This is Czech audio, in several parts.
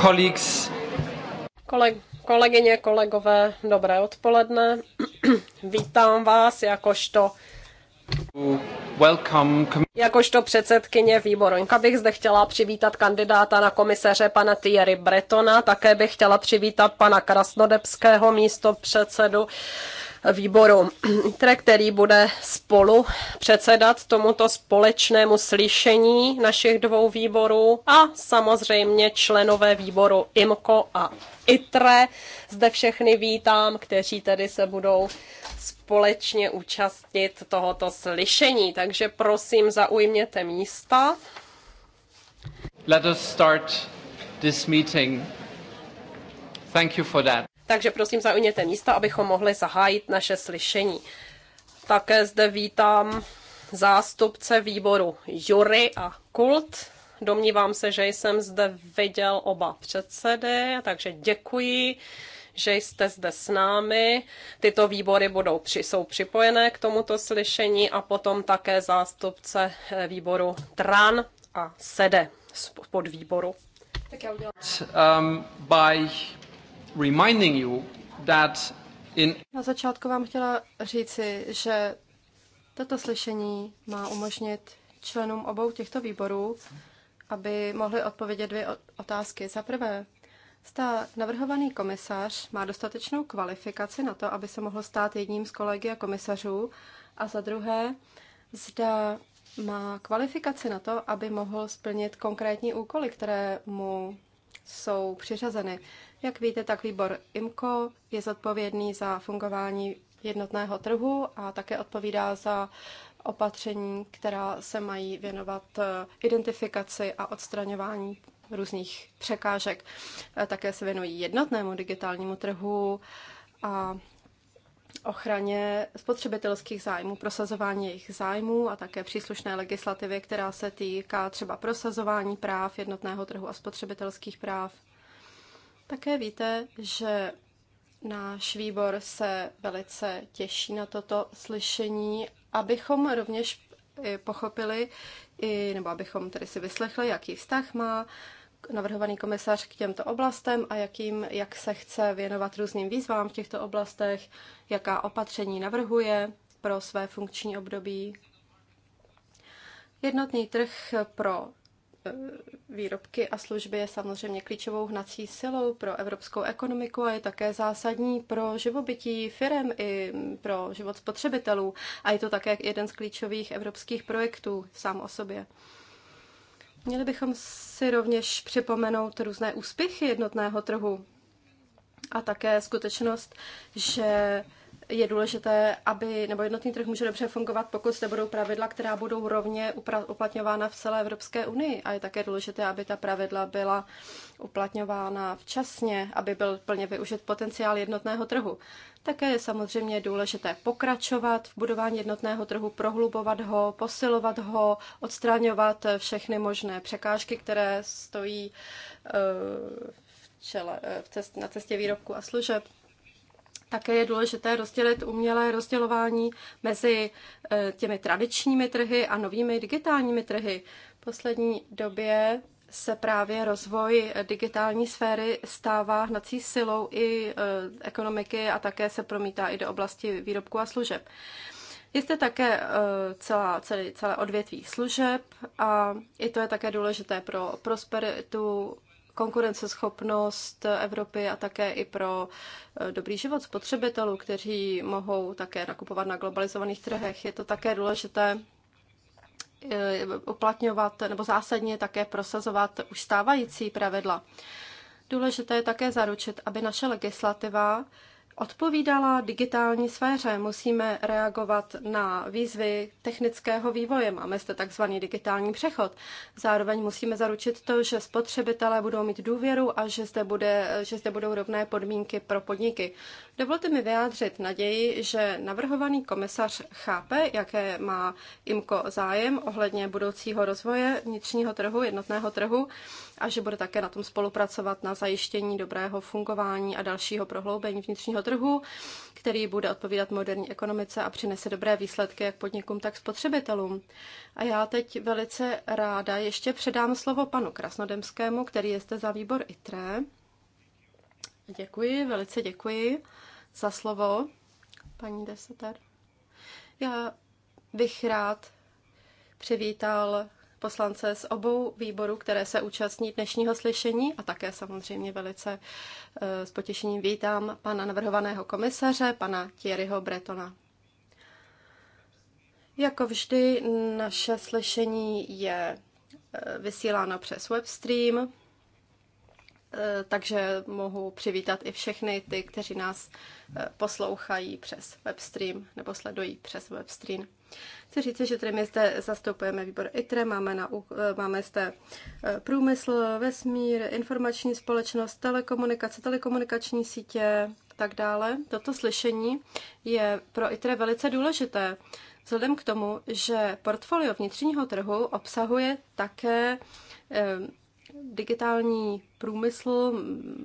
colleagues. Koleg, kolegyně, kolegové, dobré odpoledne. Vítám vás jakožto Welcome. Jakožto předsedkyně výboru bych zde chtěla přivítat kandidáta na komisaře pana Thierry Bretona, také bych chtěla přivítat pana Krasnodebského místo předsedu výboru, který bude spolu předsedat tomuto společnému slyšení našich dvou výborů a samozřejmě členové výboru IMCO a ITRE. Zde všechny vítám, kteří tedy se budou společně účastnit tohoto slyšení. Takže prosím, zaujměte místa. Let us start this meeting. Thank you for that. Takže prosím zaujměte místa, abychom mohli zahájit naše slyšení. Také zde vítám zástupce výboru Jury a Kult. Domnívám se, že jsem zde viděl oba předsedy, takže děkuji, že jste zde s námi. Tyto výbory budou při, jsou připojené k tomuto slyšení a potom také zástupce eh, výboru TRAN a SEDE z podvýboru. Tak já udělám. Um, by reminding you that in... Na začátku vám chtěla říci, že toto slyšení má umožnit členům obou těchto výborů, aby mohli odpovědět dvě otázky. Za prvé, Zda navrhovaný komisař má dostatečnou kvalifikaci na to, aby se mohl stát jedním z kolegy a komisařů, a za druhé, zda má kvalifikaci na to, aby mohl splnit konkrétní úkoly, které mu jsou přiřazeny. Jak víte, tak výbor IMCO je zodpovědný za fungování jednotného trhu a také odpovídá za opatření, která se mají věnovat eh, identifikaci a odstraňování různých překážek. Eh, také se věnují jednotnému digitálnímu trhu a ochraně spotřebitelských zájmů, prosazování jejich zájmů a také příslušné legislativy, která se týká třeba prosazování práv jednotného trhu a spotřebitelských práv. Také víte, že náš výbor se velice těší na toto slyšení, abychom rovněž eh, pochopili, i, nebo abychom tedy si vyslechli, jaký vztah má navrhovaný komisař k těmto oblastem a jakým, jak se chce věnovat různým výzvám v těchto oblastech, jaká opatření navrhuje pro své funkční období. Jednotný trh pro Eh, výrobky a služby je samozřejmě klíčovou hnací silou pro evropskou ekonomiku a je také zásadní pro živobytí firem i pro život spotřebitelů. A je to také jeden z klíčových evropských projektů sám o sobě. Měli bychom si rovněž připomenout různé úspěchy jednotného trhu a také skutečnost, že je důležité, aby, nebo jednotný trh může dobře fungovat, pokud zde budou pravidla, která budou rovně uplatňována v celé Evropské unii. A je také důležité, aby ta pravidla byla uplatňována včasně, aby byl plně využit potenciál jednotného trhu. Také je samozřejmě důležité pokračovat v budování jednotného trhu, prohlubovat ho, posilovat ho, odstraňovat všechny možné překážky, které stojí eh, v čele, eh, v cest, na cestě výrobku a služeb. Také je důležité rozdělit umělé rozdělování mezi eh, těmi tradičními trhy a novými digitálními trhy. V poslední době se právě rozvoj digitální sféry stává hnací silou i eh, ekonomiky a také se promítá i do oblasti výrobku a služeb. Je zde také eh, celá, celé, celé odvětví služeb a i to je také důležité pro prosperitu konkurenceschopnost Evropy a také i pro eh, dobrý život spotřebitelů, kteří mohou také nakupovat na globalizovaných trhech. Je to také důležité eh, uplatňovat nebo zásadně také prosazovat už stávající pravidla. Důležité je také zaručit, aby naše legislativa odpovídala digitální sféře. Musíme reagovat na výzvy technického vývoje. Máme zde takzvaný digitální přechod. Zároveň musíme zaručit to, že spotřebitelé budou mít důvěru a že zde, bude, že zde budou rovné podmínky pro podniky. Dovolte mi vyjádřit naději, že navrhovaný komisař chápe, jaké má IMKO zájem ohledně budoucího rozvoje vnitřního trhu, jednotného trhu a že bude také na tom spolupracovat na zajištění dobrého fungování a dalšího prohloubení vnitřního trhu, který bude odpovídat moderní ekonomice a přinese dobré výsledky jak podnikům, tak spotřebitelům. A já teď velice ráda ještě předám slovo panu Krasnodemskému, který je zde za výbor ITRE. Děkuji, velice děkuji za slovo, paní Deseter. Já bych rád přivítal poslance z obou výborů, které se účastní dnešního slyšení a také samozřejmě velice e, s potěšením vítám pana navrhovaného komisaře, pana Thierryho Bretona. Jako vždy naše slyšení je e, vysíláno přes webstream, e, takže mohu přivítat i všechny ty, kteří nás poslouchají přes webstream nebo sledují přes webstream. Chci říct, že tedy zde zastupujeme výbor ITRE, máme, na, e, máme zde e, průmysl, vesmír, informační společnost, telekomunikace, telekomunikační sítě a tak dále. Toto slyšení je pro ITRE velice důležité, vzhledem k tomu, že portfolio vnitřního trhu obsahuje také e, digitální průmysl,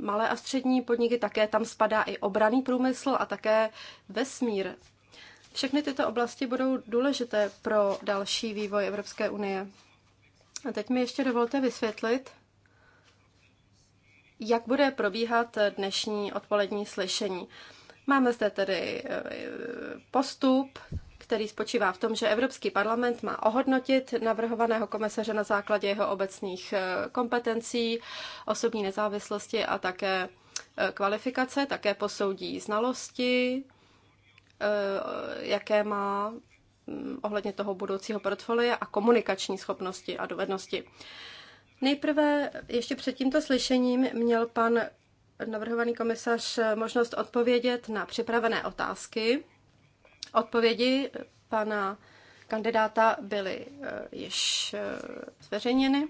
malé a střední podniky, také tam spadá i obraný průmysl a také vesmír. Všechny tyto oblasti budou důležité pro další vývoj Evropské unie. A teď mi ještě dovolte vysvětlit, jak bude probíhat dnešní odpolední slyšení. Máme zde tedy eh, postup, který spočívá v tom, že Evropský parlament má ohodnotit navrhovaného komisaře na základě jeho obecných eh, kompetencí, osobní nezávislosti a také eh, kvalifikace, také posoudí znalosti, Eh, jaké má mm, ohledně toho budoucího portfolia a komunikační schopnosti a dovednosti. Nejprve ještě před tímto slyšením měl pan navrhovaný komisař možnost odpovědět na připravené otázky. Odpovědi pana kandidáta byly eh, již eh, zveřejněny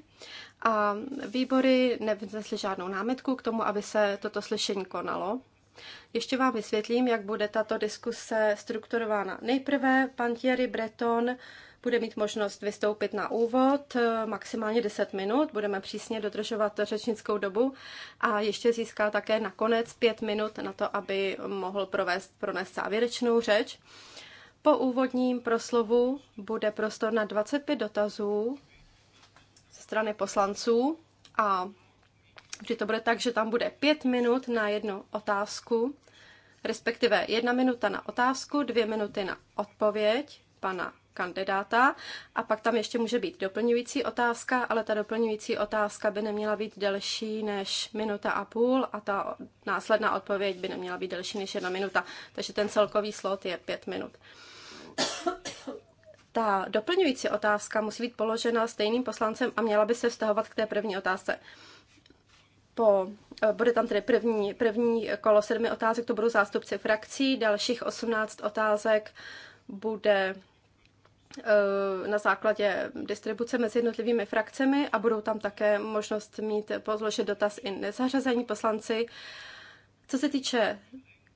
a výbory nevznesly žádnou námitku k tomu, aby se toto slyšení konalo. Ještě vám vysvětlím, jak bude tato diskuse strukturována. Nejprve pan Thierry Breton bude mít možnost vystoupit na úvod maximálně 10 minut, budeme přísně dodržovat řečnickou dobu a ještě získá také nakonec 5 minut na to, aby mohl provést, pronést závěrečnou řeč. Po úvodním proslovu bude prostor na 25 dotazů ze strany poslanců a že to bude tak, že tam bude pět minut na jednu otázku, respektive jedna minuta na otázku, dvě minuty na odpověď pana kandidáta a pak tam ještě může být doplňující otázka, ale ta doplňující otázka by neměla být delší než minuta a půl a ta následná odpověď by neměla být delší než jedna minuta, takže ten celkový slot je pět minut. Ta doplňující otázka musí být položena stejným poslancem a měla by se vztahovat k té první otázce po, eh, bude tam tedy první, první kolo sedmi otázek, to budou zástupci frakcí, dalších 18 otázek bude eh, na základě distribuce mezi jednotlivými frakcemi a budou tam také možnost mít eh, pozložit dotaz i nezařazení poslanci. Co se týče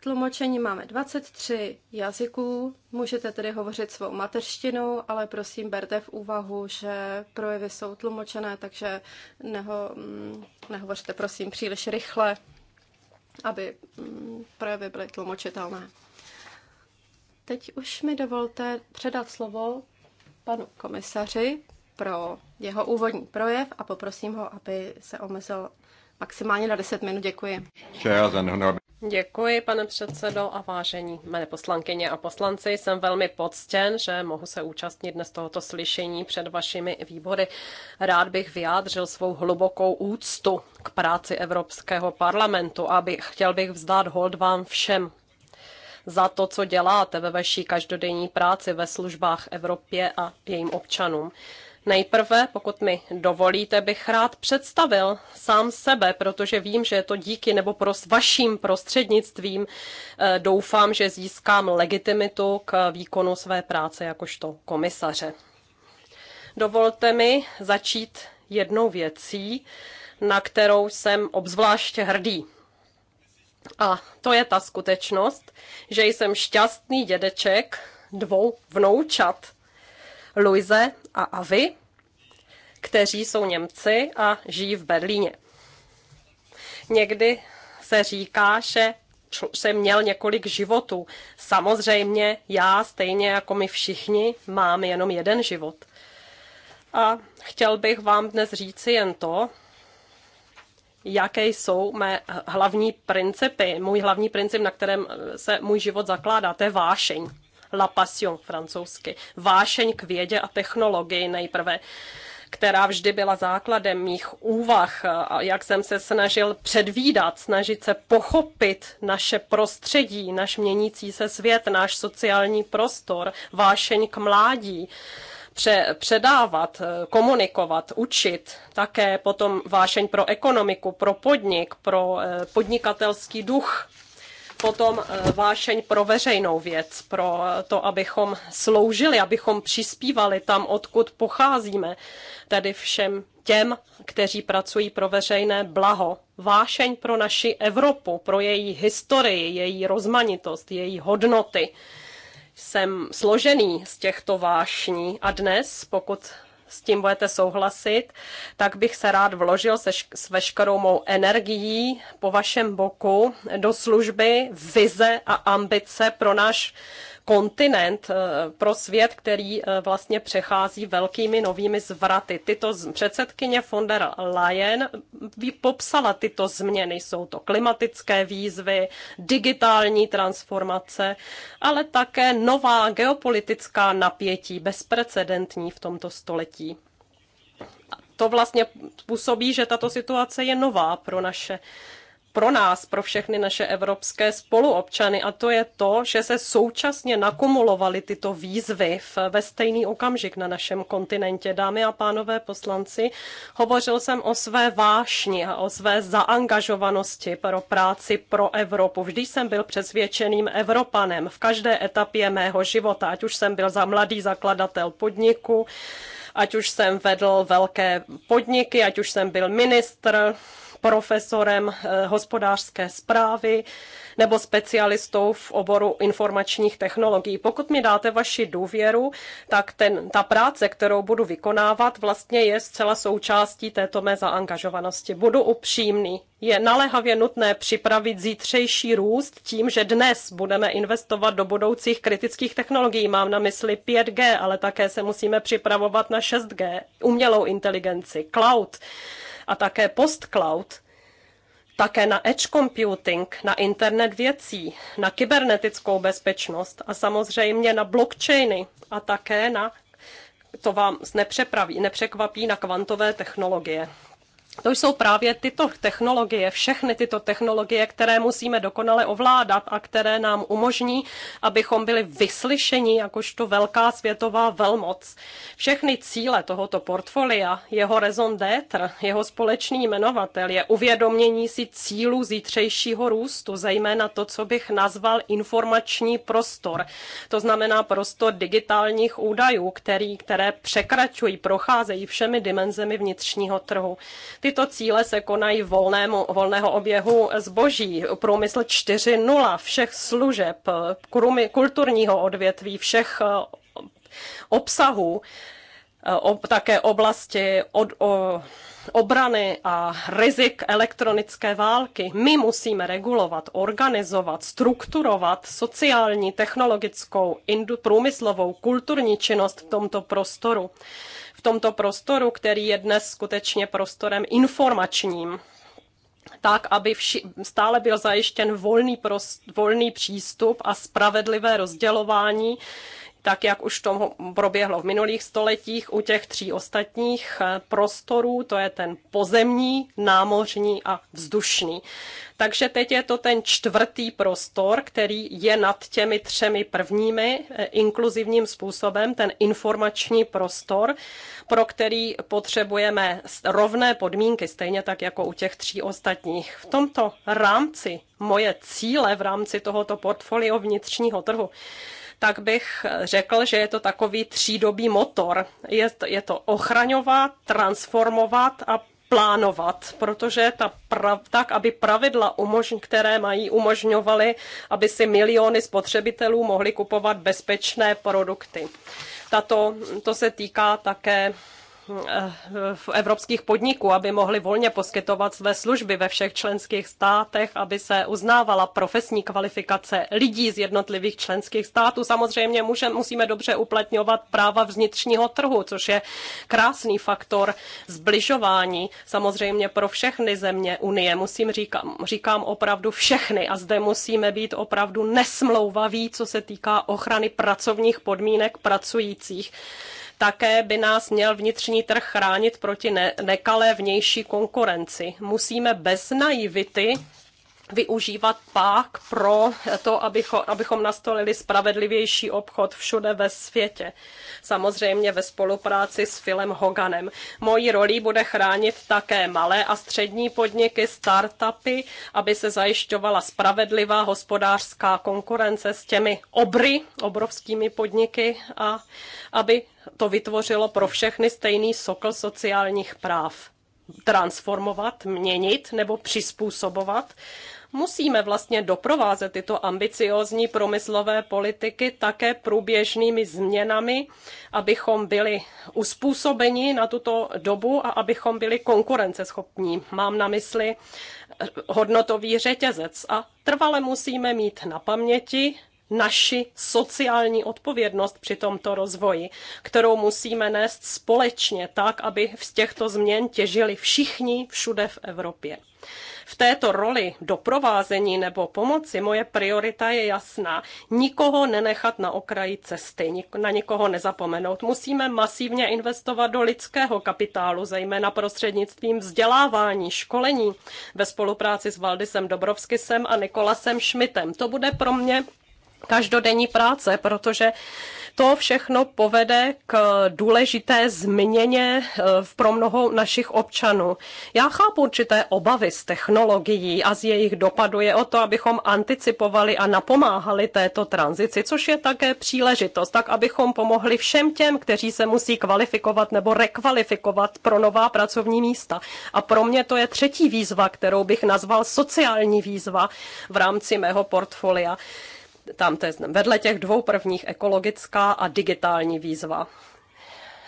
Tlumočení máme 23 jazyků, můžete tedy hovořit svou mateřštinu, ale prosím berte v úvahu, že projevy jsou tlumočené, takže neho, mm, nehovořte prosím příliš rychle, aby mm, projevy byly tlumočitelné. Teď už mi dovolte předat slovo panu komisaři pro jeho úvodní projev a poprosím ho, aby se omezil maximálně na 10 minut. Děkuji. Děkuji, pane předsedo a vážení mé poslankyně a poslanci. Jsem velmi poctěn, že mohu se účastnit dnes tohoto slyšení před vašimi výbory. Rád bych vyjádřil svou hlubokou úctu k práci Evropského parlamentu a bych, chtěl bych vzdát hold vám všem za to, co děláte ve vaší každodenní práci ve službách Evropě a jejím občanům. Nejprve, pokud mi dovolíte, bych rád představil sám sebe, protože vím, že je to díky nebo pro vaším prostřednictvím eh, doufám, že získám legitimitu k výkonu své práce jakožto komisaře. Dovolte mi začít jednou věcí, na kterou jsem obzvláště hrdý. A to je ta skutečnost, že jsem šťastný dědeček dvou vnoučat, Luise a Avi, kteří jsou Němci a žijí v Berlíně. Někdy se říká, že jsem měl několik životů. Samozřejmě já, stejně jako my všichni, mám jenom jeden život. A chtěl bych vám dnes říci jen to, jaké jsou mé hlavní principy, můj hlavní princip, na kterém se můj život zakládá, to je vášeň. La Passion francouzsky. Vášeň k vědě a technologii nejprve která vždy byla základem mých úvah a jak jsem se snažil předvídat, snažit se pochopit naše prostředí, náš měnící se svět, náš sociální prostor, vášeň k mládí předávat, komunikovat, učit, také potom vášeň pro ekonomiku, pro podnik, pro eh, podnikatelský duch, potom eh, vášeň pro veřejnou věc, pro to, abychom sloužili, abychom přispívali tam, odkud pocházíme, tedy všem těm, kteří pracují pro veřejné blaho. Vášeň pro naši Evropu, pro její historii, její rozmanitost, její hodnoty. Jsem složený z těchto vášní a dnes, pokud s tím budete souhlasit, tak bych se rád vložil se, s veškerou mou energií po vašem boku do služby vize a ambice pro náš kontinent, eh, pro svět, který eh, vlastně přechází velkými novými zvraty. Tyto předsedkyně von der Leyen eh, popsala tyto změny. Jsou to klimatické výzvy, digitální transformace, ale také nová geopolitická napětí, bezprecedentní v tomto století to vlastně působí, že tato situace je nová pro naše pro nás, pro všechny naše evropské spoluobčany a to je to, že se současně nakumulovaly tyto výzvy ve stejný okamžik na našem kontinentě. Dámy a pánové poslanci, hovořil jsem o své vášni a o své zaangažovanosti pro práci pro Evropu. Vždy jsem byl přesvědčeným Evropanem v každé etapě mého života, ať už jsem byl za mladý zakladatel podniku, ať už jsem vedl velké podniky, ať už jsem byl ministr, profesorem eh, hospodářské zprávy nebo specialistou v oboru informačních technologií. Pokud mi dáte vaši důvěru, tak ten, ta práce, kterou budu vykonávat, vlastně je zcela součástí této mé zaangažovanosti. Budu upřímný. Je naléhavě nutné připravit zítřejší růst tím, že dnes budeme investovat do budoucích kritických technologií. Mám na mysli 5G, ale také se musíme připravovat na 6G, umělou inteligenci, cloud a také post-cloud, také na edge computing, na internet věcí, na kybernetickou bezpečnost a samozřejmě na blockchainy a také na, to vám nepřekvapí, na kvantové technologie. To jsou právě tyto technologie, všechny tyto technologie, které musíme dokonale ovládat a které nám umožní, abychom byli vyslyšeni jakožto velká světová velmoc. Všechny cíle tohoto portfolia, jeho raison d'être, jeho společný jmenovatel je uvědomění si cílů zítřejšího růstu, zejména to, co bych nazval informační prostor. To znamená prostor digitálních údajů, který, které překračují, procházejí všemi dimenzemi vnitřního trhu. Tyto cíle se konají volnému, volného oběhu zboží, průmysl 4.0, všech služeb, kulturního odvětví, všech eh, obsahů, eh, také oblasti od, o, obrany a rizik elektronické války. My musíme regulovat, organizovat, strukturovat sociální, technologickou, indu, průmyslovou, kulturní činnost v tomto prostoru tomto prostoru, který je dnes skutečně prostorem informačním tak, aby vši, stále byl zajištěn volný, prost, volný přístup a spravedlivé rozdělování tak jak už to proběhlo v minulých stoletích u těch tří ostatních eh, prostorů, to je ten pozemní, námořní a vzdušný. Takže teď je to ten čtvrtý prostor, který je nad těmi třemi prvními eh, inkluzivním způsobem, ten informační prostor, pro který potřebujeme rovné podmínky, stejně tak jako u těch tří ostatních. V tomto rámci moje cíle v rámci tohoto portfolio vnitřního trhu tak bych řekl, že je to takový třídobý motor. Je to, je to ochraňovat, transformovat a plánovat, protože ta prav, tak, aby pravidla, umožň, které mají, umožňovaly, aby si miliony spotřebitelů mohly kupovat bezpečné produkty. Tato, to se týká také evropských podniků, aby mohli volně poskytovat své služby ve všech členských státech, aby se uznávala profesní kvalifikace lidí z jednotlivých členských států. Samozřejmě musíme dobře uplatňovat práva vnitřního trhu, což je krásný faktor zbližování samozřejmě pro všechny země Unie. Musím říkám, říkám opravdu všechny a zde musíme být opravdu nesmlouvaví, co se týká ochrany pracovních podmínek pracujících. Také by nás měl vnitřní trh chránit proti ne- nekalé vnější konkurenci. Musíme bez naivity využívat pák pro to, abychom, abychom nastolili spravedlivější obchod všude ve světě. Samozřejmě ve spolupráci s Filem Hoganem. Mojí rolí bude chránit také malé a střední podniky, startupy, aby se zajišťovala spravedlivá hospodářská konkurence s těmi obry, obrovskými podniky a aby to vytvořilo pro všechny stejný sokl sociálních práv. Transformovat, měnit nebo přizpůsobovat musíme vlastně doprovázet tyto ambiciózní promyslové politiky také průběžnými změnami, abychom byli uspůsobeni na tuto dobu a abychom byli konkurenceschopní. Mám na mysli eh, hodnotový řetězec a trvale musíme mít na paměti naši sociální odpovědnost při tomto rozvoji, kterou musíme nést společně tak, aby z těchto změn těžili všichni všude v Evropě. V této roli doprovázení nebo pomoci moje priorita je jasná. Nikoho nenechat na okraji cesty, na nikoho nezapomenout. Musíme masivně investovat do lidského kapitálu, zejména prostřednictvím vzdělávání, školení ve spolupráci s Valdisem Dobrovskisem a Nikolasem Šmitem. To bude pro mě každodenní práce, protože to všechno povede k důležité změně eh, pro mnoho našich občanů. Já chápu určité obavy z technologií a z jejich dopadu je o to, abychom anticipovali a napomáhali této tranzici, což je také příležitost, tak abychom pomohli všem těm, kteří se musí kvalifikovat nebo rekvalifikovat pro nová pracovní místa. A pro mě to je třetí výzva, kterou bych nazval sociální výzva v rámci mého portfolia tam to je vedle těch dvou prvních ekologická a digitální výzva.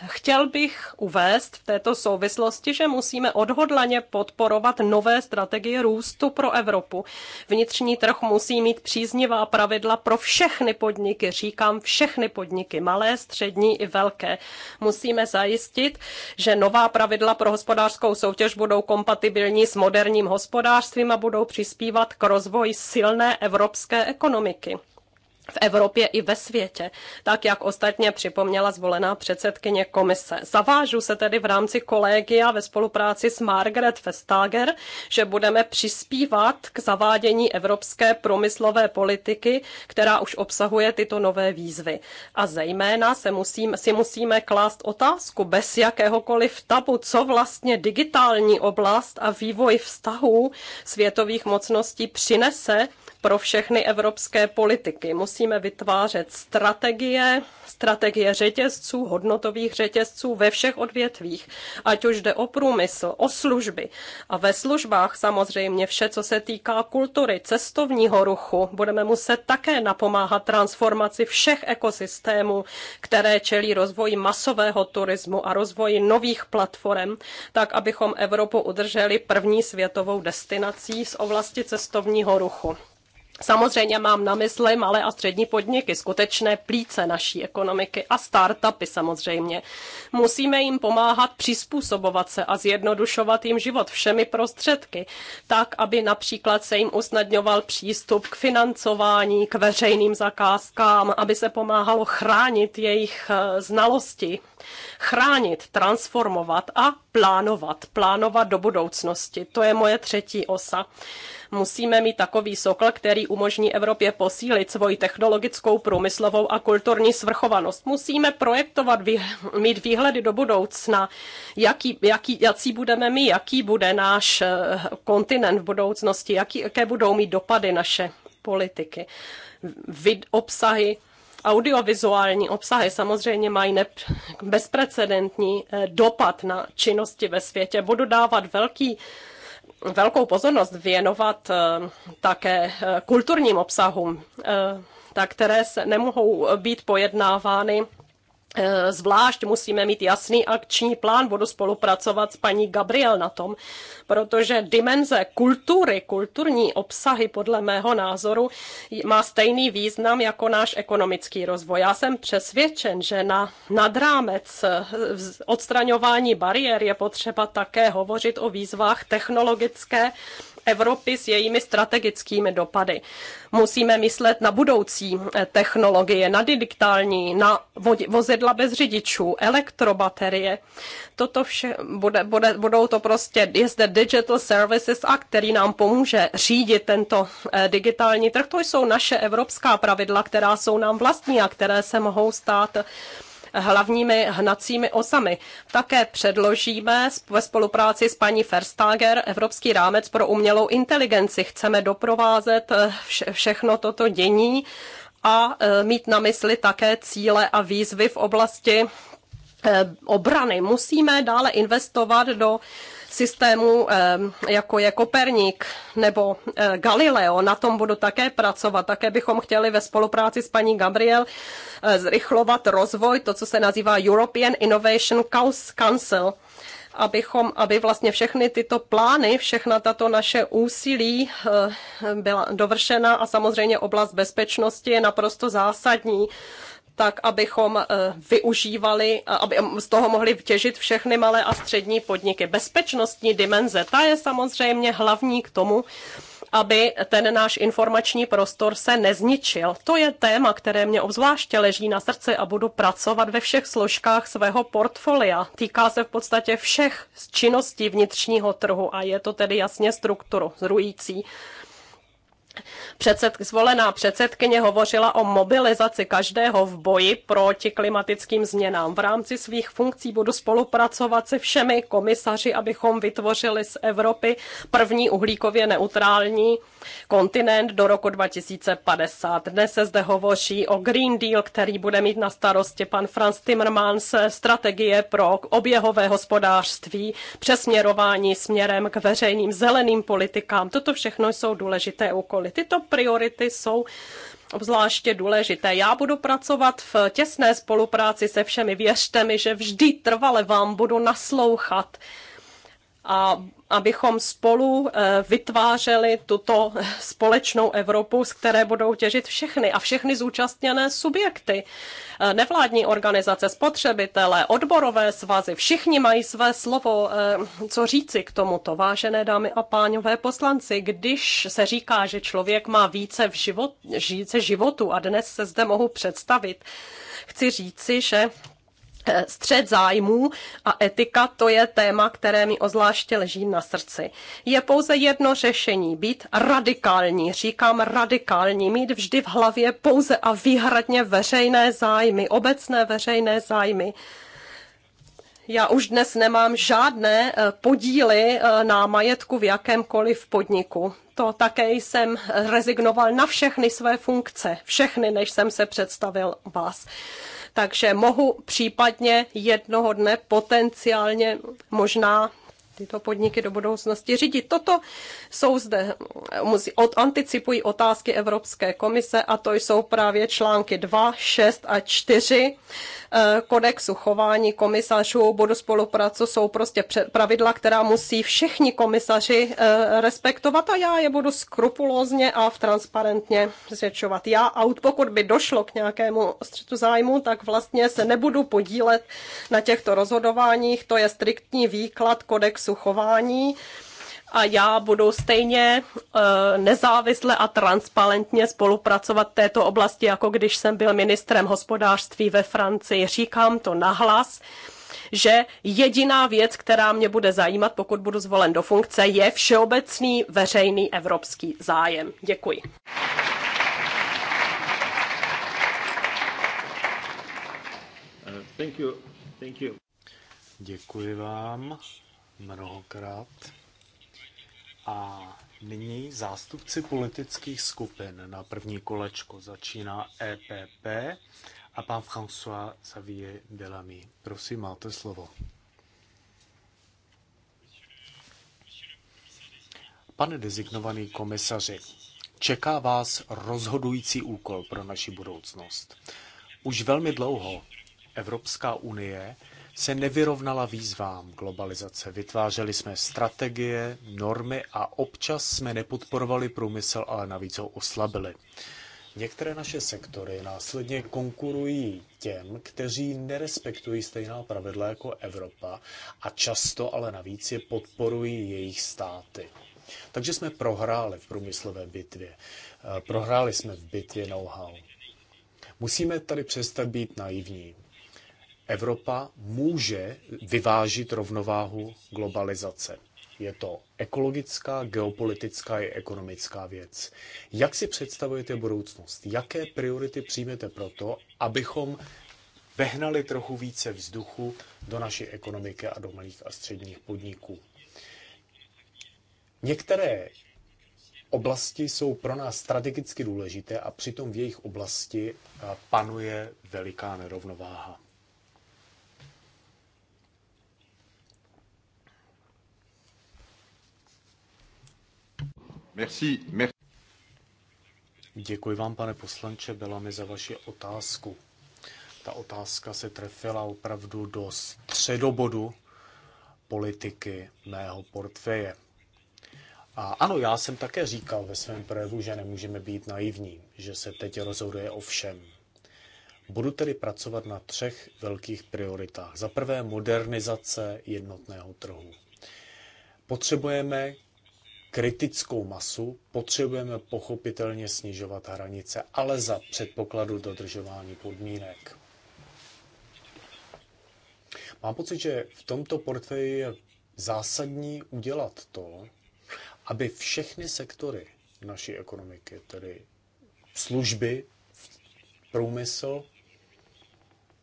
Chtěl bych uvést v této souvislosti, že musíme odhodlaně podporovat nové strategie růstu pro Evropu. Vnitřní trh musí mít příznivá pravidla pro všechny podniky, říkám všechny podniky, malé, střední i velké. Musíme zajistit, že nová pravidla pro hospodářskou soutěž budou kompatibilní s moderním hospodářstvím a budou přispívat k rozvoji silné evropské ekonomiky v Evropě i ve světě, tak jak ostatně připomněla zvolená předsedkyně komise. Zavážu se tedy v rámci kolegia ve spolupráci s Margaret Vestager, že budeme přispívat k zavádění evropské promyslové politiky, která už obsahuje tyto nové výzvy. A zejména se musím, si musíme klást otázku bez jakéhokoliv tabu, co vlastně digitální oblast a vývoj vztahů světových mocností přinese pro všechny evropské politiky. Musíme vytvářet strategie, strategie řetězců, hodnotových řetězců ve všech odvětvích, ať už jde o průmysl, o služby. A ve službách samozřejmě vše, co se týká kultury, cestovního ruchu, budeme muset také napomáhat transformaci všech ekosystémů, které čelí rozvoji masového turismu a rozvoji nových platform, tak abychom Evropu udrželi první světovou destinací z oblasti cestovního ruchu. Samozřejmě mám na mysli malé a střední podniky, skutečné plíce naší ekonomiky a startupy samozřejmě. Musíme jim pomáhat přizpůsobovat se a zjednodušovat jim život všemi prostředky, tak, aby například se jim usnadňoval přístup k financování, k veřejným zakázkám, aby se pomáhalo chránit jejich eh, znalosti Chránit, transformovat a plánovat. Plánovat do budoucnosti. To je moje třetí osa. Musíme mít takový sokl, který umožní Evropě posílit svoji technologickou, průmyslovou a kulturní svrchovanost. Musíme projektovat, mít výhledy do budoucna, jaký, jaký, jaký budeme my, jaký bude náš eh, kontinent v budoucnosti, jaký, jaké budou mít dopady naše politiky, vid, obsahy Audiovizuální obsahy samozřejmě mají nep- bezprecedentní eh, dopad na činnosti ve světě. Budu dávat velký velkou pozornost věnovat eh, také eh, kulturním obsahům, tak které se nemohou být pojednávány Eh, zvlášť musíme mít jasný akční plán, budu spolupracovat s paní Gabriel na tom, protože dimenze kultury, kulturní obsahy podle mého názoru má stejný význam jako náš ekonomický rozvoj. Já jsem přesvědčen, že na nadrámec eh, odstraňování bariér je potřeba také hovořit o výzvách technologické Evropy s jejími strategickými dopady. Musíme myslet na budoucí eh, technologie, na digitální, na vozidla bez řidičů, elektrobaterie. Toto vše bude, bude, budou to prostě, je zde Digital Services Act, který nám pomůže řídit tento eh, digitální trh. To jsou naše evropská pravidla, která jsou nám vlastní a které se mohou stát hlavními hnacími osami. Také předložíme ve spolupráci s paní Verstager Evropský rámec pro umělou inteligenci. Chceme doprovázet eh, vše, všechno toto dění a eh, mít na mysli také cíle a výzvy v oblasti eh, obrany. Musíme dále investovat do Systému jako je Koperník nebo eh, Galileo. Na tom budu také pracovat. Také bychom chtěli ve spolupráci s paní Gabriel eh, zrychlovat rozvoj, to, co se nazývá European Innovation Council abychom, aby vlastně všechny tyto plány, všechna tato naše úsilí eh, byla dovršena a samozřejmě oblast bezpečnosti je naprosto zásadní tak abychom eh, využívali, eh, aby eh, z toho mohli těžit všechny malé a střední podniky. Bezpečnostní dimenze, ta je samozřejmě hlavní k tomu, aby ten náš informační prostor se nezničil. To je téma, které mě obzvláště leží na srdci a budu pracovat ve všech složkách svého portfolia. Týká se v podstatě všech činností vnitřního trhu a je to tedy jasně zrující. Předsed, zvolená předsedkyně hovořila o mobilizaci každého v boji proti klimatickým změnám. V rámci svých funkcí budu spolupracovat se všemi komisaři, abychom vytvořili z Evropy první uhlíkově neutrální kontinent do roku 2050. Dnes se zde hovoří o Green Deal, který bude mít na starosti pan Franz Timmermans, strategie pro oběhové hospodářství, přesměrování směrem k veřejným zeleným politikám. Toto všechno jsou důležité úkoly školy. Tyto priority jsou obzvláště důležité. Já budu pracovat v těsné spolupráci se všemi. Věřte mi, že vždy trvale vám budu naslouchat a abychom spolu eh, vytvářeli tuto společnou Evropu, z které budou těžit všechny a všechny zúčastněné subjekty. Eh, nevládní organizace, spotřebitelé, odborové svazy, všichni mají své slovo, eh, co říci k tomuto. Vážené dámy a pánové poslanci, když se říká, že člověk má více, v život, více životu a dnes se zde mohu představit, chci říci, že Eh, střed zájmů a etika to je téma, které mi ozláště leží na srdci. Je pouze jedno řešení, být radikální, říkám radikální, mít vždy v hlavě pouze a výhradně veřejné zájmy, obecné veřejné zájmy. Já už dnes nemám žádné eh, podíly eh, na majetku v jakémkoliv podniku. To také jsem rezignoval na všechny své funkce, všechny, než jsem se představil vás takže mohu případně jednoho dne potenciálně možná tyto podniky do budoucnosti řídit. Toto jsou zde, od, anticipují otázky Evropské komise a to jsou právě články 2, 6 a 4 eh, kodexu chování komisařů. bodu spolupráce jsou prostě pravidla, která musí všichni komisaři eh, respektovat a já je budu skrupulózně a v transparentně zvětšovat. Já a pokud by došlo k nějakému střetu zájmu, tak vlastně se nebudu podílet na těchto rozhodováních. To je striktní výklad kodexu kodexu chování a já budu stejně eh, nezávisle a transparentně spolupracovat v této oblasti, jako když jsem byl ministrem hospodářství ve Francii. Říkám to nahlas že jediná věc, která mě bude zajímat, pokud budu zvolen do funkce, je všeobecný veřejný evropský zájem. Děkuji. Uh, thank you. Thank you. Děkuji vám mnohokrát. A nyní zástupci politických skupin. Na první kolečko začíná EPP a pan François Xavier Delamy. Prosím, máte slovo. Pane dezignovaný komisaři, čeká vás rozhodující úkol pro naši budoucnost. Už velmi dlouho Evropská unie se nevyrovnala výzvám globalizace. Vytvářeli jsme strategie, normy a občas jsme nepodporovali průmysl, ale navíc ho oslabili. Některé naše sektory následně konkurují těm, kteří nerespektují stejná pravidla jako Evropa a často ale navíc je podporují jejich státy. Takže jsme prohráli v průmyslové bitvě. Eh, prohráli jsme v bitvě know-how. Musíme tady přestat být naivní. Evropa může vyvážit rovnováhu globalizace. Je to ekologická, geopolitická i ekonomická věc. Jak si představujete budoucnost? Jaké priority přijmete pro to, abychom vehnali trochu více vzduchu do naší ekonomiky a do malých a středních podniků? Některé oblasti jsou pro nás strategicky důležité a přitom v jejich oblasti panuje veliká nerovnováha. Merci. Merci. Děkuji vám, pane poslanče, byla mi za vaši otázku. Ta otázka se trefila opravdu do středobodu politiky mého portfeje. A ano, já jsem také říkal ve svém projevu, že nemůžeme být naivní, že se teď rozhoduje o všem. Budu tedy pracovat na třech velkých prioritách. Za prvé modernizace jednotného trhu. Potřebujeme kritickou masu, potřebujeme pochopitelně snižovat hranice, ale za předpokladu dodržování podmínek. Mám pocit, že v tomto portfeji je zásadní udělat to, aby všechny sektory naší ekonomiky, tedy služby, průmysl,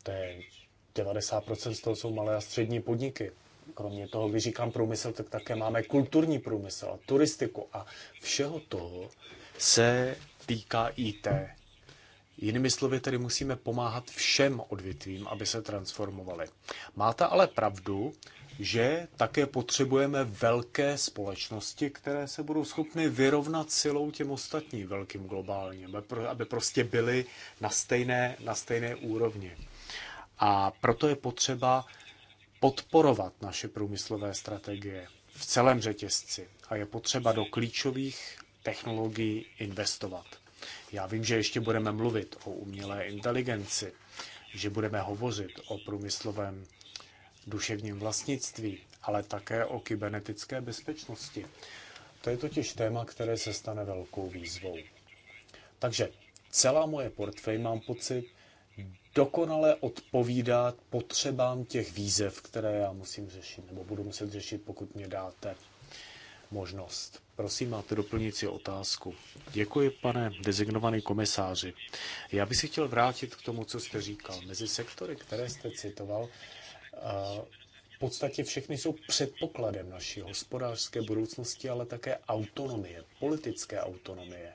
to je 90% z toho jsou malé a střední podniky, kromě toho, když říkám průmysl, tak také máme kulturní průmysl a turistiku a všeho toho se týká IT. Jinými slovy, tedy musíme pomáhat všem odvětvím, aby se transformovaly. Máte ale pravdu, že také potřebujeme velké společnosti, které se budou schopny vyrovnat silou těm ostatním velkým globálním, aby prostě byly na stejné, na stejné úrovni. A proto je potřeba podporovat naše průmyslové strategie v celém řetězci a je potřeba do klíčových technologií investovat. Já vím, že ještě budeme mluvit o umělé inteligenci, že budeme hovořit o průmyslovém duševním vlastnictví, ale také o kybernetické bezpečnosti. To je totiž téma, které se stane velkou výzvou. Takže celá moje portfej, mám pocit, dokonale odpovídá potřebám těch výzev, které já musím řešit, nebo budu muset řešit, pokud mě dáte možnost. Prosím, máte doplňující otázku. Děkuji, pane designovaný komisáři. Já bych si chtěl vrátit k tomu, co jste říkal. Mezi sektory, které jste citoval, eh, v podstatě všechny jsou předpokladem naší hospodářské budoucnosti, ale také autonomie, politické autonomie.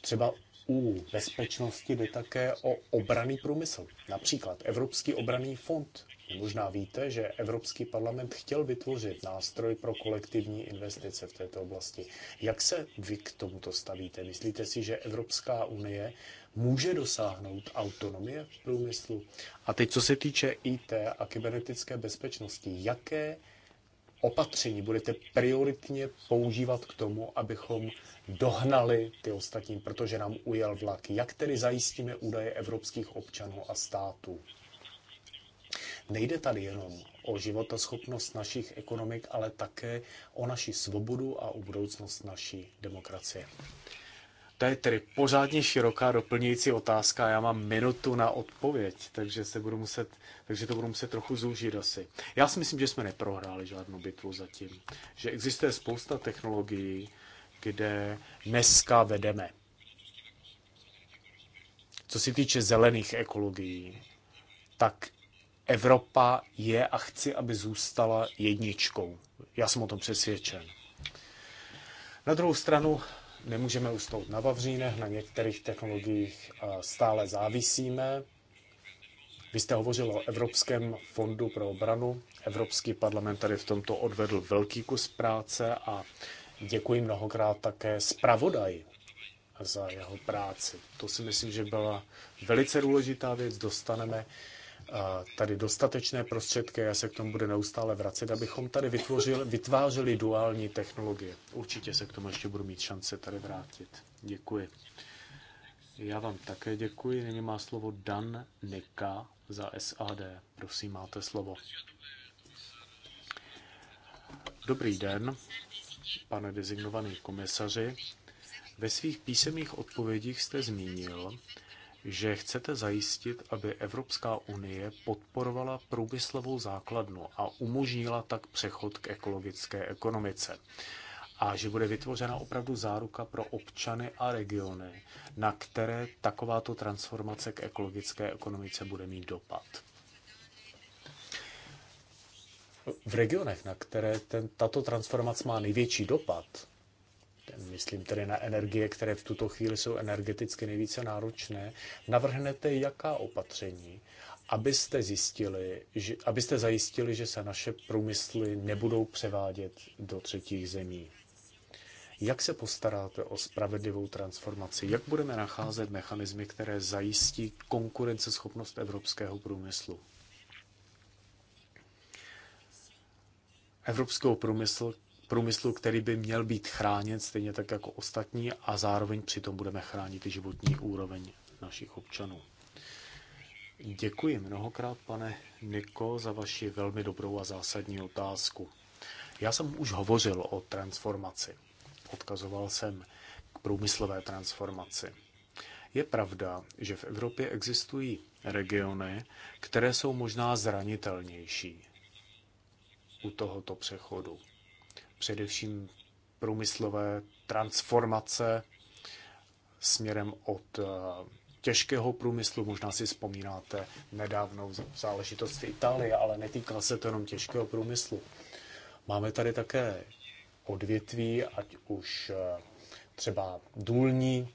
Třeba u bezpečnosti jde také o obraný průmysl. Například Evropský obraný fond. Možná víte, že Evropský parlament chtěl vytvořit nástroj pro kolektivní investice v této oblasti. Jak se vy k tomuto stavíte? Myslíte si, že Evropská unie může dosáhnout autonomie v průmyslu? A teď, co se týče IT a kybernetické bezpečnosti, jaké opatření budete prioritně používat k tomu, abychom dohnali ty ostatní, protože nám ujel vlak. Jak tedy zajistíme údaje evropských občanů a států? Nejde tady jenom o životoschopnost našich ekonomik, ale také o naši svobodu a o budoucnost naší demokracie. To je tedy pořádně široká doplňující otázka. Já mám minutu na odpověď, takže, se budu muset, takže to budu muset trochu zúžit asi. Já si myslím, že jsme neprohráli žádnou bitvu zatím. Že existuje spousta technologií, kde dneska vedeme. Co se týče zelených ekologií, tak Evropa je a chci, aby zůstala jedničkou. Já jsem o tom přesvědčen. Na druhou stranu Nemůžeme usnout na Vavřínech, na některých technologiích stále závisíme. Vy jste hovořil o Evropském fondu pro obranu. Evropský parlament tady v tomto odvedl velký kus práce a děkuji mnohokrát také zpravodaji za jeho práci. To si myslím, že byla velice důležitá věc. Dostaneme tady dostatečné prostředky, já se k tomu bude neustále vracet, abychom tady vytvořili, vytvářeli duální technologie. Určitě se k tomu ještě budu mít šance tady vrátit. Děkuji. Já vám také děkuji. Nyní má slovo Dan Nika za SAD. Prosím, máte slovo. Dobrý den, pane designovaný komisaři. Ve svých písemných odpovědích jste zmínil, že chcete zajistit, aby Evropská unie podporovala průmyslovou základnu a umožnila tak přechod k ekologické ekonomice. A že bude vytvořena opravdu záruka pro občany a regiony, na které takováto transformace k ekologické ekonomice bude mít dopad. V regionech, na které ten, tato transformace má největší dopad, myslím tedy na energie, které v tuto chvíli jsou energeticky nejvíce náročné, navrhnete jaká opatření, abyste, zjistili, že, abyste zajistili, že se naše průmysly nebudou převádět do třetích zemí. Jak se postaráte o spravedlivou transformaci? Jak budeme nacházet mechanismy, které zajistí konkurenceschopnost evropského průmyslu? Evropského průmysl průmyslu, který by měl být chráněn stejně tak jako ostatní a zároveň přitom budeme chránit i životní úroveň našich občanů. Děkuji mnohokrát, pane Niko, za vaši velmi dobrou a zásadní otázku. Já jsem už hovořil o transformaci. Odkazoval jsem k průmyslové transformaci. Je pravda, že v Evropě existují regiony, které jsou možná zranitelnější u tohoto přechodu především průmyslové transformace směrem od eh, těžkého průmyslu. Možná si vzpomínáte nedávnou záležitost v Itálii, ale netýká se to jenom těžkého průmyslu. Máme tady také odvětví, ať už eh, třeba důlní,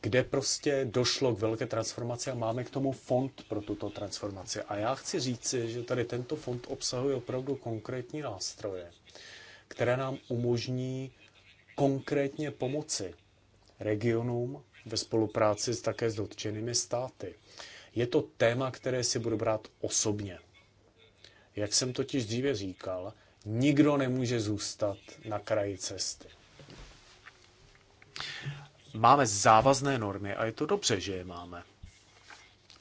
kde prostě došlo k velké transformaci a máme k tomu fond pro tuto transformaci. A já chci říci, že tady tento fond obsahuje opravdu konkrétní nástroje, které nám umožní konkrétně pomoci regionům ve spolupráci s také s dotčenými státy. Je to téma, které si budu brát osobně. Jak jsem totiž dříve říkal, nikdo nemůže zůstat na kraji cesty. Máme závazné normy a je to dobře, že je máme.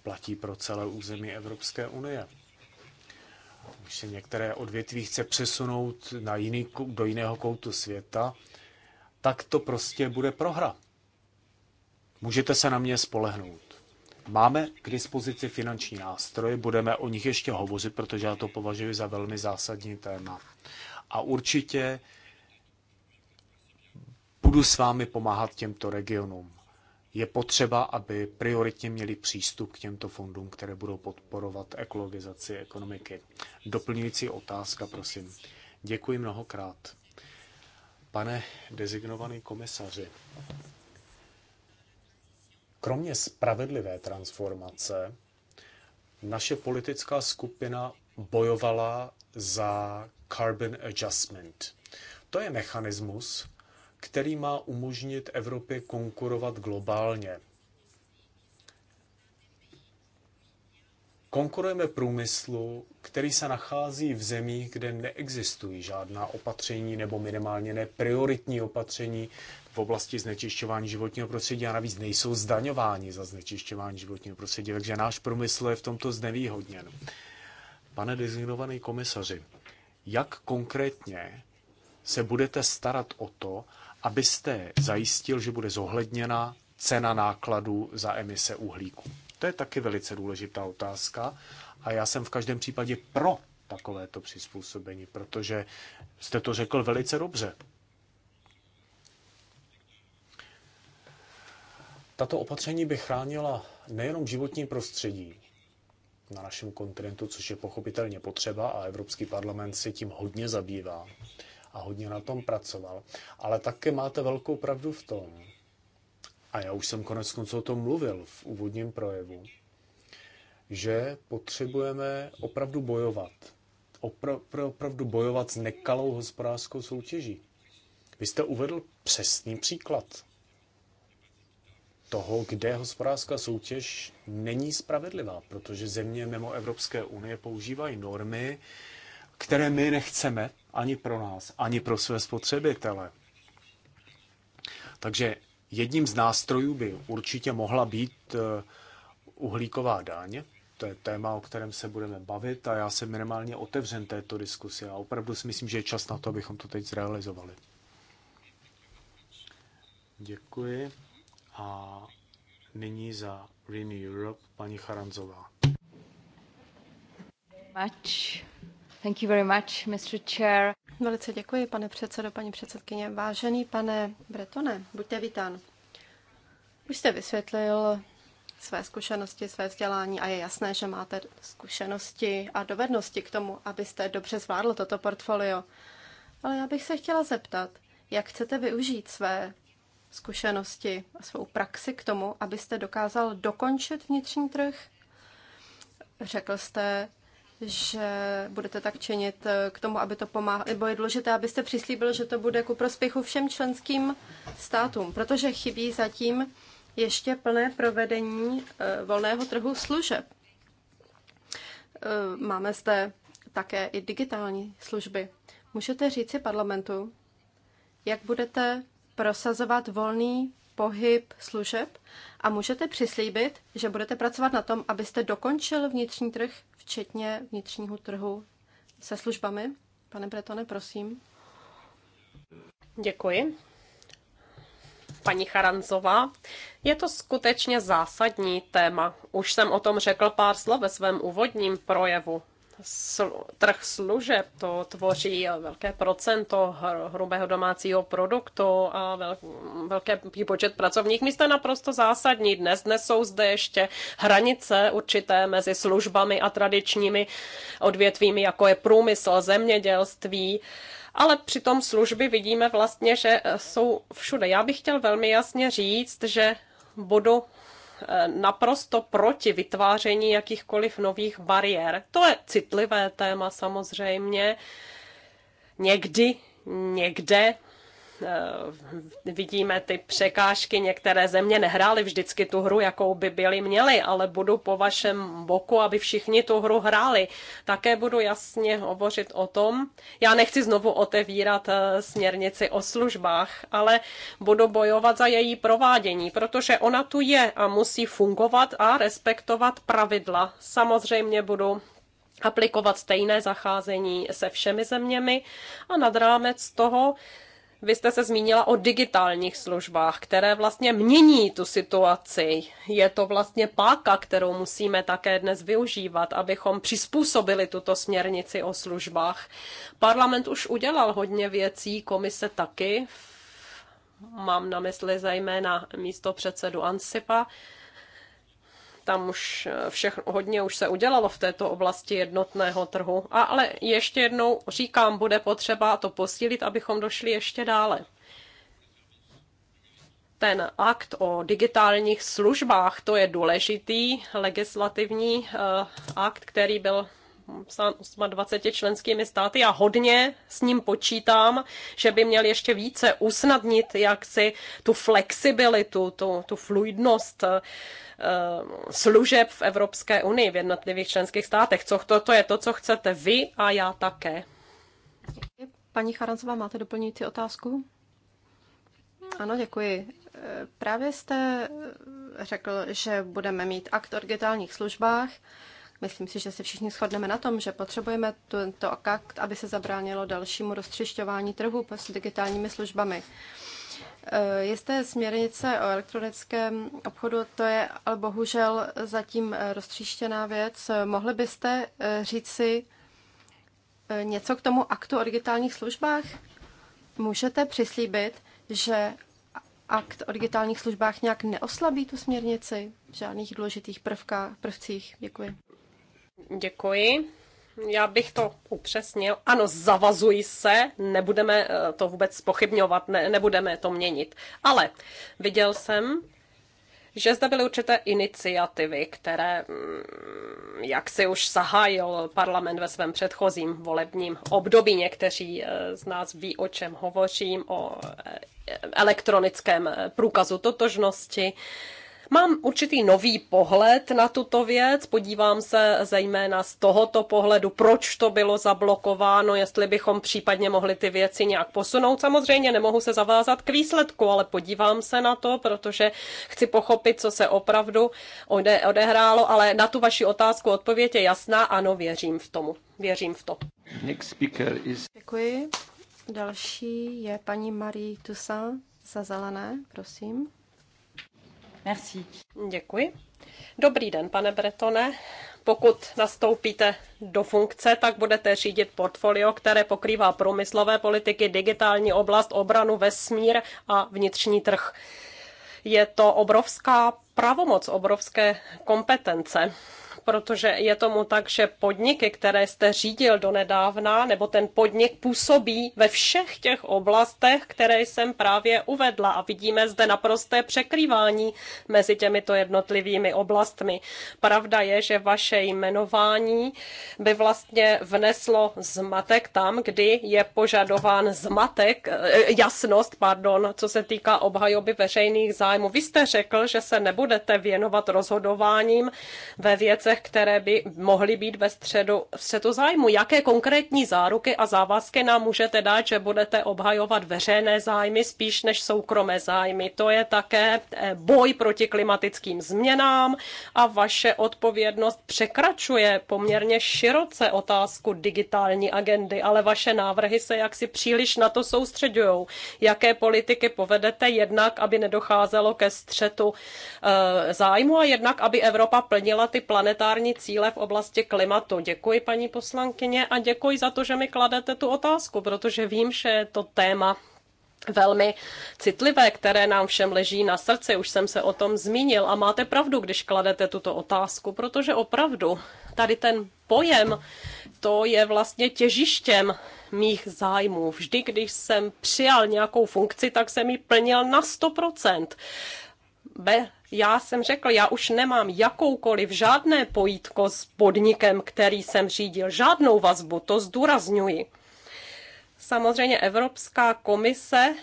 Platí pro celé území Evropské unie. Už se některé odvětví chce přesunout na jiný, do jiného koutu světa, tak to prostě bude prohra. Můžete se na mě spolehnout. Máme k dispozici finanční nástroje, budeme o nich ještě hovořit, protože já to považuji za velmi zásadní téma. A určitě budu s vámi pomáhat těmto regionům je potřeba, aby prioritně měli přístup k těmto fondům, které budou podporovat ekologizaci ekonomiky. Doplňující otázka, prosím. Děkuji mnohokrát. Pane designovaný komisaři, kromě spravedlivé transformace, naše politická skupina bojovala za carbon adjustment. To je mechanismus, který má umožnit Evropě konkurovat globálně. Konkurujeme průmyslu, který se nachází v zemích, kde neexistují žádná opatření nebo minimálně neprioritní opatření v oblasti znečišťování životního prostředí a navíc nejsou zdaňováni za znečišťování životního prostředí, takže náš průmysl je v tomto znevýhodněn. Pane designovaný komisaři, jak konkrétně se budete starat o to, abyste zajistil, že bude zohledněna cena nákladů za emise uhlíku? To je taky velice důležitá otázka a já jsem v každém případě pro takovéto přizpůsobení, protože jste to řekl velice dobře. Tato opatření by chránila nejenom životní prostředí na našem kontinentu, což je pochopitelně potřeba a Evropský parlament se tím hodně zabývá, a hodně na tom pracoval. Ale také máte velkou pravdu v tom, a já už jsem konec konců o tom mluvil v úvodním projevu, že potřebujeme opravdu bojovat. Opra- opravdu bojovat s nekalou hospodářskou soutěží. Vy jste uvedl přesný příklad toho, kde hospodářská soutěž není spravedlivá, protože země mimo Evropské unie používají normy, které my nechceme ani pro nás, ani pro své spotřebitele. Takže jedním z nástrojů by určitě mohla být eh, uhlíková daň. To je téma, o kterém se budeme bavit a já jsem minimálně otevřen této diskusi a opravdu si myslím, že je čas na to, abychom to teď zrealizovali. Děkuji. A nyní za Renew Europe paní Charanzová. Much. Thank you very much, Mr. Chair. Velice děkuji, pane předsedo, paní předsedkyně. Vážený pane Bretone, buďte vítán. Už jste vysvětlil své zkušenosti, své vzdělání a je jasné, že máte zkušenosti a dovednosti k tomu, abyste dobře zvládl toto portfolio. Ale já bych se chtěla zeptat, jak chcete využít své zkušenosti a svou praxi k tomu, abyste dokázal dokončit vnitřní trh? Řekl jste, že budete tak činit eh, k tomu, aby to pomáhalo, nebo je důležité, abyste přislíbil, že to bude ku prospěchu všem členským státům, protože chybí zatím ještě plné provedení eh, volného trhu služeb. Eh, máme zde také i digitální služby. Můžete říci parlamentu, jak budete prosazovat volný pohyb služeb a můžete přislíbit, že budete pracovat na tom, abyste dokončil vnitřní trh, včetně vnitřního trhu se službami? Pane Bretone, prosím. Děkuji. Paní Charanzová, je to skutečně zásadní téma. Už jsem o tom řekl pár slov ve svém úvodním projevu sl- trh služeb, to tvoří velké procento hrubého domácího produktu a vel- velký počet pracovních míst je naprosto zásadní. Dnes, dnes jsou zde ještě hranice určité mezi službami a tradičními odvětvími, jako je průmysl, zemědělství, ale přitom služby vidíme vlastně, že jsou všude. Já bych chtěl velmi jasně říct, že budu Eh, naprosto proti vytváření jakýchkoliv nových bariér. To je citlivé téma samozřejmě. Někdy, někde Eh, vidíme ty překážky. Některé země nehrály vždycky tu hru, jakou by byly měly, ale budu po vašem boku, aby všichni tu hru hráli. Také budu jasně hovořit o tom. Já nechci znovu otevírat eh, směrnici o službách, ale budu bojovat za její provádění, protože ona tu je a musí fungovat a respektovat pravidla. Samozřejmě budu aplikovat stejné zacházení se všemi zeměmi a nad rámec toho vy jste se zmínila o digitálních službách, které vlastně mění tu situaci. Je to vlastně páka, kterou musíme také dnes využívat, abychom přizpůsobili tuto směrnici o službách. Parlament už udělal hodně věcí, komise taky. Mám na mysli zejména místo předsedu Ansipa. Tam už eh, všechno, hodně už se udělalo v této oblasti jednotného trhu. A, ale ještě jednou říkám, bude potřeba to posílit, abychom došli ještě dále ten akt o digitálních službách, to je důležitý legislativní eh, akt, který byl psán 28 členskými státy a hodně s ním počítám, že by měl ještě více usnadnit jaksi tu flexibilitu, tu, tu fluidnost eh, služeb v Evropské unii v jednotlivých členských státech. Co, to, to je to, co chcete vy a já také. Paní Charanzová, máte doplňující otázku? Ano, děkuji. Právě jste řekl, že budeme mít akt o digitálních službách. Myslím si, že se všichni shodneme na tom, že potřebujeme tento akt, aby se zabránilo dalšímu roztřišťování trhu s digitálními službami. Je zde směrnice o elektronickém obchodu, to je ale bohužel zatím roztříštěná věc. Mohli byste e, říci e, něco k tomu aktu o digitálních službách? Můžete přislíbit, že akt o digitálních službách nějak neoslabí tu směrnici v žádných důležitých prvkách, prvcích? Děkuji. Děkuji. Já bych to upřesnil. Ano, zavazuji se, nebudeme eh, to vůbec pochybňovat, ne, nebudeme to měnit. Ale viděl jsem, že zde byly určité iniciativy, které, mm, jak si už zahájil parlament ve svém předchozím volebním období, někteří eh, z nás ví, o čem hovořím, o eh, elektronickém průkazu totožnosti, Mám určitý nový pohled na tuto věc, podívám se zejména z tohoto pohledu, proč to bylo zablokováno, jestli bychom případně mohli ty věci nějak posunout. Samozřejmě nemohu se zavázat k výsledku, ale podívám se na to, protože chci pochopit, co se opravdu ode, odehrálo, ale na tu vaši otázku odpověď je jasná, ano, věřím v tomu. Věřím v to. Next speaker is... Děkuji. Další je paní Marie Toussaint za zelené, prosím. Merci. Děkuji. Dobrý den, pane Bretone. Pokud nastoupíte do funkce, tak budete řídit portfolio, které pokrývá průmyslové politiky, digitální oblast, obranu, vesmír a vnitřní trh. Je to obrovská pravomoc, obrovské kompetence protože je tomu tak, že podniky, které jste řídil donedávna, nebo ten podnik působí ve všech těch oblastech, které jsem právě uvedla a vidíme zde naprosté překrývání mezi těmito jednotlivými oblastmi. Pravda je, že vaše jmenování by vlastně vneslo zmatek tam, kdy je požadován zmatek, eh, jasnost, pardon, co se týká obhajoby veřejných zájmů. Vy jste řekl, že se nebudete věnovat rozhodováním ve věcech, oblastech, které by mohly být ve středu se to zájmu. Jaké konkrétní záruky a závazky nám můžete dát, že budete obhajovat veřejné zájmy spíš než soukromé zájmy? To je také eh, boj proti klimatickým změnám a vaše odpovědnost překračuje poměrně široce otázku digitální agendy, ale vaše návrhy se jaksi příliš na to soustředují. Jaké politiky povedete jednak, aby nedocházelo ke střetu eh, zájmu a jednak, aby Evropa plnila ty planetární planetární cíle v oblasti klimatu. Děkuji, paní poslankyně, a děkuji za to, že mi kladete tu otázku, protože vím, že je to téma velmi citlivé, které nám všem leží na srdci. Už jsem se o tom zmínil a máte pravdu, když kladete tuto otázku, protože opravdu tady ten pojem, to je vlastně těžištěm mých zájmů. Vždy, když jsem přijal nějakou funkci, tak jsem ji plnil na 100%. Be, já jsem řekl, já už nemám jakoukoliv žádné pojítko s podnikem, který jsem řídil, žádnou vazbu, to zdůrazňuji. Samozřejmě Evropská komise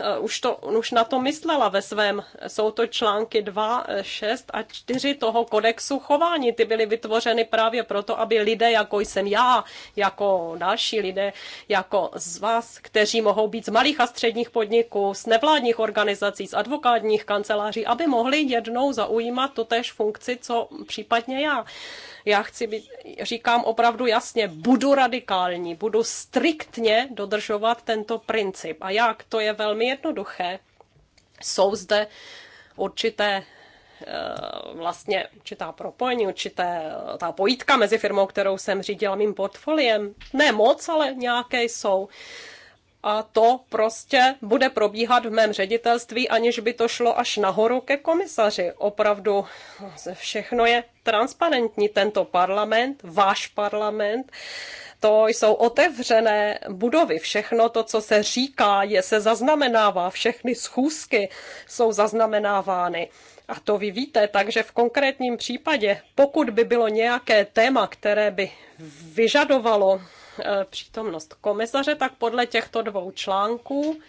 Eh, už, to, už na to myslela ve svém, jsou to články 2, 6 eh, a 4 toho kodexu chování. Ty byly vytvořeny právě proto, aby lidé, jako jsem já, jako další lidé, jako z vás, kteří mohou být z malých a středních podniků, z nevládních organizací, z advokátních kanceláří, aby mohli jednou zaujímat totéž funkci, co případně já. Já chci být, říkám opravdu jasně, budu radikální, budu striktně dodržovat tento princip. A jak? To je velmi jednoduché. Jsou zde určité eh, vlastně určitá propojení, určité eh, ta pojítka mezi firmou, kterou jsem řídila mým portfoliem. Ne moc, ale nějaké jsou a to prostě bude probíhat v mém ředitelství, aniž by to šlo až nahoru ke komisaři. Opravdu všechno je transparentní. Tento parlament, váš parlament, to jsou otevřené budovy. Všechno to, co se říká, je se zaznamenává. Všechny schůzky jsou zaznamenávány. A to vy víte, takže v konkrétním případě, pokud by bylo nějaké téma, které by vyžadovalo Eh, přítomnost komisaře, tak podle těchto dvou článků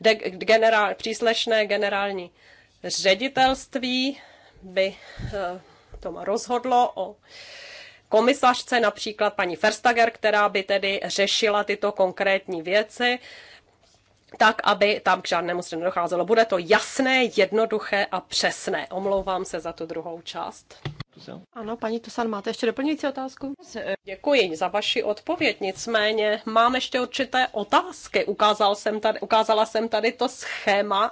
de- generál, příslešné generální ředitelství by eh, tom rozhodlo o komisařce, například paní Verstager, která by tedy řešila tyto konkrétní věci, tak, aby tam k žádnému se docházelo. Bude to jasné, jednoduché a přesné. Omlouvám se za tu druhou část. Ano, paní Tosan, máte ještě doplňující otázku? Děkuji za vaši odpověď, nicméně mám ještě určité otázky. Ukázal jsem tady, ukázala jsem tady to schéma.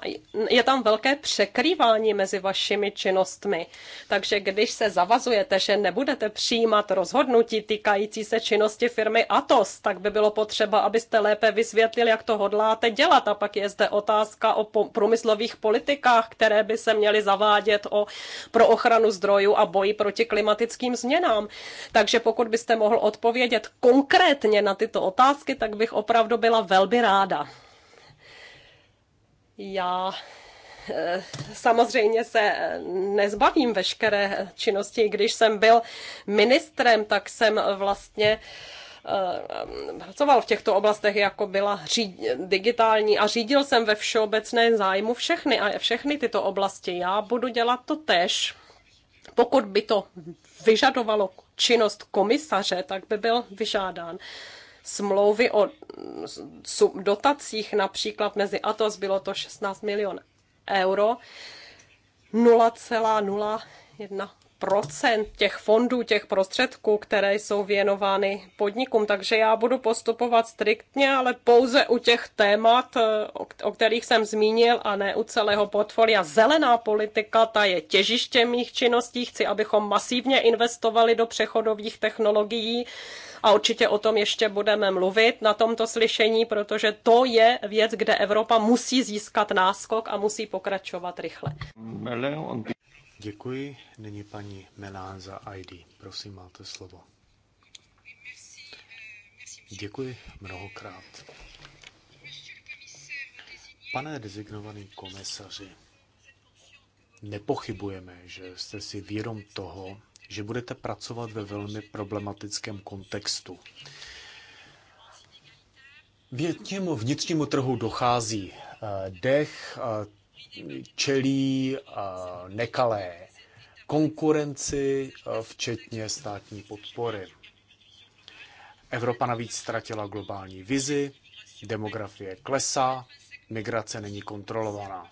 Je tam velké překrývání mezi vašimi činnostmi. Takže když se zavazujete, že nebudete přijímat rozhodnutí týkající se činnosti firmy Atos, tak by bylo potřeba, abyste lépe vysvětlili, jak to hodláte dělat. A pak je zde otázka o průmyslových politikách, které by se měly zavádět o, pro ochranu zdrojů a boji boji proti klimatickým změnám. Takže pokud byste mohl odpovědět konkrétně na tyto otázky, tak bych opravdu byla velmi ráda. Já eh, samozřejmě se eh, nezbavím veškeré činnosti. Když jsem byl ministrem, tak jsem vlastně eh, pracoval v těchto oblastech, jako byla říd, digitální a řídil jsem ve všeobecné zájmu všechny a všechny tyto oblasti. Já budu dělat to tež pokud by to vyžadovalo činnost komisaře, tak by byl vyžádán smlouvy o dotacích například mezi Atos bylo to 16 milion euro, 0,01 procent těch fondů, těch prostředků, které jsou věnovány podnikům. Takže já budu postupovat striktně, ale pouze u těch témat, eh, o kterých jsem zmínil, a ne u celého portfolia. Zelená politika, ta je těžiště mých činností. Chci, abychom masivně investovali do přechodových technologií a určitě o tom ještě budeme mluvit na tomto slyšení, protože to je věc, kde Evropa musí získat náskok a musí pokračovat rychle. Děkuji. Nyní paní Melán za ID. Prosím, máte slovo. Děkuji mnohokrát. Pane designovaný komisaři, nepochybujeme, že jste si vědom toho, že budete pracovat ve velmi problematickém kontextu. Větnímu vnitřnímu trhu dochází eh, dech, eh, čelí nekalé konkurenci, včetně státní podpory. Evropa navíc ztratila globální vizi, demografie klesá, migrace není kontrolovaná.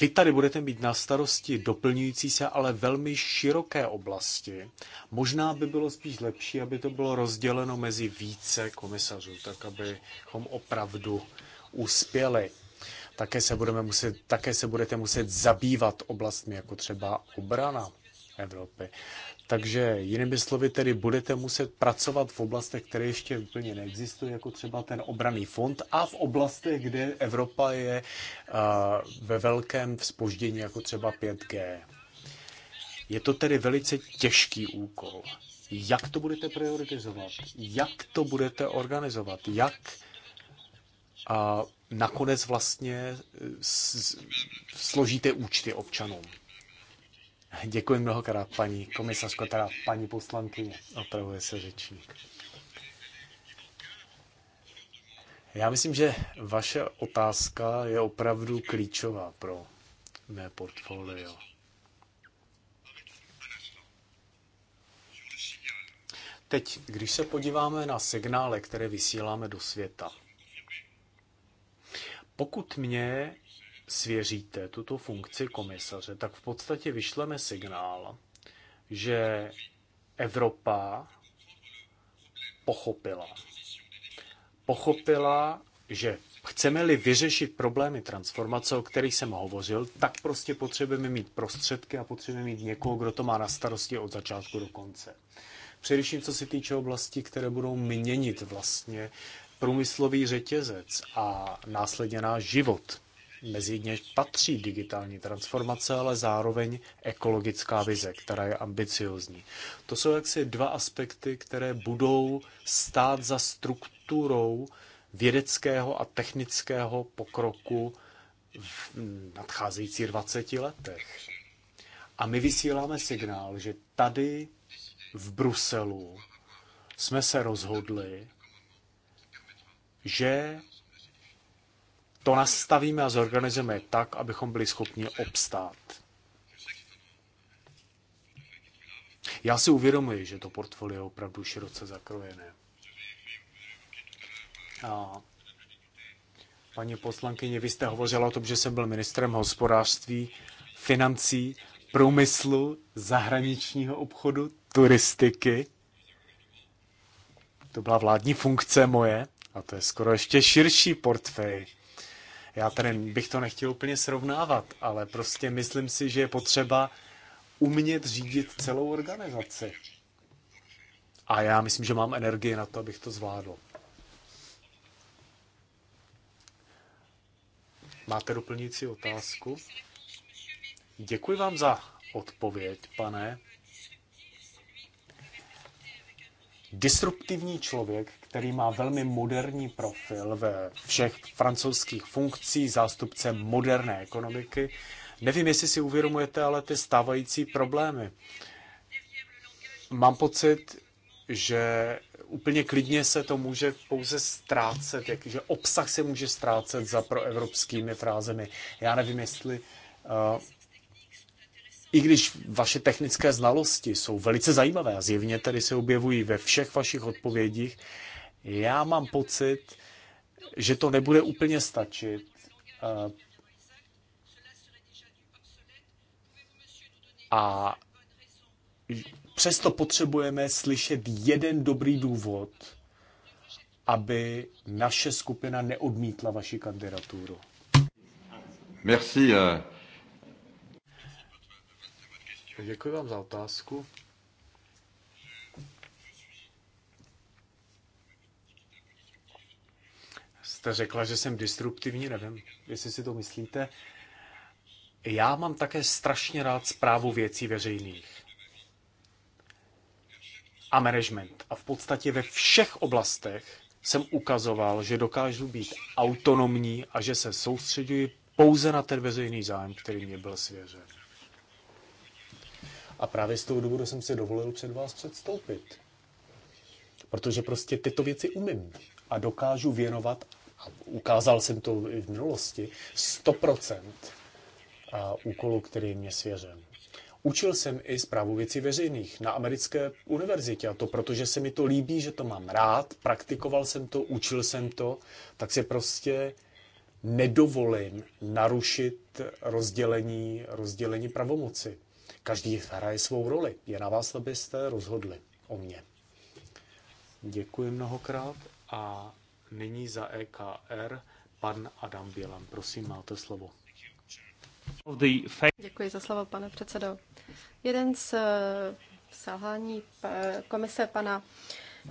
Vy tady budete mít na starosti doplňující se, ale velmi široké oblasti. Možná by bylo spíš lepší, aby to bylo rozděleno mezi více komisařů, tak abychom opravdu uspěli. Také se, budeme muset, také se budete muset zabývat oblastmi, jako třeba obrana Evropy. Takže jinými slovy tedy budete muset pracovat v oblastech, které ještě úplně neexistují, jako třeba ten obraný fond a v oblastech, kde Evropa je eh, ve velkém vzpoždění jako třeba 5G. Je to tedy velice těžký úkol. Jak to budete prioritizovat? Jak to budete organizovat? Jak a nakonec vlastně eh, složíte účty občanům. Děkuji mnohokrát, paní komisařko, teda paní poslankyně, opravuje se řečník. Já myslím, že vaše otázka je opravdu klíčová pro mé portfolio. Teď, když se podíváme na signály, které vysíláme do světa, pokud mě svěříte tuto funkci komisaře, tak v podstatě vyšleme signál, že Evropa pochopila. Pochopila, že chceme-li vyřešit problémy transformace, o kterých jsem hovořil, tak prostě potřebujeme mít prostředky a potřebujeme mít někoho, kdo to má na starosti od začátku do konce. Především co se týče oblasti, které budou měnit vlastně průmyslový řetězec a následně náš život. Mezi něž patří digitální transformace, ale zároveň ekologická vize, která je ambiciozní. To jsou jaksi dva aspekty, které budou stát za strukturou vědeckého a technického pokroku v nadcházejících 20 letech. A my vysíláme signál, že tady v Bruselu jsme se rozhodli, že to nastavíme a zorganizujeme tak, abychom byli schopni obstát. Já si uvědomuji, že to portfolio je opravdu široce zakrojené. A paní poslankyně, vy jste hovořila o tom, že jsem byl ministrem hospodářství, financí, průmyslu, zahraničního obchodu, turistiky. To byla vládní funkce moje. A to je skoro ještě širší portfej. Já tady bych to nechtěl úplně srovnávat, ale prostě myslím si, že je potřeba umět řídit celou organizaci. A já myslím, že mám energii na to, abych to zvládl. Máte doplňující otázku? Děkuji vám za odpověď, pane. disruptivní člověk, který má velmi moderní profil ve všech francouzských funkcích zástupce moderné ekonomiky. Nevím, jestli si uvědomujete, ale ty stávající problémy. Mám pocit, že úplně klidně se to může pouze ztrácet, jak, že obsah se může ztrácet za proevropskými frázemi. Já nevím, jestli uh, i když vaše technické znalosti jsou velice zajímavé a zjevně tedy se objevují ve všech vašich odpovědích, já mám pocit, že to nebude úplně stačit. Eh, a přesto potřebujeme slyšet jeden dobrý důvod, aby naše skupina neodmítla vaši kandidaturu. Merci. Uh... Děkuji vám za otázku. Jste řekla, že jsem disruptivní, nevím, jestli si to myslíte. Já mám také strašně rád zprávu věcí veřejných a management. A v podstatě ve všech oblastech jsem ukazoval, že dokážu být autonomní a že se soustředuji pouze na ten veřejný zájem, který mě byl svěřen. A právě z toho důvodu jsem si dovolil před vás předstoupit. Protože prostě tyto věci umím a dokážu věnovat, a ukázal jsem to i v minulosti, 100% a úkolu, který mě svěřen. Učil jsem i zprávu věcí veřejných na americké univerzitě a to protože se mi to líbí, že to mám rád, praktikoval jsem to, učil jsem to, tak si prostě nedovolím narušit rozdělení, rozdělení pravomoci každý hraje svou roli. Je na vás, abyste rozhodli o mě. Děkuji mnohokrát a nyní za EKR pan Adam Bělan. Prosím, máte slovo. Děkuji za slovo, pane předsedo. Jeden z eh, selhání eh, komise pana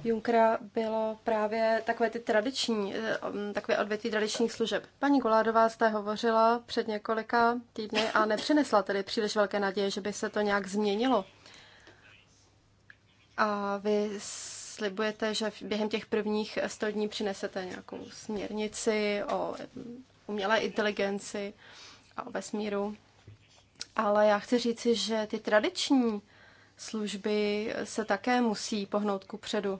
Junkra bylo právě takové ty tradiční, eh, um, takové odvětví tradičních služeb. Paní Goládová jste hovořila před několika týdny a nepřinesla tedy příliš velké naděje, že by se to nějak změnilo. A vy slibujete, že během těch prvních 100 dní přinesete nějakou směrnici o mm, umělé inteligenci a o vesmíru. Ale já chci říci, že ty tradiční služby se také musí pohnout ku předu.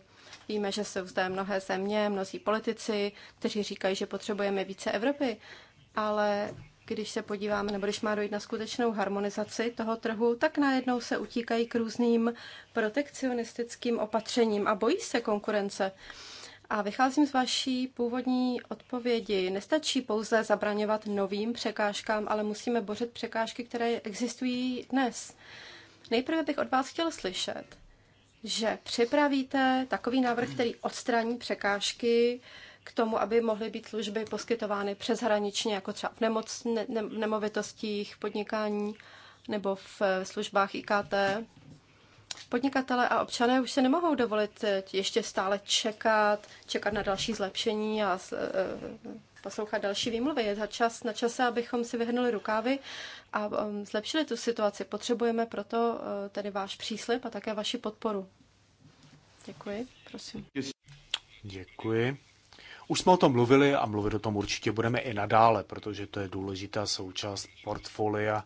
Víme, že jsou zde mnohé země, mnozí politici, kteří říkají, že potřebujeme více Evropy, ale když se podíváme, nebo když má dojít na skutečnou harmonizaci toho trhu, tak najednou se utíkají k různým protekcionistickým opatřením a bojí se konkurence. A vycházím z vaší původní odpovědi. Nestačí pouze zabraňovat novým překážkám, ale musíme bořit překážky, které existují dnes. Nejprve bych od vás chtěl slyšet, že připravíte takový návrh, který odstraní překážky k tomu, aby mohly být služby poskytovány přeshraničně, jako třeba v nemoc, ne, ne, nemovitostích, podnikání nebo v eh, službách IKT. Podnikatele a občané už se nemohou dovolit eh, ještě stále čekat, čekat na další zlepšení a eh, poslouchat další výmluvy. Je čas, na čase, abychom si vyhrnuli rukávy a um, zlepšili tu situaci. Potřebujeme proto uh, tedy váš příslip a také vaši podporu. Děkuji, prosím. Děkuji. Už jsme o tom mluvili a mluvit o tom určitě budeme i nadále, protože to je důležitá součást portfolia,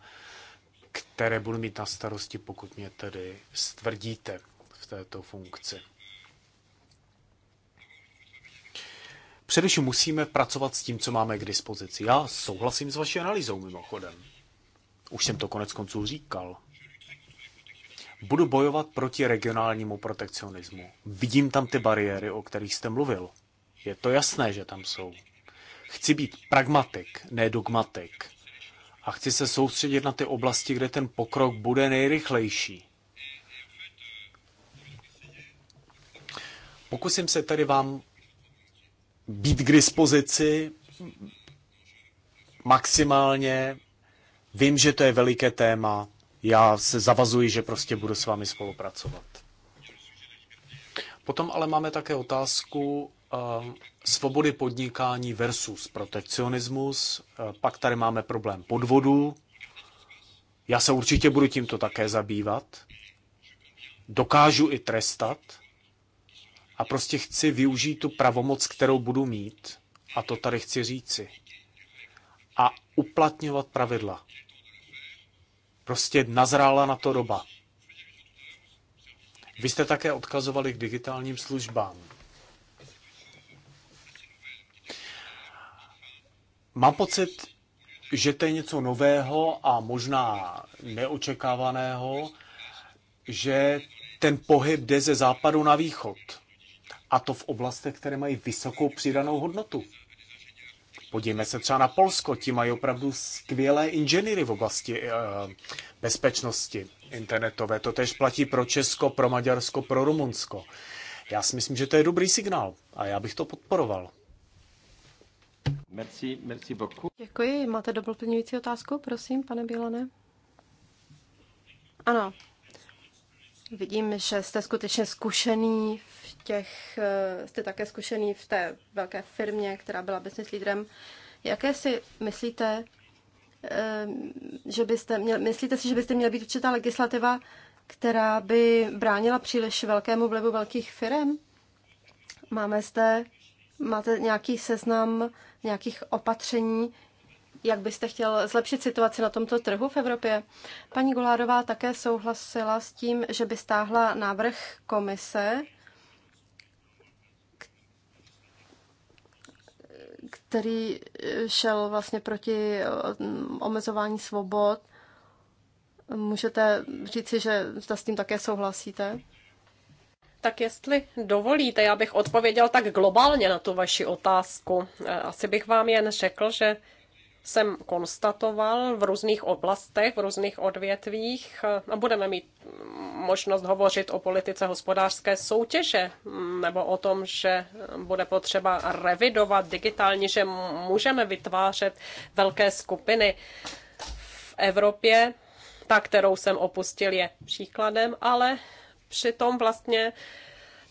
které budu mít na starosti, pokud mě tedy stvrdíte v této funkci. Především musíme pracovat s tím, co máme k dispozici. Já souhlasím s vaší analýzou mimochodem. Už jsem to konec konců říkal. Budu bojovat proti regionálnímu protekcionismu. Vidím tam ty bariéry, o kterých jste mluvil. Je to jasné, že tam jsou. Chci být pragmatik, ne dogmatik. A chci se soustředit na ty oblasti, kde ten pokrok bude nejrychlejší. Pokusím se tady vám být k dispozici maximálně. Vím, že to je veliké téma. Já se zavazuji, že prostě budu s vámi spolupracovat. Potom ale máme také otázku eh, svobody podnikání versus protekcionismus. Eh, pak tady máme problém podvodů. Já se určitě budu tímto také zabývat. Dokážu i trestat a prostě chci využít tu pravomoc, kterou budu mít, a to tady chci říci, a uplatňovat pravidla. Prostě nazrála na to doba. Vy jste také odkazovali k digitálním službám. Mám pocit, že to je něco nového a možná neočekávaného, že ten pohyb jde ze západu na východ a to v oblastech, které mají vysokou přidanou hodnotu. Podívejme se třeba na Polsko, ti mají opravdu skvělé inženýry v oblasti eh, bezpečnosti internetové. To tež platí pro Česko, pro Maďarsko, pro Rumunsko. Já si myslím, že to je dobrý signál a já bych to podporoval. Merci, merci beaucoup. Děkuji. Máte doplňující otázku, prosím, pane Bílone? Ano, Vidím, že jste skutečně zkušený v těch, eh, jste také zkušený v té velké firmě, která byla business leaderem. Jaké si myslíte, eh, že byste měl, myslíte si, že byste měla být určitá legislativa, která by bránila příliš velkému vlivu velkých firm? Máme zde, máte nějaký seznam nějakých opatření, jak byste chtěl zlepšit situaci na tomto trhu v Evropě. Paní Gulárová také souhlasila s tím, že by stáhla návrh komise, který šel vlastně proti eh, omezování svobod. Můžete říci, že s tím také souhlasíte? Tak jestli dovolíte, já bych odpověděl tak globálně na tu vaši otázku. Eh, asi bych vám jen řekl, že jsem konstatoval v různých oblastech, v různých odvětvích. Eh, a budeme mít možnost hovořit o politice hospodářské soutěže mm, nebo o tom, že eh, bude potřeba revidovat digitálně, že můžeme vytvářet velké skupiny v Evropě. Ta, kterou jsem opustil, je příkladem, ale přitom vlastně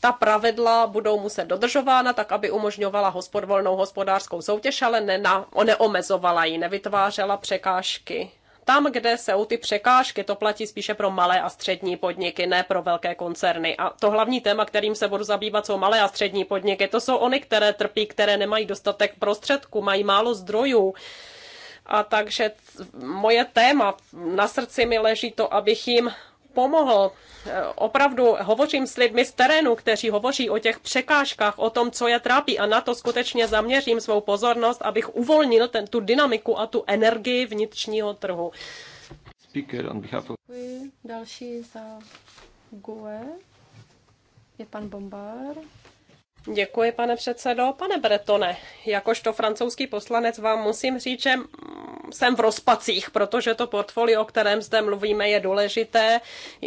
ta pravidla budou muset dodržována tak, aby umožňovala hospod, volnou hospodářskou soutěž, ale nena, neomezovala ji, nevytvářela překážky. Tam, kde jsou ty překážky, to platí spíše pro malé a střední podniky, ne pro velké koncerny. A to hlavní téma, kterým se budu zabývat, jsou malé a střední podniky. To jsou oni, které trpí, které nemají dostatek prostředků, mají málo zdrojů. A takže moje téma na srdci mi leží to, abych jim pomohl. E, opravdu hovořím s lidmi z terénu, kteří hovoří o těch překážkách, o tom, co je trápí a na to skutečně zaměřím svou pozornost, abych uvolnil ten, tu dynamiku a tu energii vnitřního trhu. Speaker on behalf of... Další za GUE je pan Bombard. Děkuji, pane předsedo. Pane Bretone, jakožto francouzský poslanec vám musím říct, že jsem v rozpacích, protože to portfolio, o kterém zde mluvíme, je důležité,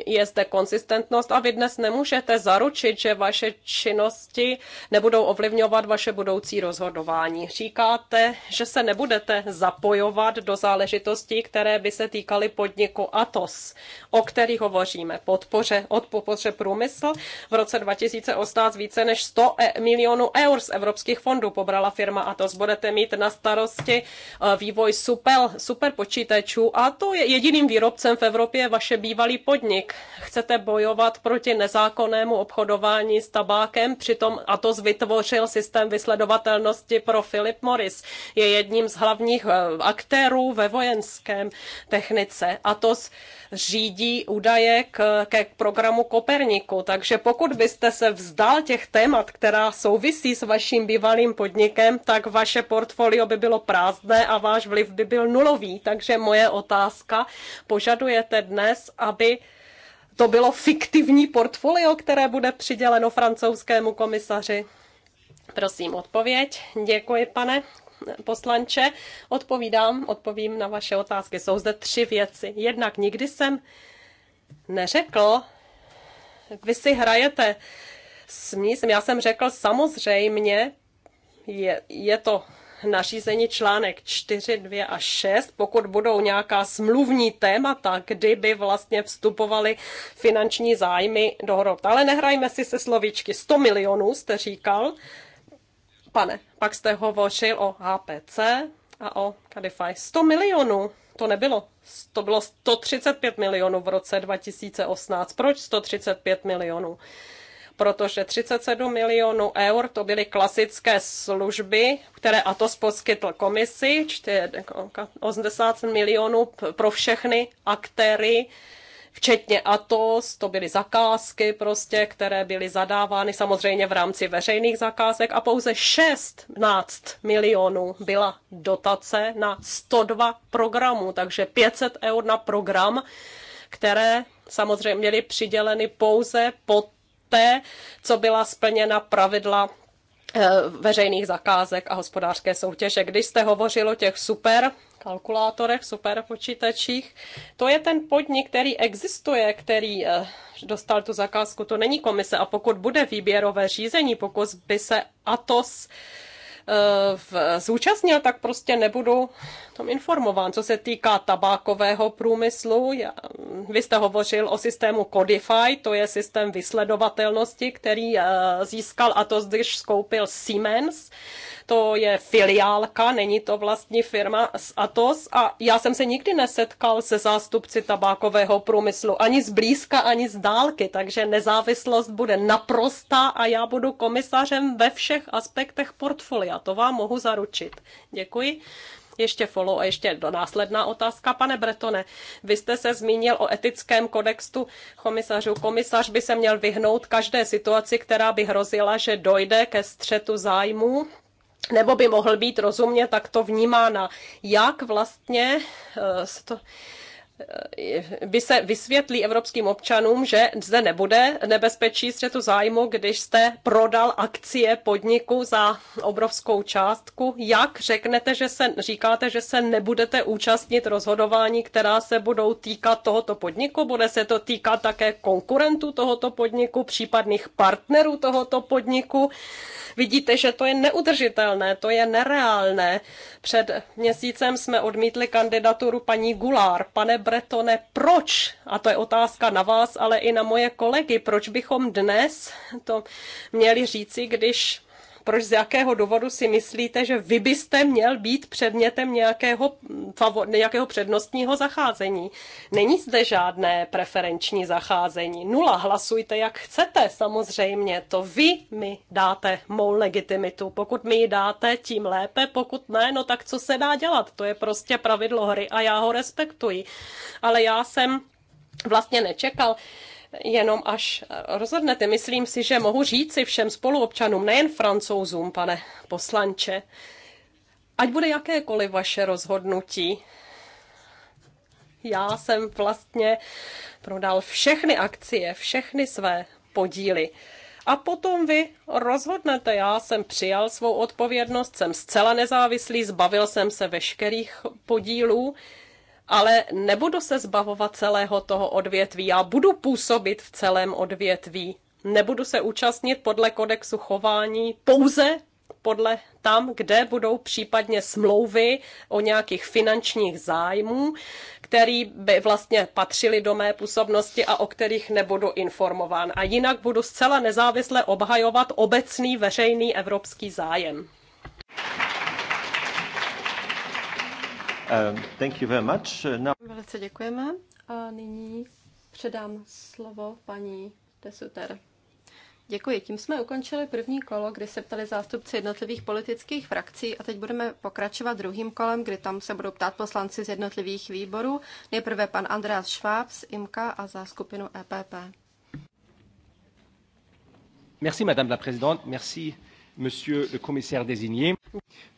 je zde konsistentnost a vy dnes nemůžete zaručit, že vaše činnosti nebudou ovlivňovat vaše budoucí rozhodování. Říkáte, že se nebudete zapojovat do záležitostí, které by se týkaly podniku Atos, o kterých hovoříme. Podpoře, od podpoře průmysl v roce 2018 více než 100 milionů eur z evropských fondů pobrala firma Atos. Budete mít na starosti eh, vývoj super, super počítačů a to je jediným výrobcem v Evropě vaše bývalý podnik. Chcete bojovat proti nezákonnému obchodování s tabákem, přitom Atos vytvořil systém vysledovatelnosti pro Philip Morris. Je jedním z hlavních eh, aktérů ve vojenském technice. Atos řídí údaje k, ke programu Koperniku, takže pokud byste se vzdal těch témat, která která souvisí s vaším bývalým podnikem, tak vaše portfolio by bylo prázdné a váš vliv by byl nulový. Takže moje otázka, požadujete dnes, aby to bylo fiktivní portfolio, které bude přiděleno francouzskému komisaři? Prosím, odpověď. Děkuji, pane poslanče. Odpovídám, odpovím na vaše otázky. Jsou zde tři věci. Jednak nikdy jsem neřekl, vy si hrajete smysl. Já jsem řekl samozřejmě, je, je to nařízení článek 4, 2 a 6, pokud budou nějaká smluvní témata, kdyby vlastně vstupovaly finanční zájmy do hrot. Ale nehrajme si se slovíčky. 100 milionů jste říkal, pane, pak jste hovořil o HPC a o Cadify. 100 milionů, to nebylo. To bylo 135 milionů v roce 2018. Proč 135 milionů? protože 37 milionů eur to byly klasické služby, které Atos poskytl komisi, 80 jako milionů pro všechny aktéry, včetně Atos, to byly zakázky prostě, které byly zadávány samozřejmě v rámci veřejných zakázek a pouze 16 milionů byla dotace na 102 programů, takže 500 eur na program, které samozřejmě měly přiděleny pouze pod poté, co byla splněna pravidla eh, veřejných zakázek a hospodářské soutěže. Když jste hovořil o těch super kalkulátorech, super počítačích, to je ten podnik, který existuje, který eh, dostal tu zakázku, to není komise. A pokud bude výběrové řízení, pokud by se Atos Eh, zúčastnil, tak prostě nebudu tom informován. Co se týká tabákového průmyslu, já, vy jste hovořil o systému Codify, to je systém vysledovatelnosti, který eh, získal a to když skoupil Siemens, to je filiálka, není to vlastní firma z Atos a já jsem se nikdy nesetkal se zástupci tabákového průmyslu, ani z blízka, ani z dálky, takže nezávislost bude naprostá a já budu komisařem ve všech aspektech portfolia to vám mohu zaručit. Děkuji. Ještě follow a ještě do následná otázka. Pane Bretone, vy jste se zmínil o etickém kodextu komisařů. Komisař by se měl vyhnout každé situaci, která by hrozila, že dojde ke střetu zájmů nebo by mohl být rozumně takto vnímána. Jak vlastně eh, to, by se vysvětlí evropským občanům, že zde nebude nebezpečí střetu zájmu, když jste prodal akcie podniku za obrovskou částku. Jak řeknete, že se, říkáte, že se nebudete účastnit rozhodování, která se budou týkat tohoto podniku? Bude se to týkat také konkurentů tohoto podniku, případných partnerů tohoto podniku? Vidíte, že to je neudržitelné, to je nereálné. Před měsícem jsme odmítli kandidaturu paní Gulár. Pane Bretone, proč, a to je otázka na vás, ale i na moje kolegy, proč bychom dnes to měli říci, když proč z jakého důvodu si myslíte, že vy byste měl být předmětem nějakého, nějakého přednostního zacházení. Není zde žádné preferenční zacházení. Nula, hlasujte jak chcete, samozřejmě. To vy mi dáte mou legitimitu. Pokud mi ji dáte, tím lépe. Pokud ne, no tak co se dá dělat? To je prostě pravidlo hry a já ho respektuji. Ale já jsem vlastně nečekal, jenom až rozhodnete. Myslím si, že mohu říci všem spoluobčanům, nejen francouzům, pane poslanče, ať bude jakékoliv vaše rozhodnutí, já jsem vlastně prodal všechny akcie, všechny své podíly. A potom vy rozhodnete. Já jsem přijal svou odpovědnost, jsem zcela nezávislý, zbavil jsem se veškerých podílů ale nebudu se zbavovat celého toho odvětví. Já budu působit v celém odvětví. Nebudu se účastnit podle kodexu chování pouze podle tam, kde budou případně smlouvy o nějakých finančních zájmů, který by vlastně patřili do mé působnosti a o kterých nebudu informován. A jinak budu zcela nezávisle obhajovat obecný veřejný evropský zájem. Um, thank you very much. Uh, now... Velice děkujeme. A nyní předám slovo paní Desuter. Děkuji. Tím jsme ukončili první kolo, kdy se ptali zástupci jednotlivých politických frakcí a teď budeme pokračovat druhým kolem, kdy tam se budou ptát poslanci z jednotlivých výborů. Nejprve pan Andreas Schwab z IMKA a za skupinu EPP. Merci, madame la présidente. Merci monsieur le commissaire désigné.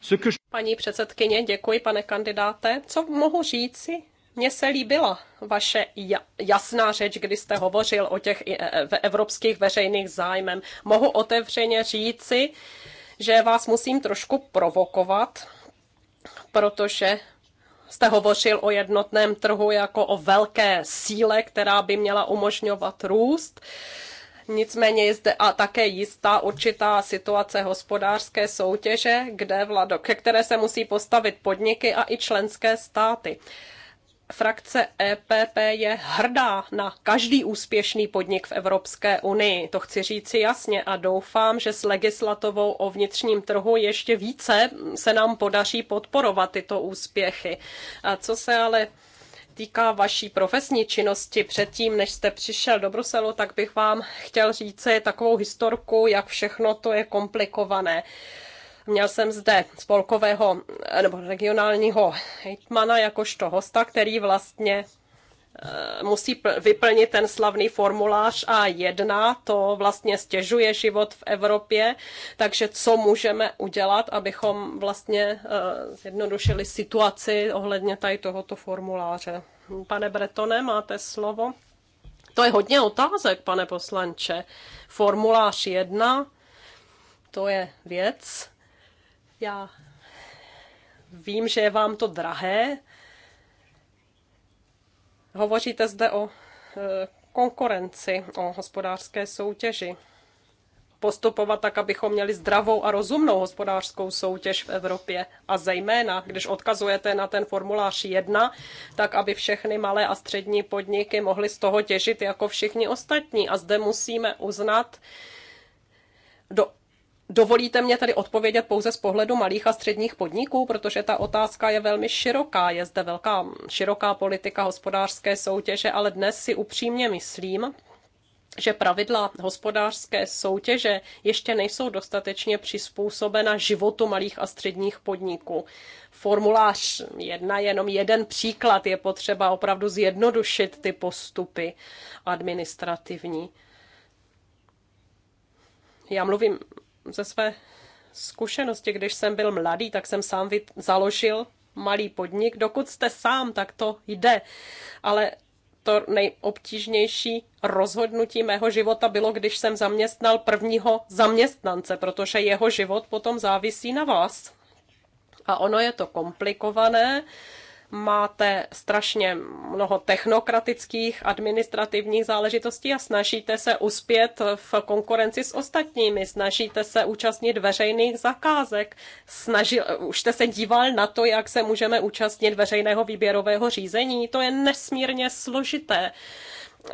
Ce que... Paní předsedkyně, děkuji, pane kandidáte. Co mohu říci? Mně se líbila vaše jasná řeč, kdy jste hovořil o těch e, e, evropských veřejných zájmem. Mohu otevřeně říci, že vás musím trošku provokovat, protože jste hovořil o jednotném trhu jako o velké síle, která by měla umožňovat růst. Nicméně je zde a také jistá určitá situace hospodářské soutěže, kde vlado, ke které se musí postavit podniky a i členské státy. Frakce EPP je hrdá na každý úspěšný podnik v Evropské unii. To chci říci jasně a doufám, že s legislativou o vnitřním trhu ještě více se nám podaří podporovat tyto úspěchy. A co se ale týká vaší profesní činnosti předtím, než jste přišel do Bruselu, tak bych vám chtěl říct takovou historku, jak všechno to je komplikované. Měl jsem zde spolkového nebo regionálního hejtmana jakožto hosta, který vlastně Eh, musí vyplnit ten slavný formulář A1, to vlastně stěžuje život v Evropě, takže co můžeme udělat, abychom vlastně eh, zjednodušili situaci ohledně tady tohoto formuláře. Pane Bretone, máte slovo? To je hodně otázek, pane poslanče. Formulář 1, to je věc. Já vím, že je vám to drahé, Hovoříte zde o e, konkurenci, o hospodářské soutěži. Postupovat tak, abychom měli zdravou a rozumnou hospodářskou soutěž v Evropě. A zejména, když odkazujete na ten formulář 1, tak aby všechny malé a střední podniky mohly z toho těžit jako všichni ostatní. A zde musíme uznat, do, Dovolíte mě tady odpovědět pouze z pohledu malých a středních podniků, protože ta otázka je velmi široká. Je zde velká široká politika hospodářské soutěže, ale dnes si upřímně myslím, že pravidla hospodářské soutěže ještě nejsou dostatečně přizpůsobena životu malých a středních podniků. Formulář jedna, jenom jeden příklad, je potřeba opravdu zjednodušit ty postupy administrativní. Já mluvím ze své zkušenosti, když jsem byl mladý, tak jsem sám založil malý podnik. Dokud jste sám, tak to jde. Ale to nejobtížnější rozhodnutí mého života bylo, když jsem zaměstnal prvního zaměstnance, protože jeho život potom závisí na vás. A ono je to komplikované, máte strašně mnoho technokratických administrativních záležitostí a snažíte se uspět v konkurenci s ostatními, snažíte se účastnit veřejných zakázek, snaži, už jste se díval na to, jak se můžeme účastnit veřejného výběrového řízení, to je nesmírně složité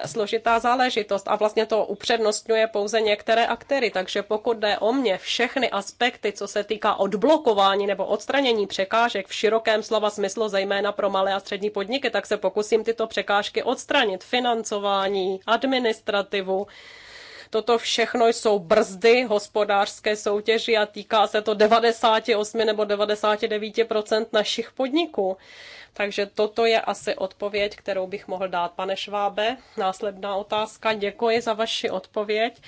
složitá záležitost a vlastně to upřednostňuje pouze některé aktéry. Takže pokud jde o mě, všechny aspekty, co se týká odblokování nebo odstranění překážek v širokém slova smyslu, zejména pro malé a střední podniky, tak se pokusím tyto překážky odstranit. Financování, administrativu, Toto všechno jsou brzdy hospodářské soutěži a týká se to 98 nebo 99 našich podniků. Takže toto je asi odpověď, kterou bych mohl dát, pane Švábe. Následná otázka. Děkuji za vaši odpověď.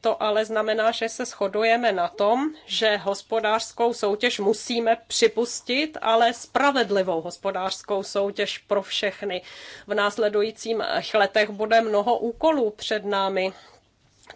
To ale znamená, že se shodujeme na tom, že hospodářskou soutěž musíme připustit, ale spravedlivou hospodářskou soutěž pro všechny. V následujících letech bude mnoho úkolů před námi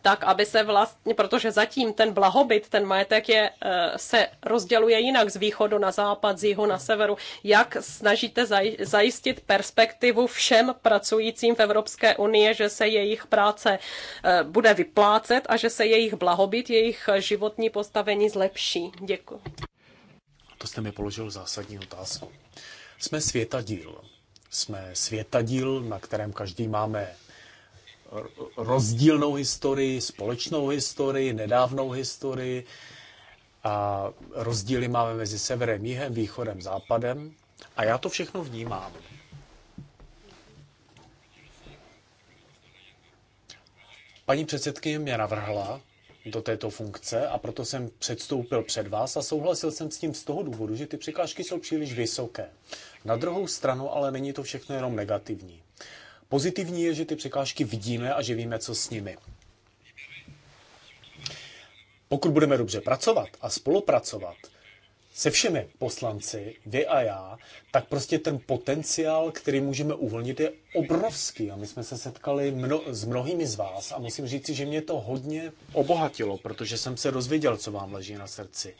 tak, aby se vlastně, protože zatím ten blahobyt, ten majetek je, eh, se rozděluje jinak z východu na západ, z jihu na severu. Jak snažíte zajistit perspektivu všem pracujícím v Evropské unii, že se jejich práce eh, bude vyplácet a že se jejich blahobyt, jejich životní postavení zlepší? Děkuji. To jste mi položil zásadní otázku. Jsme světadíl. Jsme světadíl, na kterém každý máme rozdílnou historii, společnou historii, nedávnou historii a rozdíly máme mezi severem, jihem, východem, západem. A já to všechno vnímám. Paní předsedkyně mě navrhla do této funkce a proto jsem předstoupil před vás a souhlasil jsem s tím z toho důvodu, že ty překážky jsou příliš vysoké. Na druhou stranu ale není to všechno jenom negativní. Pozitivní je, že ty překážky vidíme a že víme, co s nimi. Pokud budeme dobře pracovat a spolupracovat se všemi poslanci, vy a já, tak prostě ten potenciál, který můžeme uvolnit, je obrovský. A my jsme se setkali mno- s mnohými z vás a musím říct, že mě to hodně obohatilo, protože jsem se dozvěděl, co vám leží na srdci.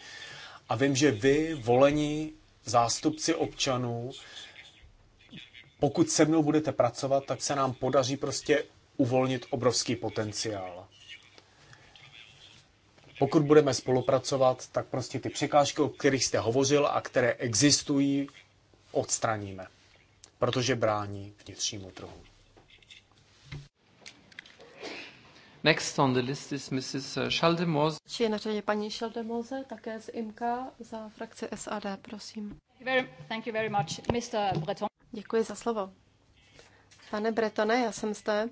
A vím, že vy, volení zástupci občanů, pokud se mnou budete pracovat, tak se nám podaří prostě uvolnit obrovský potenciál. Pokud budeme spolupracovat, tak prostě ty překážky, o kterých jste hovořil a které existují, odstraníme, protože brání vnitřnímu trhu. Next on the list is Mrs. Eh, Schaldemose. Či je na řadě paní Schaldemose, také z IMKA za frakci SAD, prosím. Thank you very much, Mr. Breton. Děkuji za slovo. Pane Bretone, já jsem zde.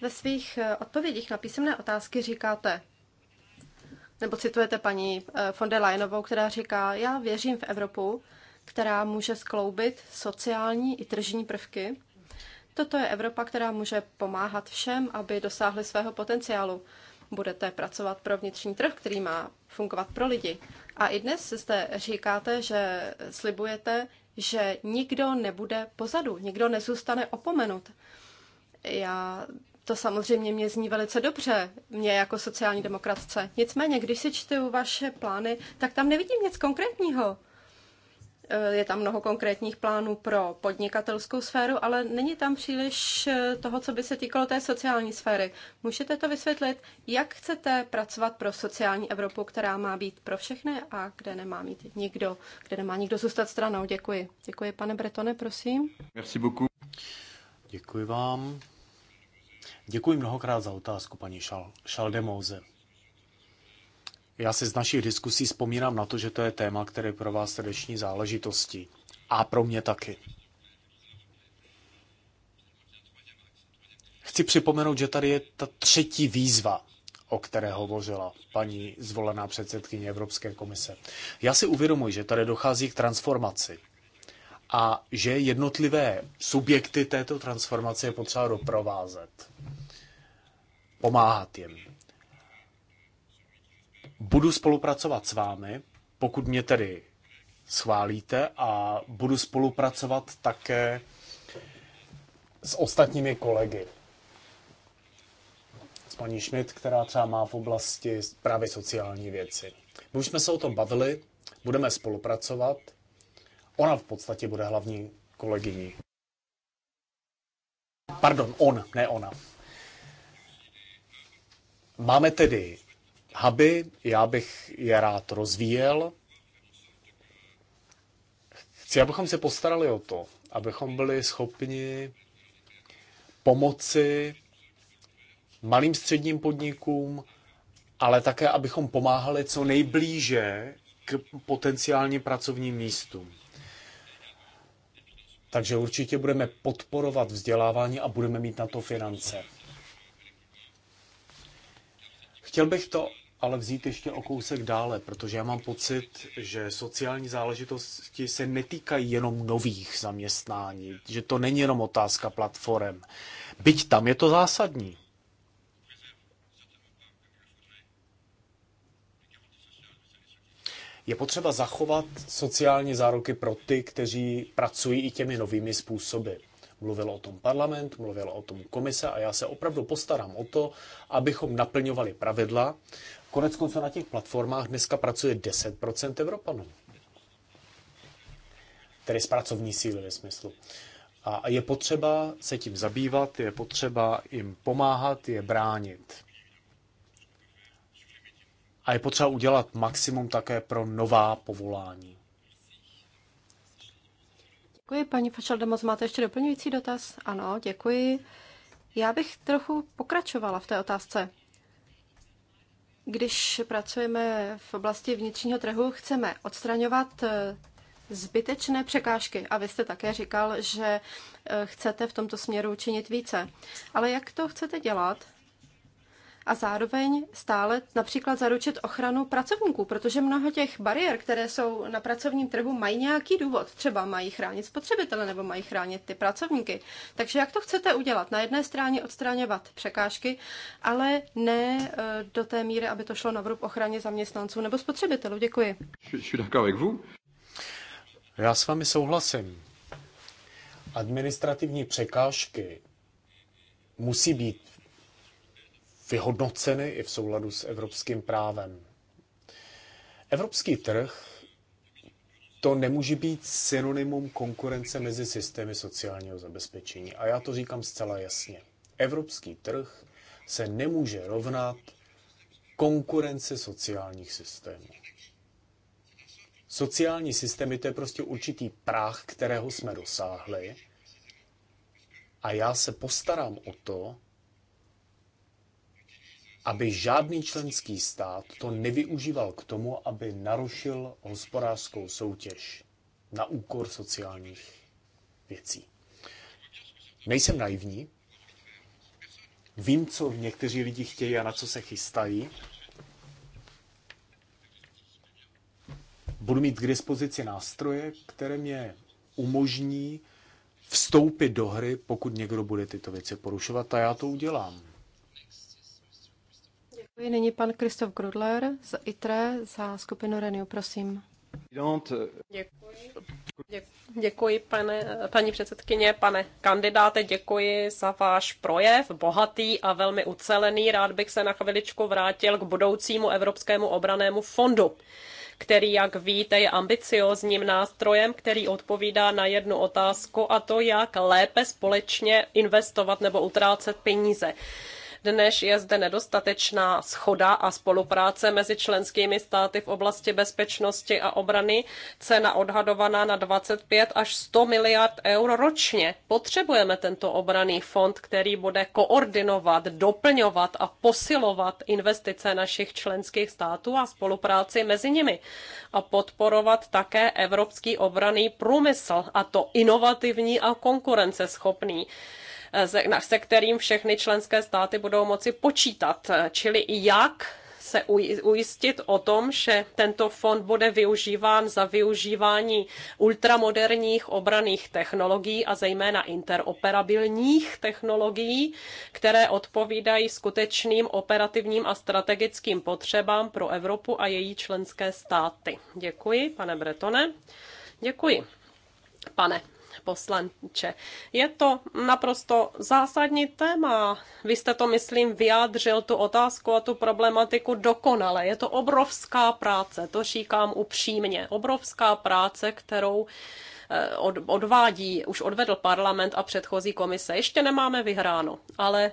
Ve svých eh, odpovědích na písemné otázky říkáte, nebo citujete paní eh, von der Leyenovou, která říká, já věřím v Evropu, která může skloubit sociální i tržní prvky. Toto je Evropa, která může pomáhat všem, aby dosáhli svého potenciálu. Budete pracovat pro vnitřní trh, který má fungovat pro lidi. A i dnes zde říkáte, že slibujete, že nikdo nebude pozadu, nikdo nezůstane opomenut. Já to samozřejmě mě zní velice dobře, mě jako sociální demokratce. Nicméně, když si čtu vaše plány, tak tam nevidím nic konkrétního. Eh, je tam mnoho konkrétních plánů pro podnikatelskou sféru, ale není tam příliš eh, toho, co by se týkalo té sociální sféry. Můžete to vysvětlit, jak chcete pracovat pro sociální Evropu, která má být pro všechny a kde nemá mít nikdo, kde nemá nikdo zůstat stranou. Děkuji. Děkuji, pane Bretone, prosím. Merci beaucoup. Děkuji vám. Děkuji mnohokrát za otázku, paní Šaldemouze. Šaldemouze. Já si z našich diskusí vzpomínám na to, že to je téma, které je pro vás srdeční záležitostí. A pro mě taky. Chci připomenout, že tady je ta třetí výzva, o které hovořila paní zvolená předsedkyně Evropské komise. Já si uvědomuji, že tady dochází k transformaci a že jednotlivé subjekty této transformace je potřeba doprovázet, pomáhat jim. Budu spolupracovat s vámi, pokud mě tedy schválíte a budu spolupracovat také s ostatními kolegy. S paní Schmidt, která třeba má v oblasti právě sociální věci. My už jsme se o tom bavili, budeme spolupracovat. Ona v podstatě bude hlavní kolegyní. Pardon, on, ne ona. Máme tedy huby, já bych je rád rozvíjel. Chci, abychom se postarali o to, abychom byli schopni pomoci malým středním podnikům, ale také, abychom pomáhali co nejblíže k potenciálně pracovním místům. Takže určitě budeme podporovat vzdělávání a budeme mít na to finance. Chtěl bych to ale vzít ještě o kousek dále, protože já mám pocit, že sociální záležitosti se netýkají jenom nových zaměstnání, že to není jenom otázka platform. Byť tam je to zásadní. Je potřeba zachovat sociální záruky pro ty, kteří pracují i těmi novými způsoby. Mluvil o tom parlament, mluvil o tom komise a já se opravdu postarám o to, abychom naplňovali pravidla Konec konců na těch platformách dneska pracuje 10% Evropanů. Tedy z pracovní síly ve smyslu. A je potřeba se tím zabývat, je potřeba jim pomáhat, je bránit. A je potřeba udělat maximum také pro nová povolání. Děkuji, paní Fašaldemoc. Máte ještě doplňující dotaz? Ano, děkuji. Já bych trochu pokračovala v té otázce. Když pracujeme v oblasti vnitřního trhu, chceme odstraňovat eh, zbytečné překážky. A vy jste také říkal, že eh, chcete v tomto směru činit více. Ale jak to chcete dělat? a zároveň stále například zaručit ochranu pracovníků, protože mnoho těch bariér, které jsou na pracovním trhu, mají nějaký důvod. Třeba mají chránit spotřebitele nebo mají chránit ty pracovníky. Takže jak to chcete udělat? Na jedné straně odstraňovat překážky, ale ne eh, do té míry, aby to šlo na vrub ochraně zaměstnanců nebo spotřebitelů. Děkuji. Já s vámi souhlasím. Administrativní překážky musí být vyhodnoceny i v souladu s evropským právem. Evropský trh to nemůže být synonymum konkurence mezi systémy sociálního zabezpečení. A já to říkám zcela jasně. Evropský trh se nemůže rovnat konkurence sociálních systémů. Sociální systémy to je prostě určitý práh, kterého jsme dosáhli. A já se postarám o to, aby žádný členský stát to nevyužíval k tomu, aby narušil hospodářskou soutěž na úkor sociálních věcí. Nejsem naivní, vím, co někteří lidi chtějí a na co se chystají. Budu mít k dispozici nástroje, které mě umožní vstoupit do hry, pokud někdo bude tyto věci porušovat a já to udělám. Děkuji. Nyní pan Kristof Grudler z ITRE za skupinu Renew, prosím. Děkuji. Děkuji, pane, paní předsedkyně, pane kandidáte, děkuji za váš projev, bohatý a velmi ucelený. Rád bych se na chviličku vrátil k budoucímu Evropskému obranému fondu který, jak víte, je ambiciozním nástrojem, který odpovídá na jednu otázku, a to, jak lépe společně investovat nebo utrácet peníze dnes je zde nedostatečná schoda a spolupráce mezi členskými státy v oblasti bezpečnosti a obrany, cena odhadovaná na 25 až 100 miliard eur ročně. Potřebujeme tento obraný fond, který bude koordinovat, doplňovat a posilovat investice našich členských států a spolupráci mezi nimi a podporovat také evropský obraný průmysl, a to inovativní a konkurenceschopný se kterým všechny členské státy budou moci počítat, čili jak se ujistit o tom, že tento fond bude využíván za využívání ultramoderních obraných technologií a zejména interoperabilních technologií, které odpovídají skutečným operativním a strategickým potřebám pro Evropu a její členské státy. Děkuji, pane Bretone. Děkuji, pane poslanče. Je to naprosto zásadní téma. Vy jste to, myslím, vyjádřil tu otázku a tu problematiku dokonale. Je to obrovská práce, to říkám upřímně. Obrovská práce, kterou eh, od, odvádí, už odvedl parlament a předchozí komise. Ještě nemáme vyhráno, ale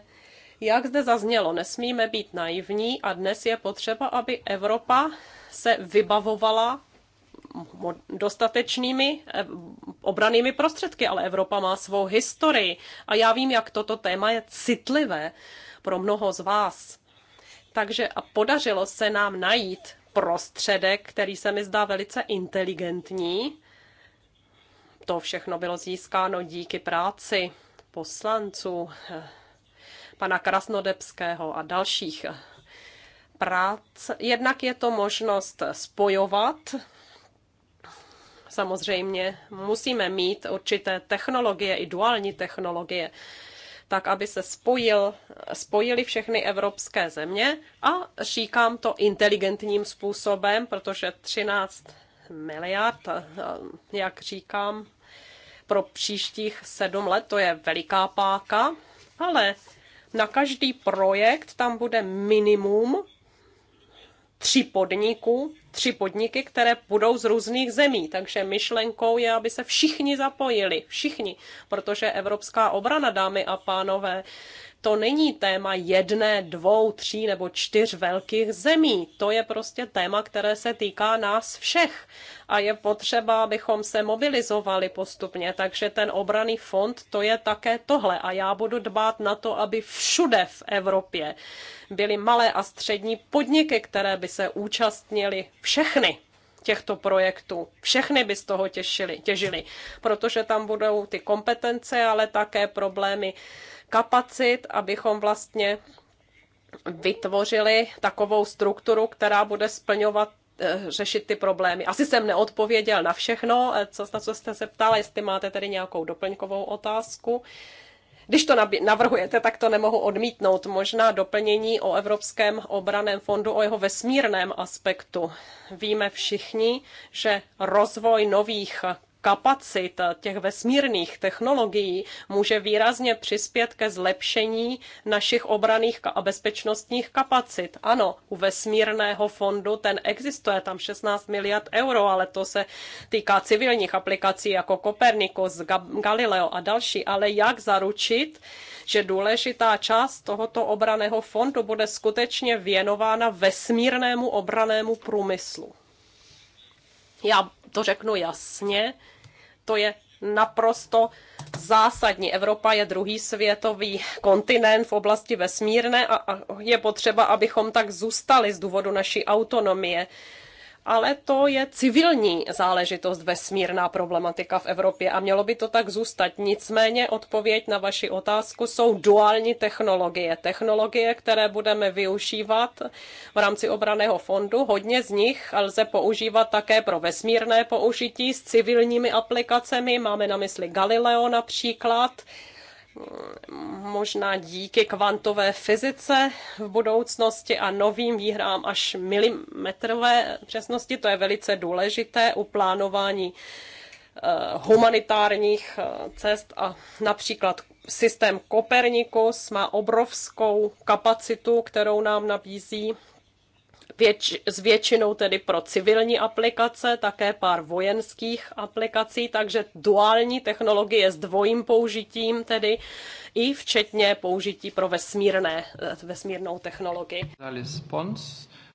jak zde zaznělo, nesmíme být naivní a dnes je potřeba, aby Evropa se vybavovala dostatečnými eh, obranými prostředky, ale Evropa má svou historii a já vím, jak toto téma je citlivé pro mnoho z vás. Takže a podařilo se nám najít prostředek, který se mi zdá velice inteligentní. To všechno bylo získáno díky práci poslanců eh, pana Krasnodebského a dalších eh, prác. Jednak je to možnost spojovat Samozřejmě musíme mít určité technologie, i duální technologie, tak aby se spojil, spojili všechny evropské země a říkám to inteligentním způsobem, protože 13 miliard, eh, jak říkám, pro příštích sedm let to je veliká páka, ale na každý projekt tam bude minimum tři podniků tři podniky, které budou z různých zemí. Takže myšlenkou je, aby se všichni zapojili. Všichni. Protože evropská obrana, dámy a pánové, to není téma jedné, dvou, tří nebo čtyř velkých zemí. To je prostě téma, které se týká nás všech. A je potřeba, abychom se mobilizovali postupně. Takže ten obraný fond, to je také tohle. A já budu dbát na to, aby všude v Evropě byly malé a střední podniky, které by se účastnily všechny těchto projektů. Všechny by z toho těšili, těžili, protože tam budou ty kompetence, ale také problémy kapacit, abychom vlastně vytvořili takovou strukturu, která bude splňovat eh, řešit ty problémy. Asi jsem neodpověděl na všechno, eh, co, na co jste se ptala, jestli máte tedy nějakou doplňkovou otázku když to navrhujete, tak to nemohu odmítnout. Možná doplnění o Evropském obraném fondu, o jeho vesmírném aspektu. Víme všichni, že rozvoj nových kapacit těch vesmírných technologií může výrazně přispět ke zlepšení našich obraných a bezpečnostních kapacit. Ano, u vesmírného fondu ten existuje, tam 16 miliard euro, ale to se týká civilních aplikací jako Copernicus, Galileo a další, ale jak zaručit, že důležitá část tohoto obraného fondu bude skutečně věnována vesmírnému obranému průmyslu. Já to řeknu jasně, to je naprosto zásadní. Evropa je druhý světový kontinent v oblasti vesmírné a je potřeba, abychom tak zůstali z důvodu naší autonomie ale to je civilní záležitost vesmírná problematika v Evropě a mělo by to tak zůstat. Nicméně odpověď na vaši otázku jsou duální technologie. Technologie, které budeme využívat v rámci obraného fondu, hodně z nich lze používat také pro vesmírné použití s civilními aplikacemi. Máme na mysli Galileo například, možná díky kvantové fyzice v budoucnosti a novým výhrám až milimetrové přesnosti. To je velice důležité u plánování eh, humanitárních eh, cest a například systém Kopernikus má obrovskou kapacitu, kterou nám nabízí věč, s většinou tedy pro civilní aplikace, také pár vojenských aplikací, takže duální technologie s dvojím použitím tedy i včetně použití pro vesmírné, eh, vesmírnou technologii.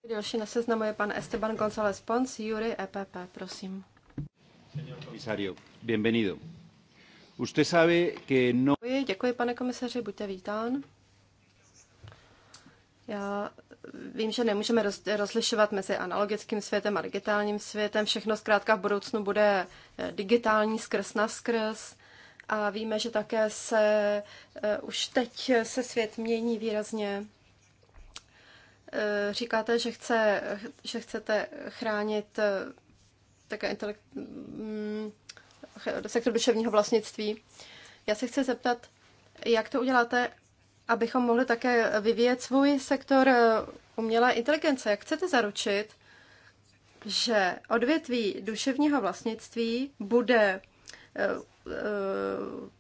Další na seznamu je pan Esteban González Pons, Jury EPP, prosím. Señor bienvenido. Usted sabe que no... děkuji, pane komisaři, buďte vítán. Já vím, že nemůžeme rozlišovat mezi analogickým světem a digitálním světem. Všechno zkrátka v budoucnu bude eh, digitální skrz na skrz. A víme, že také se eh, už teď se svět mění výrazně. Eh, říkáte, že, chce, že chcete chránit také intelekt, mm, sektor duševního vlastnictví. Já se chci zeptat, jak to uděláte abychom mohli také vyvíjet svůj sektor eh, umělé inteligence. Jak chcete zaručit, že odvětví duševního vlastnictví bude eh, eh,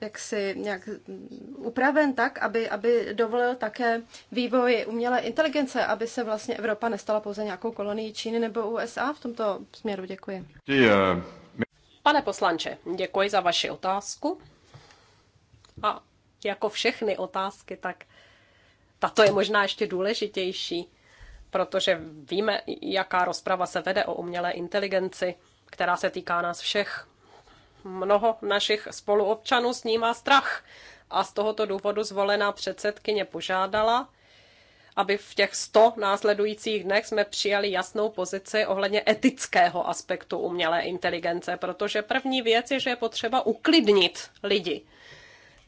jak si nějak upraven tak, aby, aby dovolil také vývoj umělé inteligence, aby se vlastně Evropa nestala pouze nějakou kolonií Číny nebo USA v tomto směru. Děkuji. Pane poslanče, děkuji za vaši otázku. A jako všechny otázky, tak tato je možná ještě důležitější, protože víme, jaká rozprava se vede o umělé inteligenci, která se týká nás všech. Mnoho našich spoluobčanů s ní má strach a z tohoto důvodu zvolená předsedkyně požádala, aby v těch 100 následujících dnech jsme přijali jasnou pozici ohledně etického aspektu umělé inteligence, protože první věc je, že je potřeba uklidnit lidi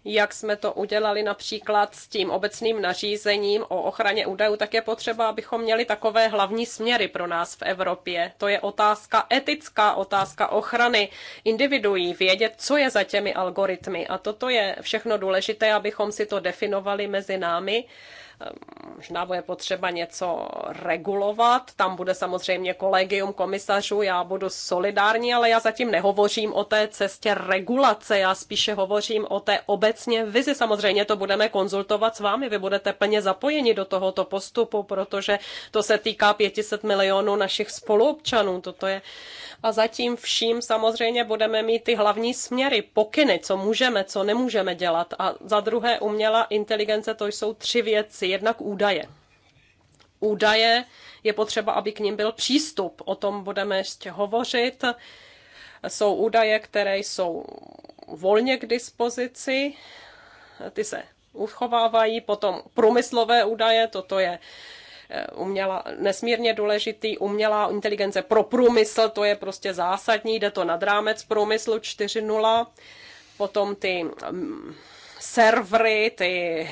jak jsme to udělali například s tím obecným nařízením o ochraně údajů, tak je potřeba, abychom měli takové hlavní směry pro nás v Evropě. To je otázka etická, otázka ochrany individuí, vědět, co je za těmi algoritmy. A toto je všechno důležité, abychom si to definovali mezi námi možná bude potřeba něco regulovat. Tam bude samozřejmě kolegium komisařů, já budu solidární, ale já zatím nehovořím o té cestě regulace, já spíše hovořím o té obecně vizi. Samozřejmě to budeme konzultovat s vámi, vy budete plně zapojeni do tohoto postupu, protože to se týká 500 milionů našich spoluobčanů. Toto je a zatím vším samozřejmě budeme mít ty hlavní směry, pokyny, co můžeme, co nemůžeme dělat. A za druhé umělá inteligence, to jsou tři věci jednak údaje. Údaje je potřeba, aby k ním byl přístup. O tom budeme ještě hovořit. Jsou údaje, které jsou volně k dispozici, ty se uchovávají, potom průmyslové údaje, toto je eh, uměla, nesmírně důležitý, umělá inteligence pro průmysl, to je prostě zásadní, jde to nad rámec průmyslu 4.0, potom ty mm, servery, ty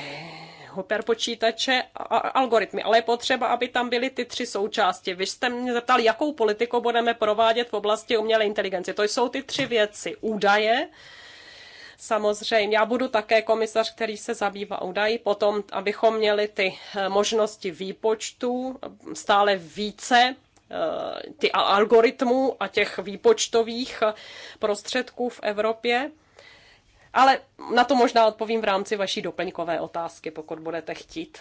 hyperpočítače a algoritmy, ale je potřeba, aby tam byly ty tři součásti. Vy jste mě zeptal, jakou politiku budeme provádět v oblasti umělé inteligence. To jsou ty tři věci. Údaje, samozřejmě. Já budu také komisař, který se zabývá údají. potom, abychom měli ty eh, možnosti výpočtu stále více eh, ty algoritmů a těch výpočtových eh, prostředků v Evropě. Ale na to možná odpovím v rámci vaší doplňkové otázky, pokud budete chtít.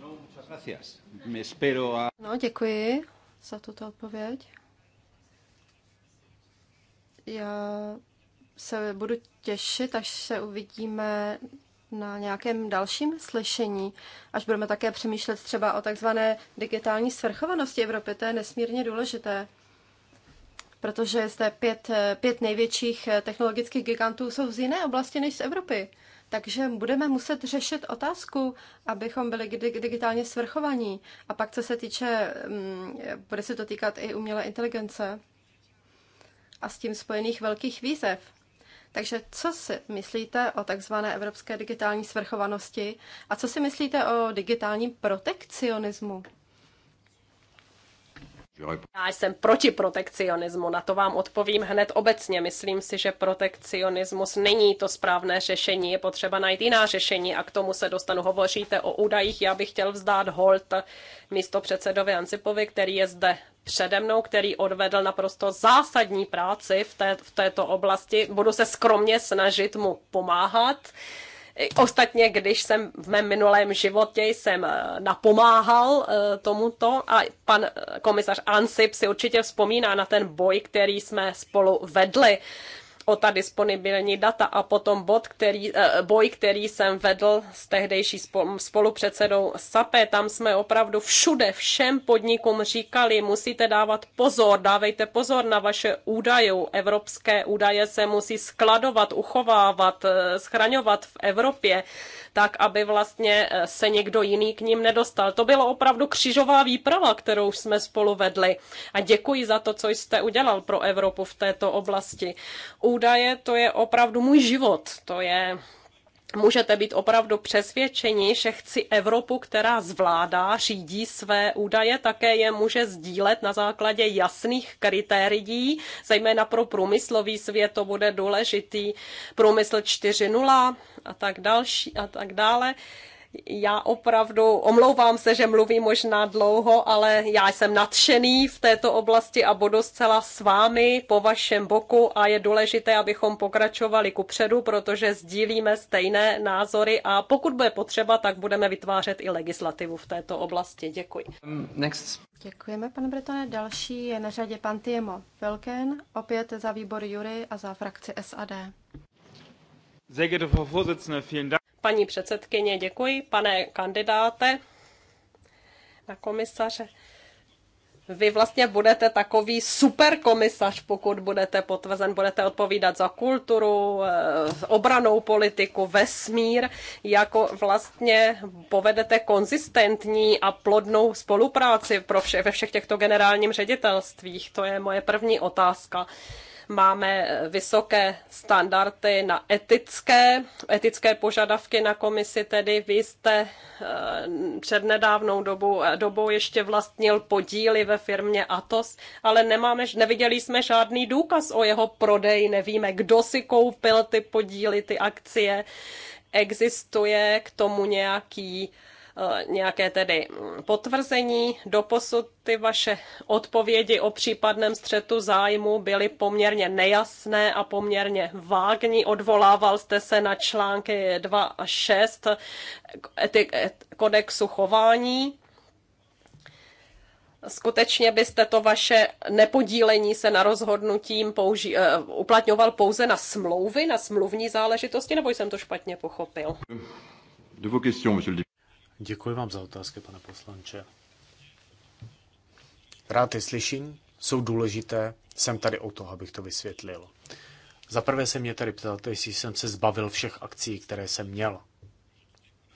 No, no, děkuji za tuto odpověď. Já se budu těšit, až se uvidíme na nějakém dalším slyšení, až budeme také přemýšlet třeba o takzvané digitální svrchovanosti Evropy. To je nesmírně důležité protože zde pět, pět největších eh, technologických gigantů jsou z jiné oblasti než z Evropy. Takže budeme muset řešit otázku, abychom byli digitálně svrchovaní. A pak, co se týče, mm, bude se to týkat i umělé inteligence a s tím spojených velkých výzev. Takže co si myslíte o takzvané evropské digitální svrchovanosti a co si myslíte o digitálním protekcionismu? Já jsem proti protekcionismu, na to vám odpovím hned obecně. Myslím si, že protekcionismus není to správné řešení, je potřeba najít jiná řešení a k tomu se dostanu. Hovoříte o údajích, já bych chtěl vzdát hold místo předsedovi Ancipovi, který je zde přede mnou, který odvedl naprosto zásadní práci v, té, v této oblasti. Budu se skromně snažit mu pomáhat Ostatně, když jsem v mém minulém životě jsem eh, napomáhal eh, tomuto a pan eh, komisař Ansip si určitě vzpomíná na ten boj, který jsme spolu vedli o ta disponibilní data a potom bod, který, eh, boj, který jsem vedl s tehdejší spolupředsedou SAPE, tam jsme opravdu všude, všem podnikům říkali, musíte dávat pozor, dávejte pozor na vaše údaje, evropské údaje se musí skladovat, uchovávat, eh, schraňovat v Evropě, tak aby vlastně eh, se někdo jiný k ním nedostal. To byla opravdu křižová výprava, kterou jsme spolu vedli. A děkuji za to, co jste udělal pro Evropu v této oblasti. Údaje, to je opravdu můj život. To je můžete být opravdu přesvědčeni, že chci Evropu, která zvládá, řídí své údaje, také je může sdílet na základě jasných kritérií, zejména pro průmyslový svět to bude důležitý, průmysl 4.0 a tak, další, a tak dále já opravdu omlouvám se, že mluvím možná dlouho, ale já jsem nadšený v této oblasti a budu zcela s vámi po vašem boku a je důležité, abychom pokračovali kupředu, protože sdílíme stejné názory a pokud bude potřeba, tak budeme vytvářet i legislativu v této oblasti. Děkuji. Um, next. Děkujeme, pane Bretone. Další je na řadě pan Tiemo Velken, opět za výbor Jury a za frakci SAD. Sehr geehrte Frau Vorsitzende, vielen Dank. Paní předsedkyně, děkuji. Pane kandidáte na komisaře, vy vlastně budete takový super komisař, pokud budete potvrzen, budete odpovídat za kulturu, eh, obranou politiku, vesmír, jako vlastně povedete konzistentní a plodnou spolupráci pro vše, ve všech těchto generálním ředitelstvích. To je moje první otázka. Máme vysoké standardy na etické, etické požadavky na komisi, tedy vy jste eh, před nedávnou dobou, eh, dobou ještě vlastnil podíly ve firmě Atos, ale nemáme, neviděli jsme žádný důkaz o jeho prodeji, nevíme, kdo si koupil ty podíly, ty akcie, existuje k tomu nějaký Eh, nějaké tedy hm, potvrzení. Doposud ty vaše odpovědi o případném střetu zájmu byly poměrně nejasné a poměrně vágní. Odvolával jste se na články 2 a 6 kodexu chování skutečně byste to vaše nepodílení se na rozhodnutím použi- uh, uplatňoval pouze na smlouvy, na smluvní záležitosti, nebo jsem to špatně pochopil? Děkuji vám za otázky, pane poslanče. Rád je slyším, jsou důležité, jsem tady o to, abych to vysvětlil. Za prvé se mě tady ptáte, jestli jsem se zbavil všech akcí, které jsem měl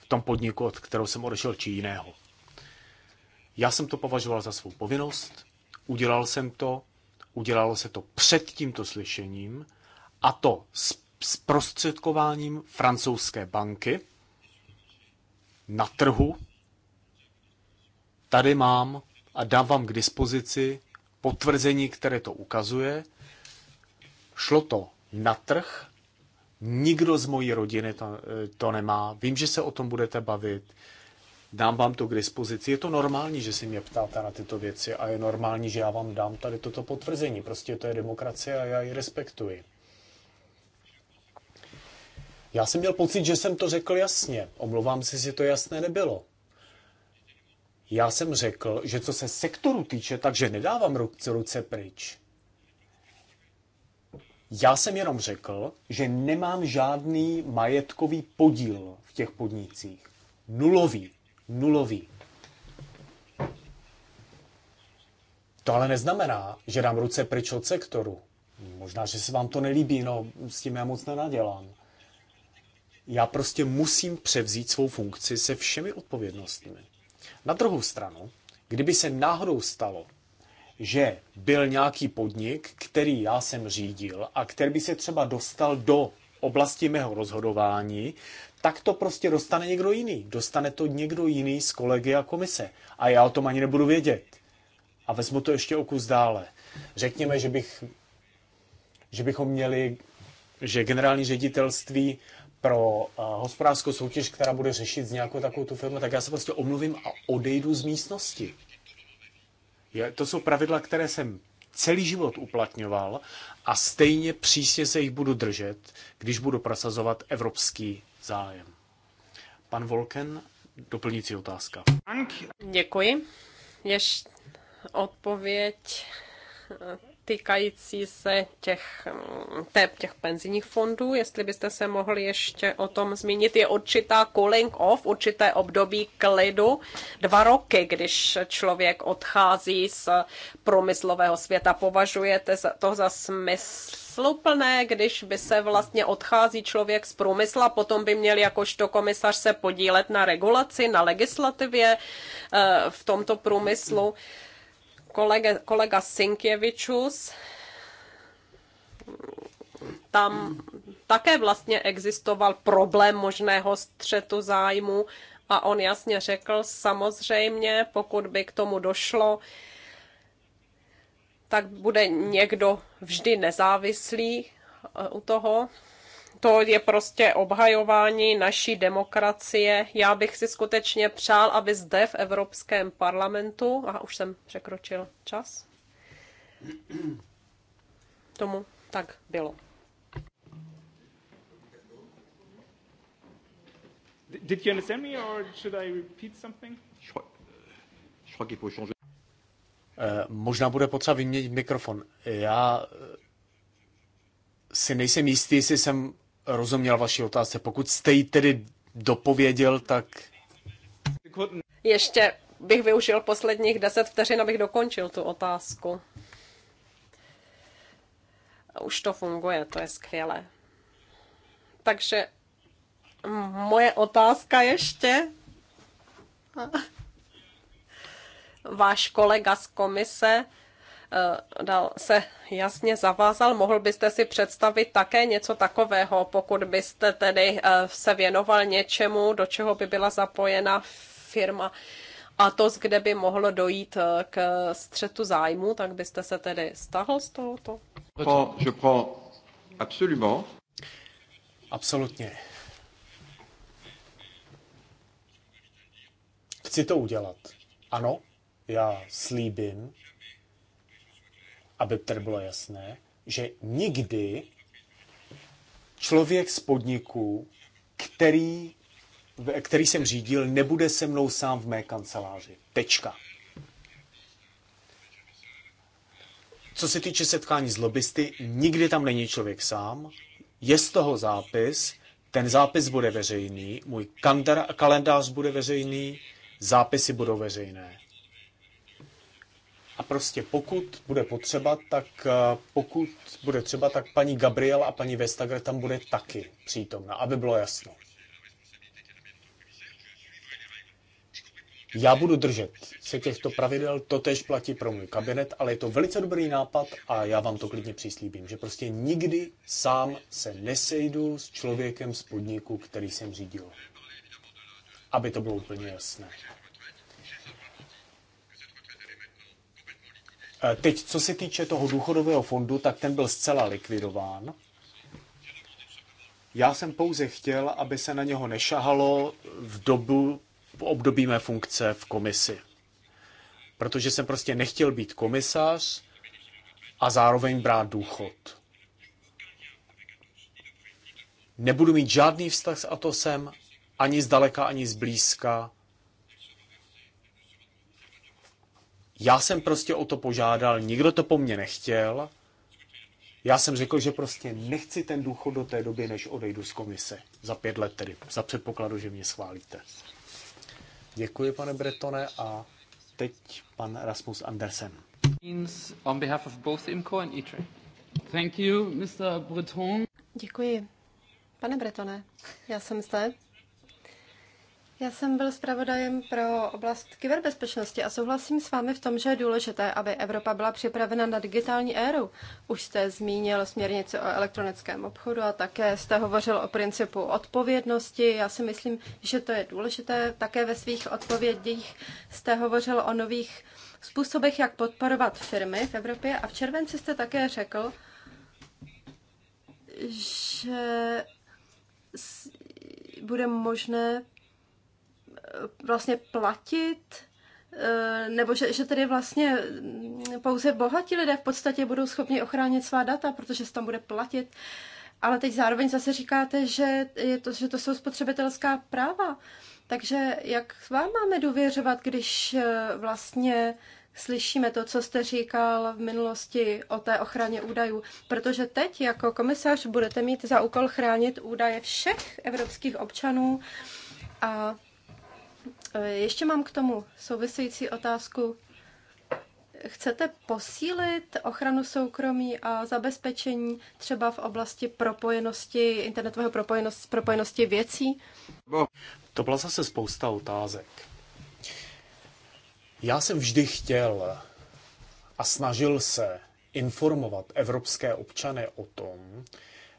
v tom podniku, od kterou jsem odešel, či jiného. Já jsem to považoval za svou povinnost, udělal jsem to, udělalo se to před tímto slyšením a to s, s prostředkováním francouzské banky, na trhu. Tady mám a dám vám k dispozici potvrzení, které to ukazuje. Šlo to na trh, nikdo z mojí rodiny to, eh, to nemá, vím, že se o tom budete bavit, dám vám to k dispozici. Je to normální, že si mě ptáte na tyto věci a je normální, že já vám dám tady toto potvrzení. Prostě to je demokracie a já ji respektuji. Já jsem měl pocit, že jsem to řekl jasně. Omlouvám se, že to jasné nebylo. Já jsem řekl, že co se sektoru týče, takže nedávám ruce, ruce pryč. Já jsem jenom řekl, že nemám žádný majetkový podíl v těch podnicích. Nulový. Nulový. To ale neznamená, že dám ruce pryč od sektoru. Možná, že se vám to nelíbí, no s tím já moc nenadělám. Já prostě musím převzít svou funkci se všemi odpovědnostmi. Na druhou stranu, kdyby se náhodou stalo, že byl nějaký podnik, který já jsem řídil a který by se třeba dostal do oblasti mého rozhodování, tak to prostě dostane někdo jiný. Dostane to někdo jiný z kolegy a komise. A já o tom ani nebudu vědět. A vezmu to ještě o kus dále. Řekněme, že, bych, že bychom měli, že generální ředitelství pro eh, hospodářskou soutěž, která bude řešit nějakou takovou tu firmu, tak já se prostě omluvím a odejdu z místnosti. Je, to jsou pravidla, které jsem celý život uplatňoval a stejně přísně se jich budu držet, když budu prosazovat evropský zájem. Pan Volken, doplnící otázka. Děkuji. Ještě odpověď týkající se těch, mm, té, těch penzijních fondů, jestli byste se mohli ještě o tom zmínit, je určitá cooling off, určité období klidu, dva roky, když člověk odchází z průmyslového světa. Považujete to za smysluplné, když by se vlastně odchází člověk z průmysla, potom by měl jakožto komisař se podílet na regulaci, na legislativě eh, v tomto průmyslu. Hmm kolega, kolega tam také vlastně existoval problém možného střetu zájmu a on jasně řekl, samozřejmě, pokud by k tomu došlo, tak bude někdo vždy nezávislý eh, u toho to je prostě obhajování naší demokracie. Já bych si skutečně přál, aby zde v Evropském parlamentu, a už jsem překročil čas, tomu tak bylo. Did you understand me or should I repeat something? Eh, možná bude potřeba vyměnit mikrofon. Já eh, si nejsem jistý, jestli jsem rozuměl vaší otázce. Pokud jste ji tedy dopověděl, tak... Ještě bych využil posledních deset vteřin, abych dokončil tu otázku. Už to funguje, to je skvělé. Takže moje otázka ještě. Váš kolega z komise Eh, dal se jasně zavázal. Mohl byste si představit také něco takového, pokud byste tedy eh, se věnoval něčemu, do čeho by byla zapojena firma a to, kde by mohlo dojít eh, k střetu zájmu, tak byste se tedy stahl z tohoto? Je prends absolument. Absolutně. Chci to udělat. Ano, já slíbím, aby tady bylo jasné, že nikdy člověk z podniku, který, který jsem řídil, nebude se mnou sám v mé kanceláři. Tečka. Co se týče setkání s lobbysty, nikdy tam není člověk sám. Je z toho zápis, ten zápis bude veřejný, můj kalendář bude veřejný, zápisy budou veřejné. A prostě pokud bude potřeba, tak eh, pokud bude třeba, tak paní Gabriel a paní Vestager tam bude taky přítomna, aby bylo jasno. Já budu držet se těchto pravidel, to tež platí pro můj kabinet, ale je to velice dobrý nápad a já vám to klidně přislíbím, že prostě nikdy sám se nesejdu s člověkem z podniku, který jsem řídil. Aby to bylo úplně jasné. Eh, teď, co se týče toho důchodového fondu, tak ten byl zcela likvidován. Já jsem pouze chtěl, aby se na něho nešahalo v dobu v období mé funkce v komisi. Protože jsem prostě nechtěl být komisař a zároveň brát důchod. Nebudu mít žádný vztah s Atosem, ani zdaleka, ani zblízka. Já jsem prostě o to požádal, nikdo to po mně nechtěl. Já jsem řekl, že prostě nechci ten důchod do té doby, než odejdu z komise. Za pět let tedy, za předpokladu, že mě schválíte. Děkuji, pane Bretone, a teď pan Rasmus Andersen. On behalf of both IMCO and ITRE. Thank you, Mr. Breton. Děkuji. Pane Bretone, já jsem zde. Já jsem byl zpravodajem pro oblast kyberbezpečnosti a souhlasím s vámi v tom, že je důležité, aby Evropa byla připravena na digitální éru. Už jste zmínil směrnici o elektronickém obchodu a také jste hovořil o principu odpovědnosti. Já si myslím, že to je důležité. Také ve svých odpovědích jste hovořil o nových způsobech, jak podporovat firmy v Evropě a v červenci jste také řekl, že bude možné vlastně platit, eh, nebo že, že tedy vlastně pouze bohatí lidé v podstatě budou schopni ochránit svá data, protože se tam bude platit. Ale teď zároveň zase říkáte, že, je to, že to jsou spotřebitelská práva. Takže jak vám máme důvěřovat, když eh, vlastně slyšíme to, co jste říkal v minulosti o té ochraně údajů, protože teď jako komisař budete mít za úkol chránit údaje všech evropských občanů a Eh, ještě mám k tomu související otázku. Chcete posílit ochranu soukromí a zabezpečení třeba v oblasti propojenosti, internetového propojenosti, propojenosti věcí? To byla zase spousta otázek. Já jsem vždy chtěl a snažil se informovat evropské občany o tom,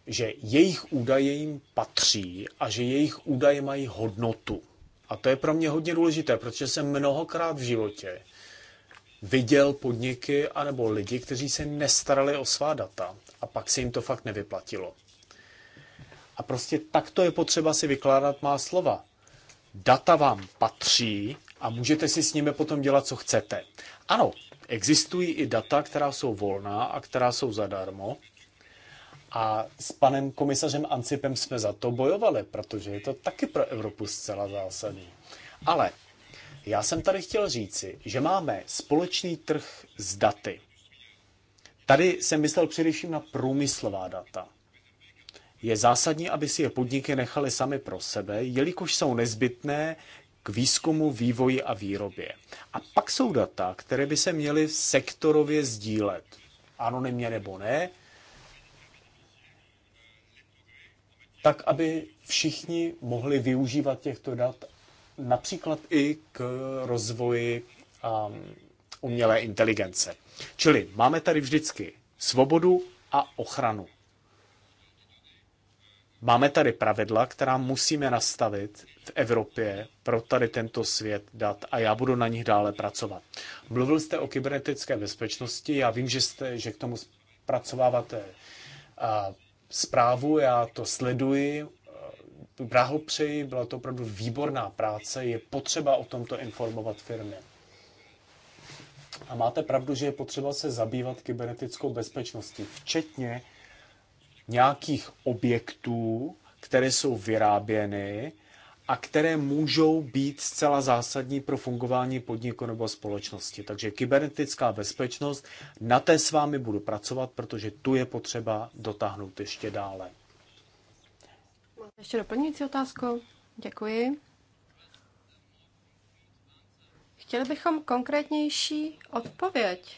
že jejich údaje jim patří a že jejich údaje mají hodnotu. A to je pro mě hodně důležité, protože jsem mnohokrát v životě viděl podniky anebo lidi, kteří se nestarali o svá data a pak se jim to fakt nevyplatilo. A prostě takto je potřeba si vykládat má slova. Data vám patří a můžete si s nimi potom dělat, co chcete. Ano, existují i data, která jsou volná a která jsou zadarmo, a s panem komisařem Ancipem jsme za to bojovali, protože je to taky pro Evropu zcela zásadní. Ale já jsem tady chtěl říci, že máme společný trh s daty. Tady jsem myslel především na průmyslová data. Je zásadní, aby si je podniky nechali sami pro sebe, jelikož jsou nezbytné k výzkumu, vývoji a výrobě. A pak jsou data, které by se měly sektorově sdílet. Anonymně nebo ne, tak aby všichni mohli využívat těchto dat například i k rozvoji um, umělé inteligence. Čili máme tady vždycky svobodu a ochranu. Máme tady pravidla, která musíme nastavit v Evropě pro tady tento svět dat a já budu na nich dále pracovat. Mluvil jste o kybernetické bezpečnosti, já vím, že, jste, že k tomu zpracováváte uh, zprávu, já to sleduji, eh, blahopřeji, byla to opravdu výborná práce, je potřeba o tomto informovat firmy. A máte pravdu, že je potřeba se zabývat kybernetickou bezpečností, včetně nějakých objektů, které jsou vyráběny a které můžou být zcela zásadní pro fungování podniku nebo společnosti. Takže kybernetická bezpečnost, na té s vámi budu pracovat, protože tu je potřeba dotáhnout ještě dále. Ještě doplňující otázku? Děkuji. Chtěli bychom konkrétnější odpověď.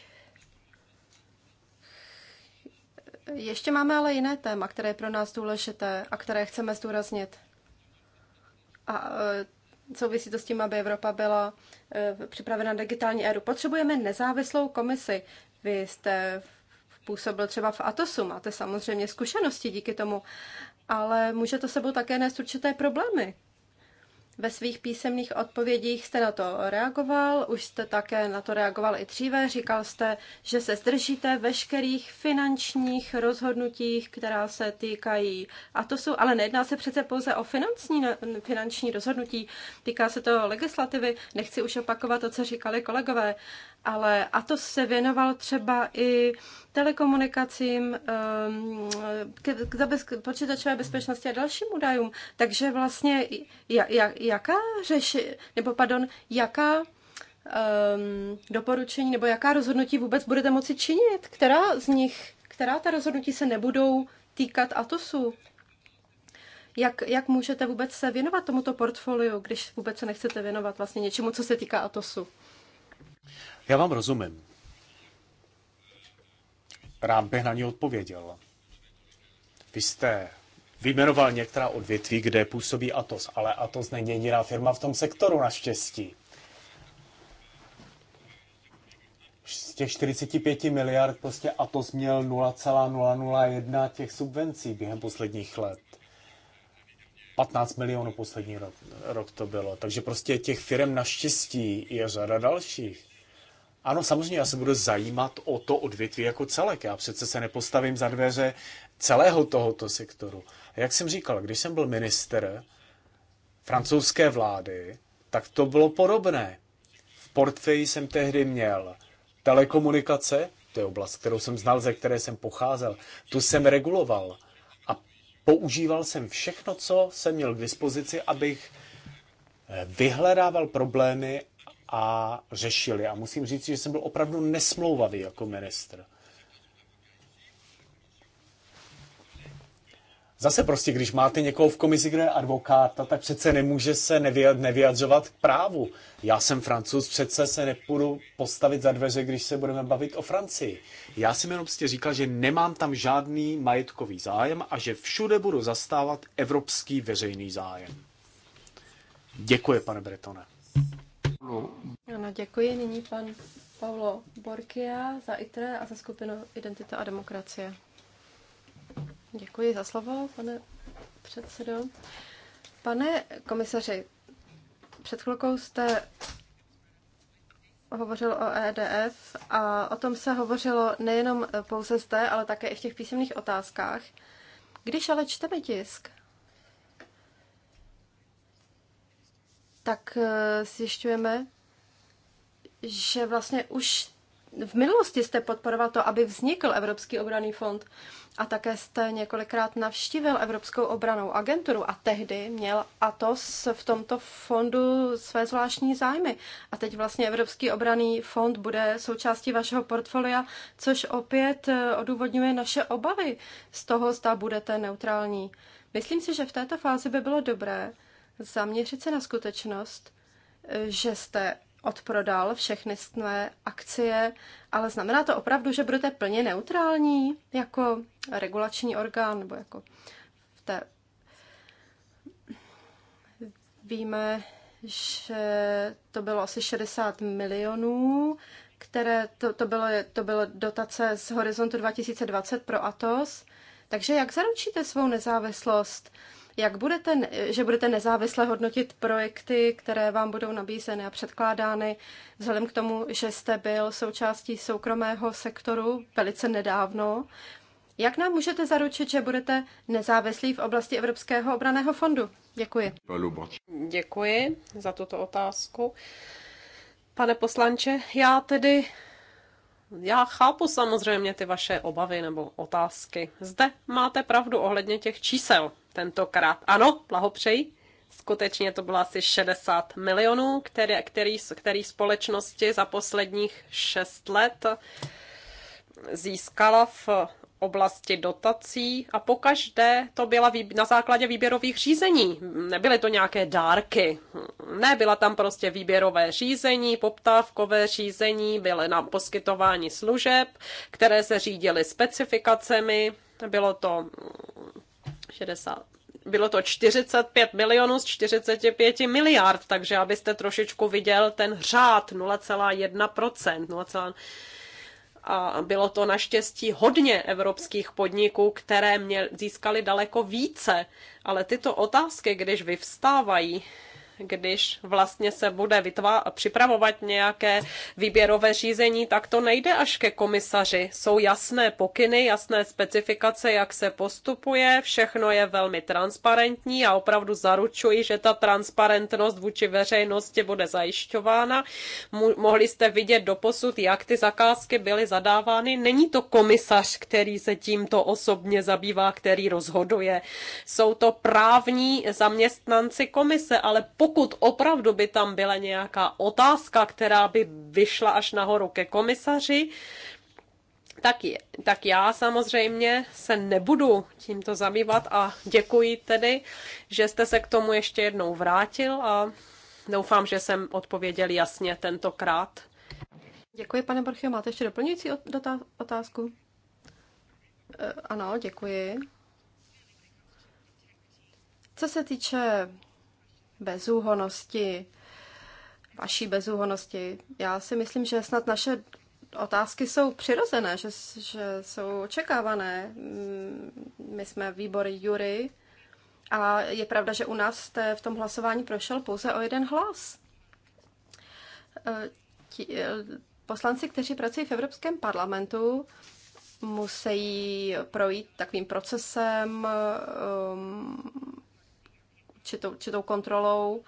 Ještě máme ale jiné téma, které je pro nás důležité a které chceme zdůraznit a e, souvisí to s tím, aby Evropa byla e, připravena na digitální éru. Potřebujeme nezávislou komisi. Vy jste působil třeba v Atosu, máte samozřejmě zkušenosti díky tomu, ale může to sebou také nést určité problémy. Ve svých písemných odpovědích jste na to reagoval, už jste také na to reagoval i dříve. Říkal jste, že se zdržíte veškerých finančních rozhodnutích, která se týkají. A to jsou, ale nejedná se přece pouze o finanční, finanční rozhodnutí, týká se to legislativy. Nechci už opakovat to, co říkali kolegové, ale a to se věnoval třeba i telekomunikacím, ehm, k, k počítačové bezpečnosti a dalším údajům. Takže vlastně jaká řeši, nebo pardon, jaká um, doporučení nebo jaká rozhodnutí vůbec budete moci činit, která z nich, která ta rozhodnutí se nebudou týkat ATOSu? Jak, jak můžete vůbec se věnovat tomuto portfoliu, když vůbec se nechcete věnovat vlastně něčemu, co se týká ATOSu? Já vám rozumím. Rád bych na ně odpověděl. Vy jste vyjmenoval některá odvětví, kde působí Atos, ale Atos není jediná firma v tom sektoru naštěstí. Z těch 45 miliard prostě Atos měl 0,001 těch subvencí během posledních let. 15 milionů poslední rok, rok to bylo. Takže prostě těch firm naštěstí je řada dalších. Ano, samozřejmě, já se budu zajímat o to odvětví jako celek. Já přece se nepostavím za dveře celého tohoto sektoru. A jak jsem říkal, když jsem byl minister francouzské vlády, tak to bylo podobné. V portfeji jsem tehdy měl telekomunikace, to je oblast, kterou jsem znal, ze které jsem pocházel, tu jsem reguloval a používal jsem všechno, co jsem měl k dispozici, abych eh, vyhledával problémy a řešili. A musím říct, že jsem byl opravdu nesmlouvavý jako ministr. Zase prostě, když máte někoho v komisi, kde je advokáta, tak přece nemůže se nevyjadřovat k právu. Já jsem francouz, přece se nepůjdu postavit za dveře, když se budeme bavit o Francii. Já jsem jenom prostě říkal, že nemám tam žádný majetkový zájem a že všude budu zastávat evropský veřejný zájem. Děkuji, pane Bretone. Ano, děkuji. Nyní pan Paulo Borkia za ITRE a za skupinu Identita a demokracie. Děkuji za slovo, pane předsedo. Pane komisaři, před chvilkou jste hovořil o EDF a o tom se hovořilo nejenom pouze zde, ale také i v těch písemných otázkách. Když ale čteme tisk, tak eh, zjišťujeme, že vlastně už v minulosti jste podporoval to, aby vznikl Evropský obraný fond a také jste několikrát navštívil Evropskou obranou agenturu a tehdy měl ATOS v tomto fondu své zvláštní zájmy. A teď vlastně Evropský obraný fond bude součástí vašeho portfolia, což opět eh, odůvodňuje naše obavy z toho, zda budete neutrální. Myslím si, že v této fázi by bylo dobré, zaměřit se na skutečnost, že jste odprodal všechny své akcie, ale znamená to opravdu, že budete plně neutrální jako regulační orgán nebo jako v té... Víme, že to bylo asi 60 milionů, které to, to, bylo, to bylo dotace z horizontu 2020 pro Atos. Takže jak zaručíte svou nezávislost? jak budete, že budete nezávisle hodnotit projekty, které vám budou nabízeny a předkládány, vzhledem k tomu, že jste byl součástí soukromého sektoru velice nedávno. Jak nám můžete zaručit, že budete nezávislí v oblasti Evropského obraného fondu? Děkuji. Děkuji za tuto otázku. Pane poslanče, já tedy já chápu samozřejmě ty vaše obavy nebo otázky. Zde máte pravdu ohledně těch čísel tentokrát. Ano, blahopřeji. Skutečně to bylo asi 60 milionů, které, který, který společnosti za posledních 6 let získala v oblasti dotací a pokaždé to byla na základě výběrových řízení. Nebyly to nějaké dárky. Ne, byla tam prostě výběrové řízení, poptávkové řízení, byly nám poskytování služeb, které se řídily specifikacemi. Bylo to 60. Bylo to 45 milionů z 45 miliard, takže abyste trošičku viděl ten řád 0,1%. 0, a bylo to naštěstí hodně evropských podniků, které mě získaly daleko více. Ale tyto otázky, když vyvstávají, když vlastně se bude vytvá- připravovat nějaké výběrové řízení, tak to nejde až ke komisaři. Jsou jasné pokyny, jasné specifikace, jak se postupuje, všechno je velmi transparentní a opravdu zaručuji, že ta transparentnost vůči veřejnosti bude zajišťována. Mo- mohli jste vidět doposud, jak ty zakázky byly zadávány. Není to komisař, který se tímto osobně zabývá, který rozhoduje. Jsou to právní zaměstnanci komise, ale pokud opravdu by tam byla nějaká otázka, která by vyšla až nahoru ke komisaři, tak, je, tak já samozřejmě se nebudu tímto zabývat a děkuji tedy, že jste se k tomu ještě jednou vrátil a doufám, že jsem odpověděl jasně tentokrát. Děkuji, pane Borchio. Máte ještě doplňující otázku? E, ano, děkuji. Co se týče bezúhonosti, vaší bezúhonosti. Já si myslím, že snad naše otázky jsou přirozené, že, že jsou očekávané. Mm, my jsme výbor jury a je pravda, že u nás jste v tom hlasování prošel pouze o jeden hlas. E, ti, e, poslanci, kteří pracují v Evropském parlamentu, musí projít takovým procesem um, určitou, určitou kontrolou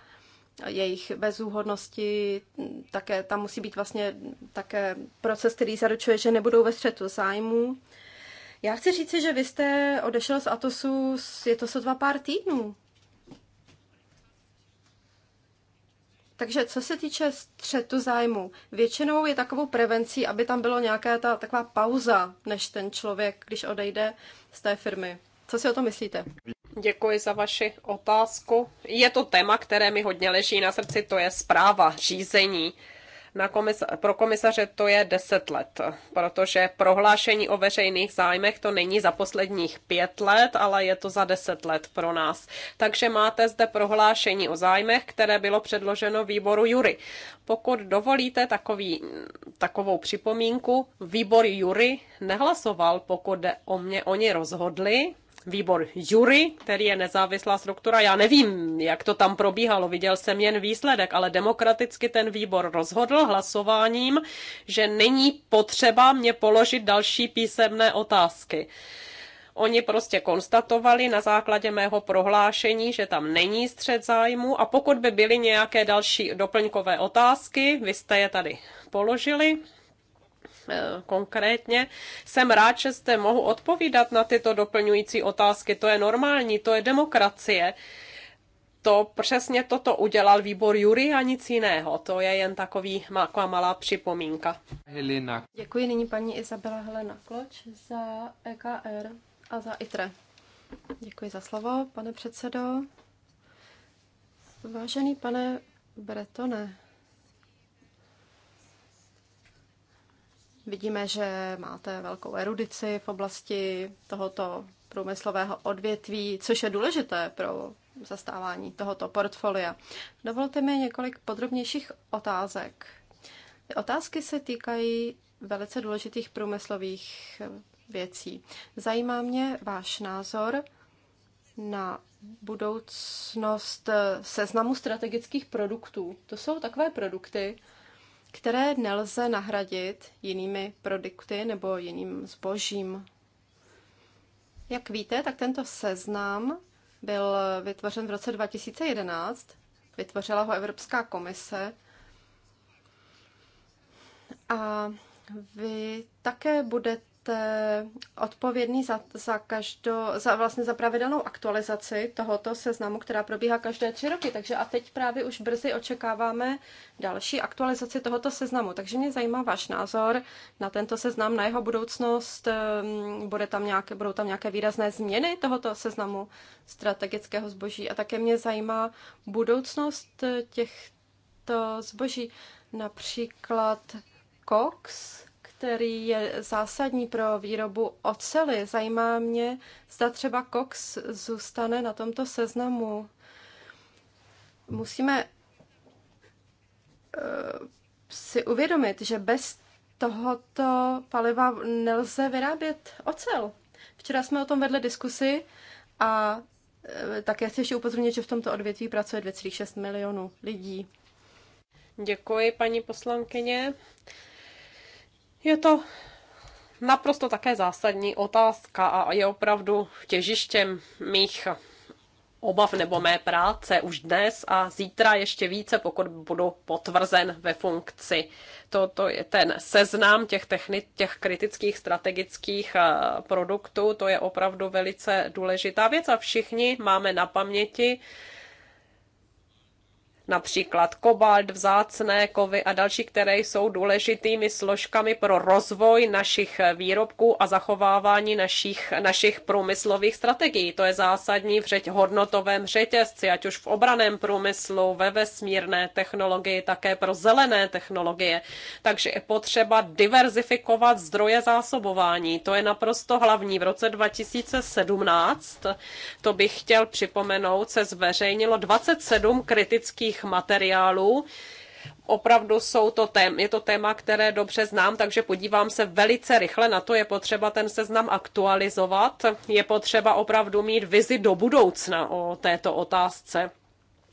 jejich bezúhodnosti, také tam musí být vlastně také proces, který zaručuje, že nebudou ve střetu zájmu. Já chci říct, že vy jste odešel z Atosu, je to sotva pár týdnů. Takže co se týče střetu zájmu, většinou je takovou prevencí, aby tam bylo nějaká ta taková pauza, než ten člověk, když odejde z té firmy. Co si o to myslíte? Děkuji za vaši otázku. Je to téma, které mi hodně leží na srdci, to je zpráva, řízení. Na komisa- pro komisaře to je 10 let, protože prohlášení o veřejných zájmech to není za posledních pět let, ale je to za 10 let pro nás. Takže máte zde prohlášení o zájmech, které bylo předloženo výboru Jury. Pokud dovolíte takový, takovou připomínku, výbor Jury nehlasoval, pokud o mě, oni rozhodli, výbor jury, který je nezávislá struktura. Já nevím, jak to tam probíhalo, viděl jsem jen výsledek, ale demokraticky ten výbor rozhodl hlasováním, že není potřeba mě položit další písemné otázky. Oni prostě konstatovali na základě mého prohlášení, že tam není střed zájmu a pokud by byly nějaké další doplňkové otázky, vy jste je tady položili, Eh, konkrétně. Jsem rád, že jste mohu odpovídat na tyto doplňující otázky. To je normální, to je demokracie. To přesně toto udělal výbor Jury a nic jiného. To je jen takový, má, malá připomínka. Helena. Děkuji nyní paní Izabela Helena Kloč za EKR a za ITRE. Děkuji za slovo, pane předsedo. Vážený pane Bretone, Vidíme, že máte velkou erudici v oblasti tohoto průmyslového odvětví, což je důležité pro zastávání tohoto portfolia. Dovolte mi několik podrobnějších otázek. Ty otázky se týkají velice důležitých průmyslových věcí. Zajímá mě váš názor na budoucnost seznamu strategických produktů. To jsou takové produkty, které nelze nahradit jinými produkty nebo jiným zbožím. Jak víte, tak tento seznam byl vytvořen v roce 2011, vytvořila ho Evropská komise a vy také budete jste odpovědný za, za, každou, za, vlastně za pravidelnou aktualizaci tohoto seznamu, která probíhá každé tři roky. Takže a teď právě už brzy očekáváme další aktualizaci tohoto seznamu. Takže mě zajímá váš názor na tento seznam, na jeho budoucnost. Ehm, bude tam nějaké, budou tam nějaké výrazné změny tohoto seznamu strategického zboží. A také mě zajímá budoucnost eh, těchto zboží. Například Cox, který je zásadní pro výrobu ocely. Zajímá mě, zda třeba koks zůstane na tomto seznamu. Musíme eh, si uvědomit, že bez tohoto paliva nelze vyrábět ocel. Včera jsme o tom vedli diskusi a eh, také chci ještě upozornit, že v tomto odvětví pracuje 2,6 milionů lidí. Děkuji, paní poslankyně. Je to naprosto také zásadní otázka a je opravdu těžištěm mých obav nebo mé práce už dnes a zítra ještě více, pokud budu potvrzen ve funkci. To je ten seznam těch, techni- těch kritických strategických eh, produktů, to je opravdu velice důležitá věc a všichni máme na paměti například kobalt, vzácné kovy a další, které jsou důležitými složkami pro rozvoj našich výrobků a zachovávání našich, našich průmyslových strategií. To je zásadní v řeť, hodnotovém řetězci, ať už v obraném průmyslu, ve vesmírné technologii, také pro zelené technologie. Takže je potřeba diverzifikovat zdroje zásobování. To je naprosto hlavní. V roce 2017, to bych chtěl připomenout, se zveřejnilo 27 kritických výrobních materiálů. Opravdu jsou to tém, je to téma, které dobře znám, takže podívám se velice rychle na to. Je potřeba ten seznam aktualizovat, je potřeba opravdu mít vizi do budoucna o této otázce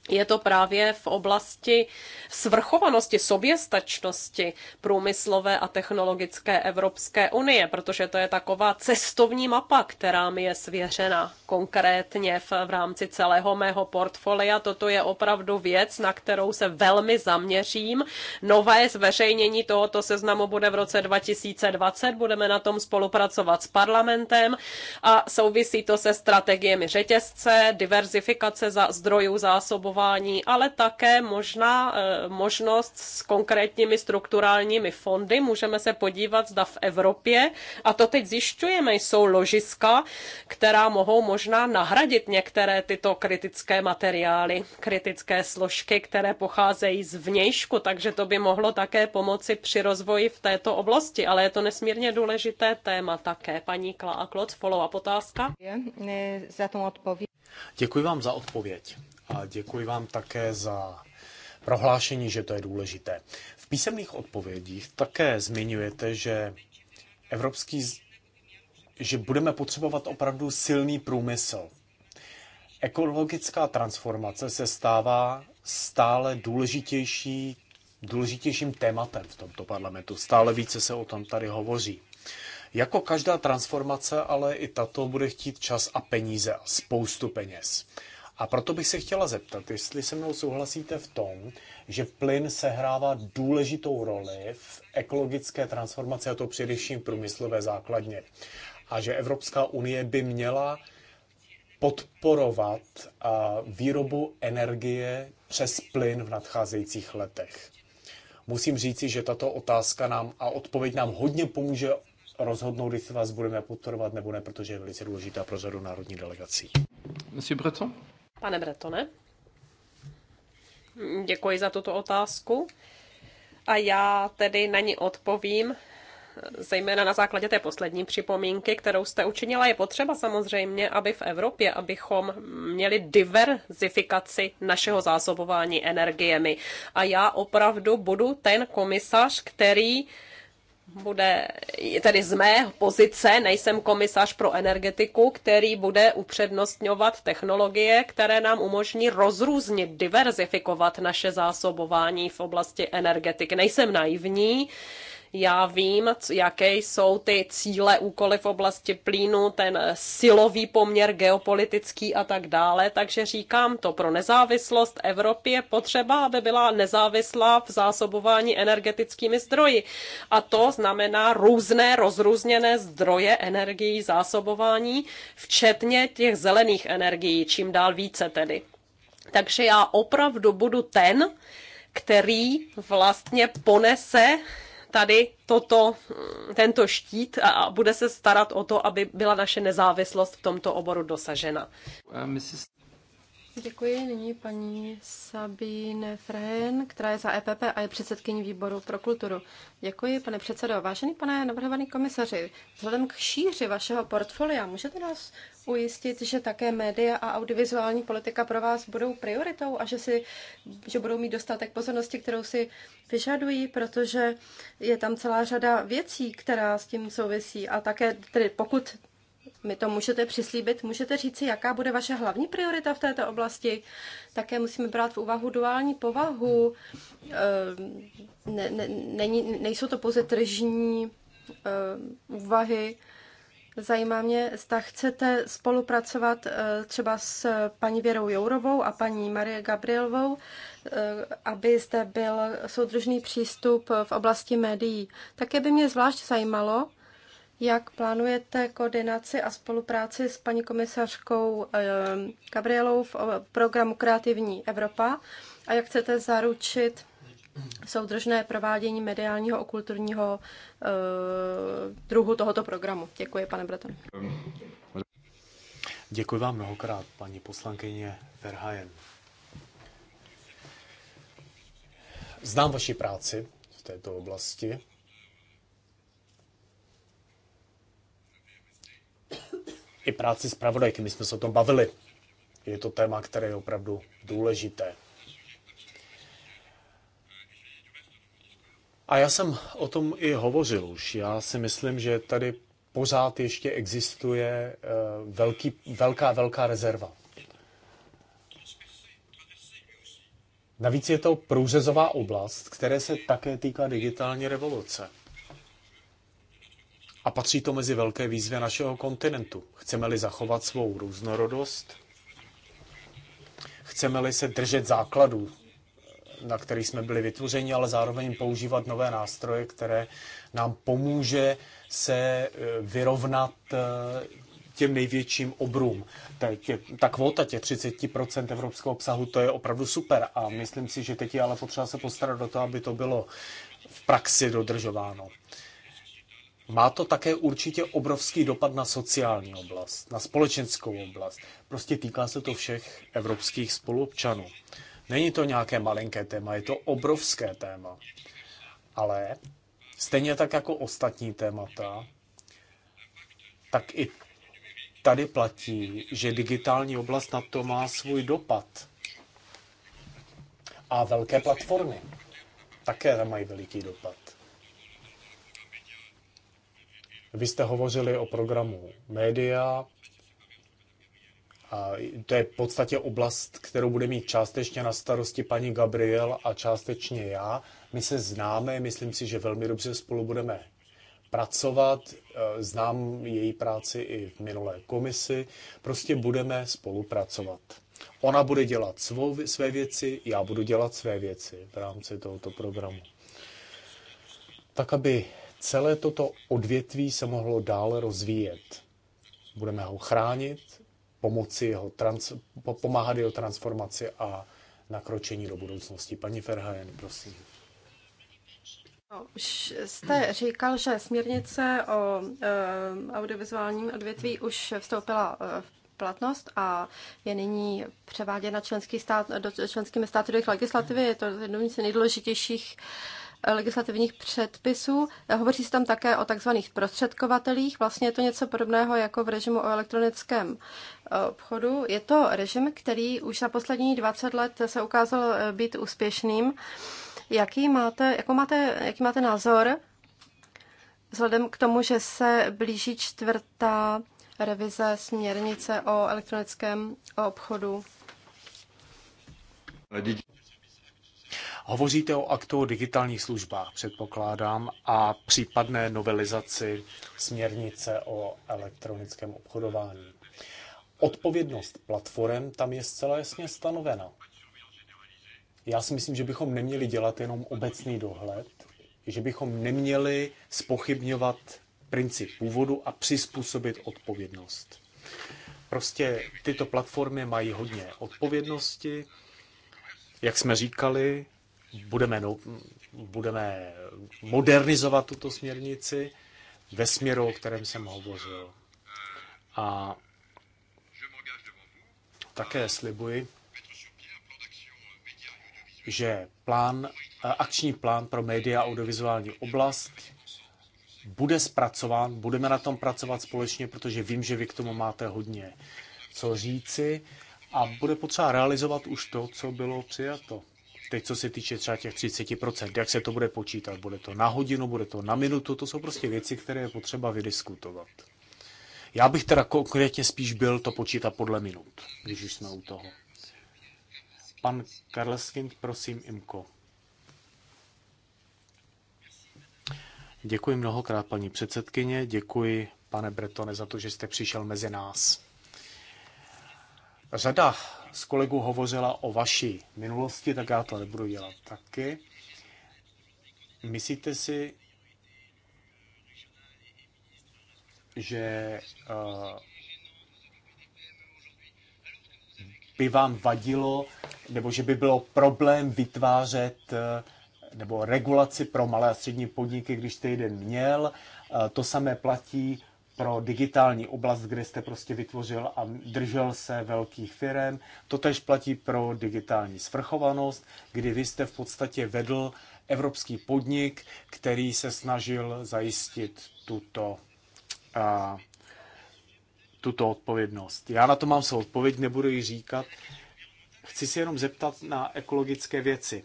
je to právě v oblasti svrchovanosti, soběstačnosti průmyslové a technologické Evropské unie, protože to je taková cestovní mapa, která mi je svěřena konkrétně v, v rámci celého mého portfolia. Toto je opravdu věc, na kterou se velmi zaměřím. Nové zveřejnění tohoto seznamu bude v roce 2020, budeme na tom spolupracovat s parlamentem a souvisí to se strategiemi řetězce, diverzifikace za zdrojů zásobu chování, ale také možná eh, možnost s konkrétními strukturálními fondy. Můžeme se podívat, zda v Evropě, a to teď zjišťujeme, jsou ložiska, která mohou možná nahradit některé tyto kritické materiály, kritické složky, které pocházejí z vnějšku, takže to by mohlo také pomoci při rozvoji v této oblasti, ale je to nesmírně důležité téma také. Paní Kla a Klot, follow-up otázka. Za tom Děkuji vám za odpověď a děkuji vám také za prohlášení, že to je důležité. V písemných odpovědích také zmiňujete, že evropský že budeme potřebovat opravdu silný průmysl. Ekologická transformace se stává stále důležitější, důležitějším tématem v tomto parlamentu. Stále více se o tom tady hovoří. Jako každá transformace, ale i tato bude chtít čas a peníze a spoustu peněz. A proto bych se chtěla zeptat, jestli se mnou souhlasíte v tom, že plyn sehrává důležitou roli v ekologické transformaci, a to především v průmyslové základně. A že Evropská unie by měla podporovat výrobu energie přes plyn v nadcházejících letech. Musím říci, že tato otázka nám a odpověď nám hodně pomůže rozhodnout, jestli vás budeme podporovat nebo ne, protože je velice důležitá pro řadu národní delegací. Monsieur Breton? Pane Bretone, děkuji za tuto otázku a já tedy na ní odpovím zejména na základě té poslední připomínky, kterou jste učinila, je potřeba samozřejmě, aby v Evropě, abychom měli diverzifikaci našeho zásobování energiemi. A já opravdu budu ten komisař, který bude tedy z mé pozice, nejsem komisař pro energetiku, který bude upřednostňovat technologie, které nám umožní rozrůznit, diverzifikovat naše zásobování v oblasti energetiky. Nejsem naivní, já vím, jaké jsou ty cíle, úkoly v oblasti plynu, ten silový poměr geopolitický a tak dále, takže říkám to, pro nezávislost Evropy je potřeba, aby byla nezávislá v zásobování energetickými zdroji. A to znamená různé rozrůzněné zdroje energií zásobování, včetně těch zelených energií, čím dál více tedy. Takže já opravdu budu ten, který vlastně ponese tady toto, tento štít a bude se starat o to, aby byla naše nezávislost v tomto oboru dosažena. Uh, Děkuji. Nyní paní Sabine Frehen, která je za EPP a je předsedkyní výboru pro kulturu. Děkuji, pane předsedo. Vážený pane navrhovaný komisaři, vzhledem k šíři vašeho portfolia, můžete nás ujistit, že také média a audiovizuální politika pro vás budou prioritou a že, si, že budou mít dostatek pozornosti, kterou si vyžadují, protože je tam celá řada věcí, která s tím souvisí. A také, tedy pokud mi to můžete přislíbit, můžete říci, jaká bude vaše hlavní priorita v této oblasti. Také musíme brát v úvahu duální povahu. Ehm, ne, ne, není, nejsou to pouze tržní ehm, úvahy. Zajímá mě, zda chcete spolupracovat eh, třeba s paní Věrou Jourovou a paní Marie Gabrielovou, eh, aby zde byl soudržný přístup v oblasti médií. Také by mě zvlášť zajímalo, jak plánujete koordinaci a spolupráci s paní komisařkou ehm, Gabrielou v programu Kreativní Evropa a jak chcete zaručit soudržné provádění mediálního a kulturního ehm, druhu tohoto programu? Děkuji, pane Breton. Děkuji vám mnohokrát, paní poslankyně Verhajen. Znám vaši práci v této oblasti i práci s pravodajky. My jsme se o tom bavili. Je to téma, které je opravdu důležité. A já jsem o tom i hovořil už. Já si myslím, že tady pořád ještě existuje eh, velký, velká, velká rezerva. Navíc je to průřezová oblast, které se také týká digitální revoluce. A patří to mezi velké výzvy našeho kontinentu. Chceme-li zachovat svou různorodost, chceme-li se držet základů, na kterých jsme byli vytvořeni, ale zároveň používat nové nástroje, které nám pomůže se e, vyrovnat e, těm největším obrům. Teď ta kvota těch 30% evropského obsahu, to je opravdu super a myslím si, že teď je ale potřeba se postarat do toho, aby to bylo v praxi dodržováno má to také určitě obrovský dopad na sociální oblast, na společenskou oblast. Prostě týká se to všech evropských spoluobčanů. Není to nějaké malinké téma, je to obrovské téma. Ale stejně tak jako ostatní témata, tak i tady platí, že digitální oblast na to má svůj dopad. A velké platformy také mají veliký dopad. Vy jste hovořili o programu média. A to je v podstatě oblast, kterou bude mít částečně na starosti paní Gabriel a částečně já. My se známe, myslím si, že velmi dobře spolu budeme pracovat. Eh, znám její práci i v minulé komisi. Prostě budeme spolupracovat. Ona bude dělat svou, své věci, já budu dělat své věci v rámci tohoto programu. Tak, aby Celé toto odvětví se mohlo dále rozvíjet. Budeme ho chránit, pomoci jeho trans, pomáhat jeho transformaci a nakročení do budoucnosti. Paní Ferhajen, prosím. No, už jste říkal, že směrnice o e, audiovizuálním odvětví už vstoupila eh, v platnost a je nyní převáděna členský stát, do, členskými státy do jejich legislativy. Je to jednou z nejdůležitějších e, legislativních předpisů. Hovoří se tam také o takzvaných prostředkovatelích. Vlastně je to něco podobného jako v režimu o elektronickém e, obchodu. Je to režim, který už za poslední 20 let se ukázal e, být úspěšným. Jaký máte, jako máte, jaký máte názor vzhledem k tomu, že se blíží čtvrtá revize směrnice o elektronickém obchodu? Hovoříte o aktu o digitálních službách, předpokládám, a případné novelizaci směrnice o elektronickém obchodování. Odpovědnost platform tam je zcela jasně stanovena. Já si myslím, že bychom neměli dělat jenom obecný dohled, že bychom neměli spochybňovat princip původu a přizpůsobit odpovědnost. Prostě tyto platformy mají hodně odpovědnosti, jak jsme říkali, budeme, budeme modernizovat tuto směrnici ve směru, o kterém jsem hovořil. A také slibuji, že plán, akční plán pro média a audiovizuální oblast bude zpracován, budeme na tom pracovat společně, protože vím, že vy k tomu máte hodně co říci a bude potřeba realizovat už to, co bylo přijato teď co se týče třeba těch 30%, jak se to bude počítat, bude to na hodinu, bude to na minutu, to jsou prostě věci, které je potřeba vydiskutovat. Já bych teda konkrétně spíš byl to počítat podle minut, když už jsme u toho. Pan Karleskin, prosím, Imko. Děkuji mnohokrát, paní předsedkyně. Děkuji, pane Bretone, za to, že jste přišel mezi nás. Řada s kolegou hovořila o vaší minulosti, tak já to nebudu dělat taky. Myslíte si, že uh, by vám vadilo, nebo že by bylo problém vytvářet eh, nebo regulaci pro malé a střední podniky, když jste jeden měl. Eh, to samé platí pro digitální oblast, kde jste prostě vytvořil a držel se velkých firm. To tež platí pro digitální svrchovanost, kdy vy jste v podstatě vedl evropský podnik, který se snažil zajistit tuto, a, tuto odpovědnost. Já na to mám svou odpověď, nebudu ji říkat. Chci se jenom zeptat na ekologické věci.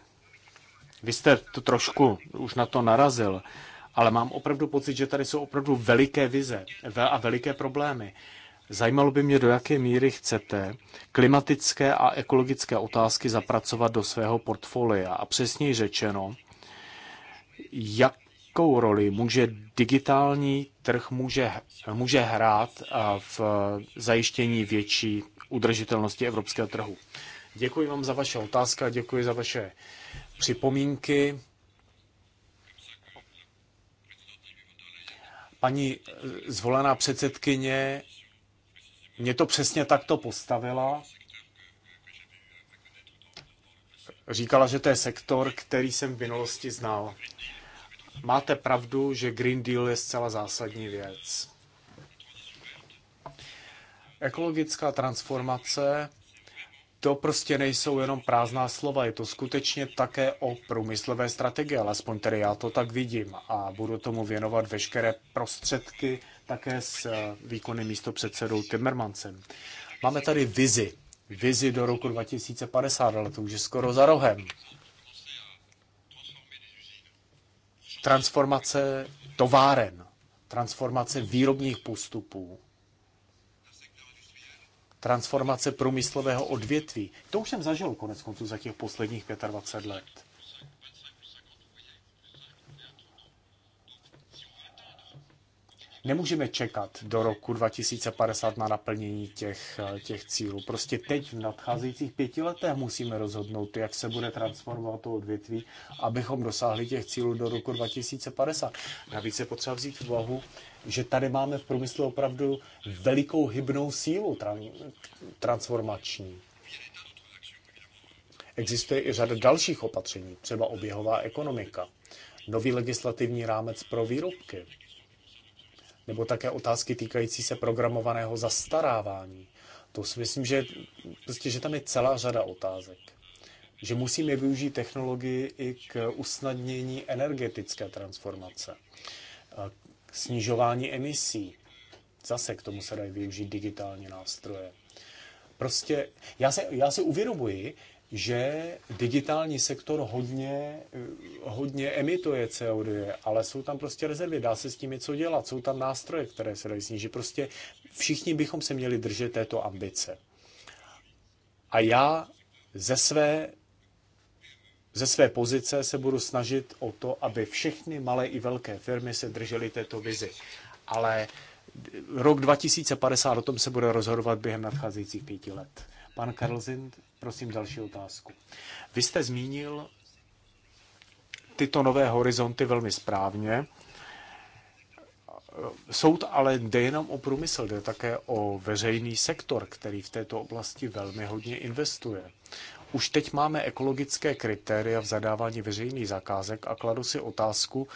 Vy jste to trošku už na to narazil ale mám opravdu pocit, že tady jsou opravdu veliké vize a veliké problémy. Zajímalo by mě, do jaké míry chcete klimatické a ekologické otázky zapracovat do svého portfolia. A přesněji řečeno, jakou roli může digitální trh může, může hrát eh, v zajištění větší udržitelnosti evropského trhu. Děkuji vám za vaše otázka, děkuji za vaše připomínky. paní eh, zvolená předsedkyně mě to přesně takto postavila. Říkala, že to je sektor, který jsem v minulosti znal. Máte pravdu, že Green Deal je zcela zásadní věc. Ekologická transformace to prostě nejsou jenom prázdná slova, je to skutečně také o průmyslové strategii, alespoň tedy já to tak vidím a budu tomu věnovat veškeré prostředky také s eh, výkonným místopředsedou Timmermansem. Máme tady vizi, vizi do roku 2050, ale to už je skoro za rohem. Transformace továren, transformace výrobních postupů, transformace průmyslového odvětví. To už jsem zažil konec konců za těch posledních 25 let. Nemůžeme čekat do roku 2050 na naplnění těch, těch cílů. Prostě teď v nadcházejících pěti letech musíme rozhodnout, jak se bude transformovat to odvětví, abychom dosáhli těch cílů do roku 2050. Navíc je potřeba vzít v úvahu, že tady máme v průmyslu opravdu velikou hybnou sílu transformační. Existuje i řada dalších opatření, třeba oběhová ekonomika, nový legislativní rámec pro výrobky, nebo také otázky týkající se programovaného zastarávání. To si myslím, že, prostě, že tam je celá řada otázek. Že musíme využít technologii i k usnadnění energetické transformace k snižování emisí. Zase k tomu se dají využít digitální nástroje. Prostě já se, já se uvědomuji, že digitální sektor hodně, hodně emituje CO2, ale jsou tam prostě rezervy, dá se s tím něco dělat, jsou tam nástroje, které se dají snížit. Prostě všichni bychom se měli držet této ambice. A já ze své ze své pozice se budu snažit o to, aby všechny malé i velké firmy se držely této vizi. Ale rok 2050 o tom se bude rozhodovat během nadcházejících pěti let. Pan Karlzin, prosím další otázku. Vy jste zmínil tyto nové horizonty velmi správně. Soud ale jde jenom o průmysl, jde také o veřejný sektor, který v této oblasti velmi hodně investuje. Už teď máme ekologické kritéria v zadávání veřejných zakázek a kladu si otázku,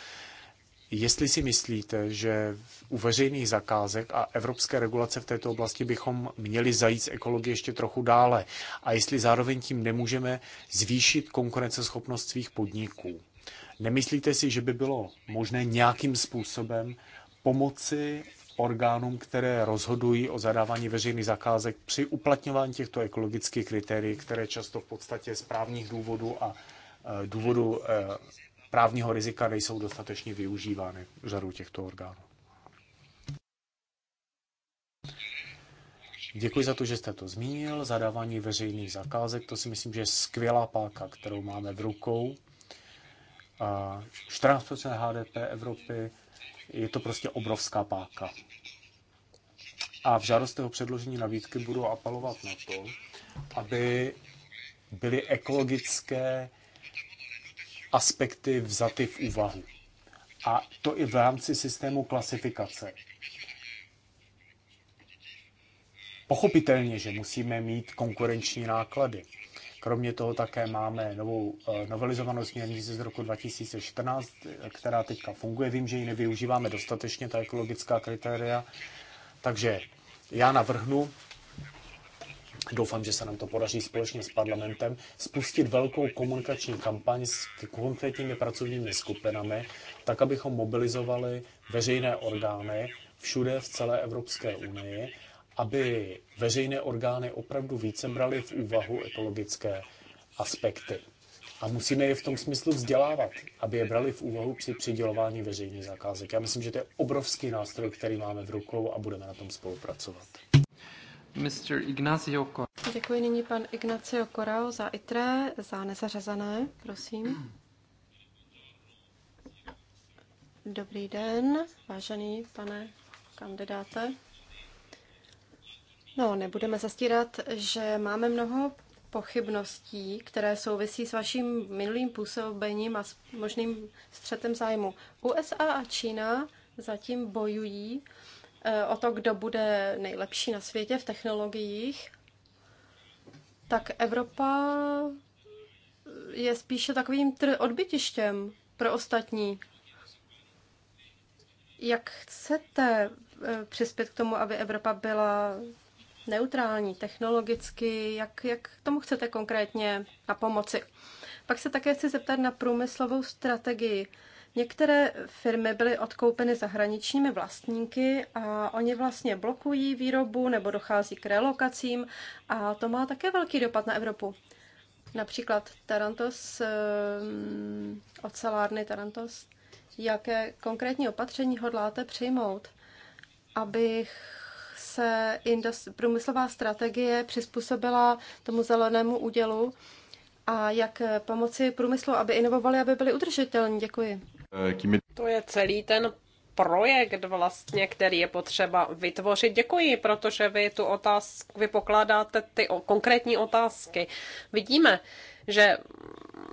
jestli si myslíte, že u veřejných zakázek a evropské regulace v této oblasti bychom měli zajít z ekologie ještě trochu dále a jestli zároveň tím nemůžeme zvýšit konkurenceschopnost svých podniků. Nemyslíte si, že by bylo možné nějakým způsobem pomoci orgánům, které rozhodují o zadávání veřejných zakázek při uplatňování těchto ekologických kritérií, které často v podstatě z právních důvodů a e, důvodu e, právního rizika nejsou dostatečně využívány řadu těchto orgánů. Děkuji za to, že jste to zmínil. Zadávání veřejných zakázek, to si myslím, že je skvělá páka, kterou máme v rukou. 14 HDP Evropy, je to prostě obrovská páka. A v žádostého předložení nabídky budu apelovat na to, aby byly ekologické aspekty vzaty v úvahu. A to i v rámci systému klasifikace. Pochopitelně, že musíme mít konkurenční náklady. Kromě toho také máme novou eh, novelizovanou směrnici z roku 2014, která teďka funguje. Vím, že ji nevyužíváme dostatečně, ta ekologická kritéria. Takže já navrhnu, doufám, že se nám to podaří společně s parlamentem, spustit velkou komunikační kampaň s konkrétními pracovními skupinami, tak abychom mobilizovali veřejné orgány všude v celé Evropské unii aby veřejné orgány opravdu více brali v úvahu ekologické aspekty. A musíme je v tom smyslu vzdělávat, aby je brali v úvahu při přidělování veřejných zakázek. Já myslím, že to je obrovský nástroj, který máme v rukou a budeme na tom spolupracovat. Mr. Ignacio Děkuji nyní pan Ignacio Corao za ITRE, za nezařazené, prosím. Dobrý den, vážený pane kandidáte. No, nebudeme zastírat, že máme mnoho pochybností, které souvisí s vaším minulým působením a s možným střetem zájmu. USA a Čína zatím bojují eh, o to, kdo bude nejlepší na světě v technologiích, tak Evropa eh, je spíše takovým odbytištěm pro ostatní. Jak chcete eh, přispět k tomu, aby Evropa byla neutrální technologicky, jak, jak tomu chcete konkrétně na pomoci. Pak se také chci zeptat na průmyslovou strategii. Některé firmy byly odkoupeny zahraničními vlastníky a oni vlastně blokují výrobu nebo dochází k relokacím a to má také velký dopad na Evropu. Například Tarantos, ehm, ocelárny Tarantos, jaké konkrétní opatření hodláte přijmout, abych se indust- průmyslová strategie přizpůsobila tomu zelenému údělu a jak pomoci průmyslu, aby inovovali, aby byli udržitelní. Děkuji. To je celý ten projekt vlastně, který je potřeba vytvořit. Děkuji, protože vy tu otázku, vy pokládáte ty konkrétní otázky. Vidíme, že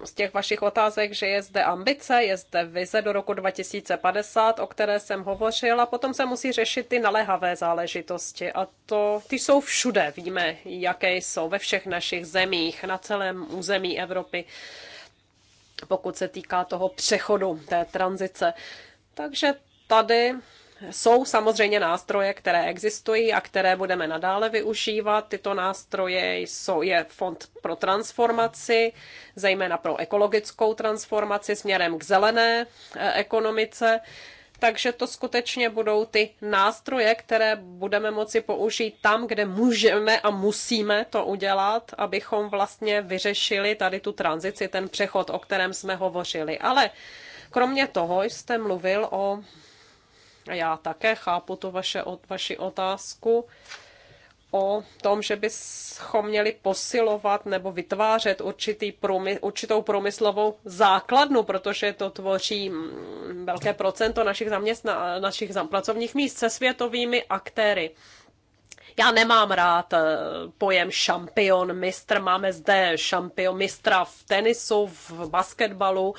z těch vašich otázek, že je zde ambice, je zde vize do roku 2050, o které jsem hovořila, potom se musí řešit ty naléhavé záležitosti a to, ty jsou všude, víme, jaké jsou ve všech našich zemích, na celém území Evropy, pokud se týká toho přechodu, té tranzice. Takže tady jsou samozřejmě nástroje, které existují a které budeme nadále využívat. Tyto nástroje jsou, je fond pro transformaci, zejména pro ekologickou transformaci směrem k zelené eh, ekonomice. Takže to skutečně budou ty nástroje, které budeme moci použít tam, kde můžeme a musíme to udělat, abychom vlastně vyřešili tady tu tranzici, ten přechod, o kterém jsme hovořili. Ale kromě toho jste mluvil o a Já také chápu tu vaše, vaši otázku o tom, že bychom měli posilovat nebo vytvářet určitý průmysl, určitou průmyslovou základnu, protože to tvoří mm, velké procento našich, zaměstna, našich pracovních míst se světovými aktéry. Já nemám rád eh, pojem šampion, mistr. Máme zde šampion, mistra v tenisu, v basketbalu,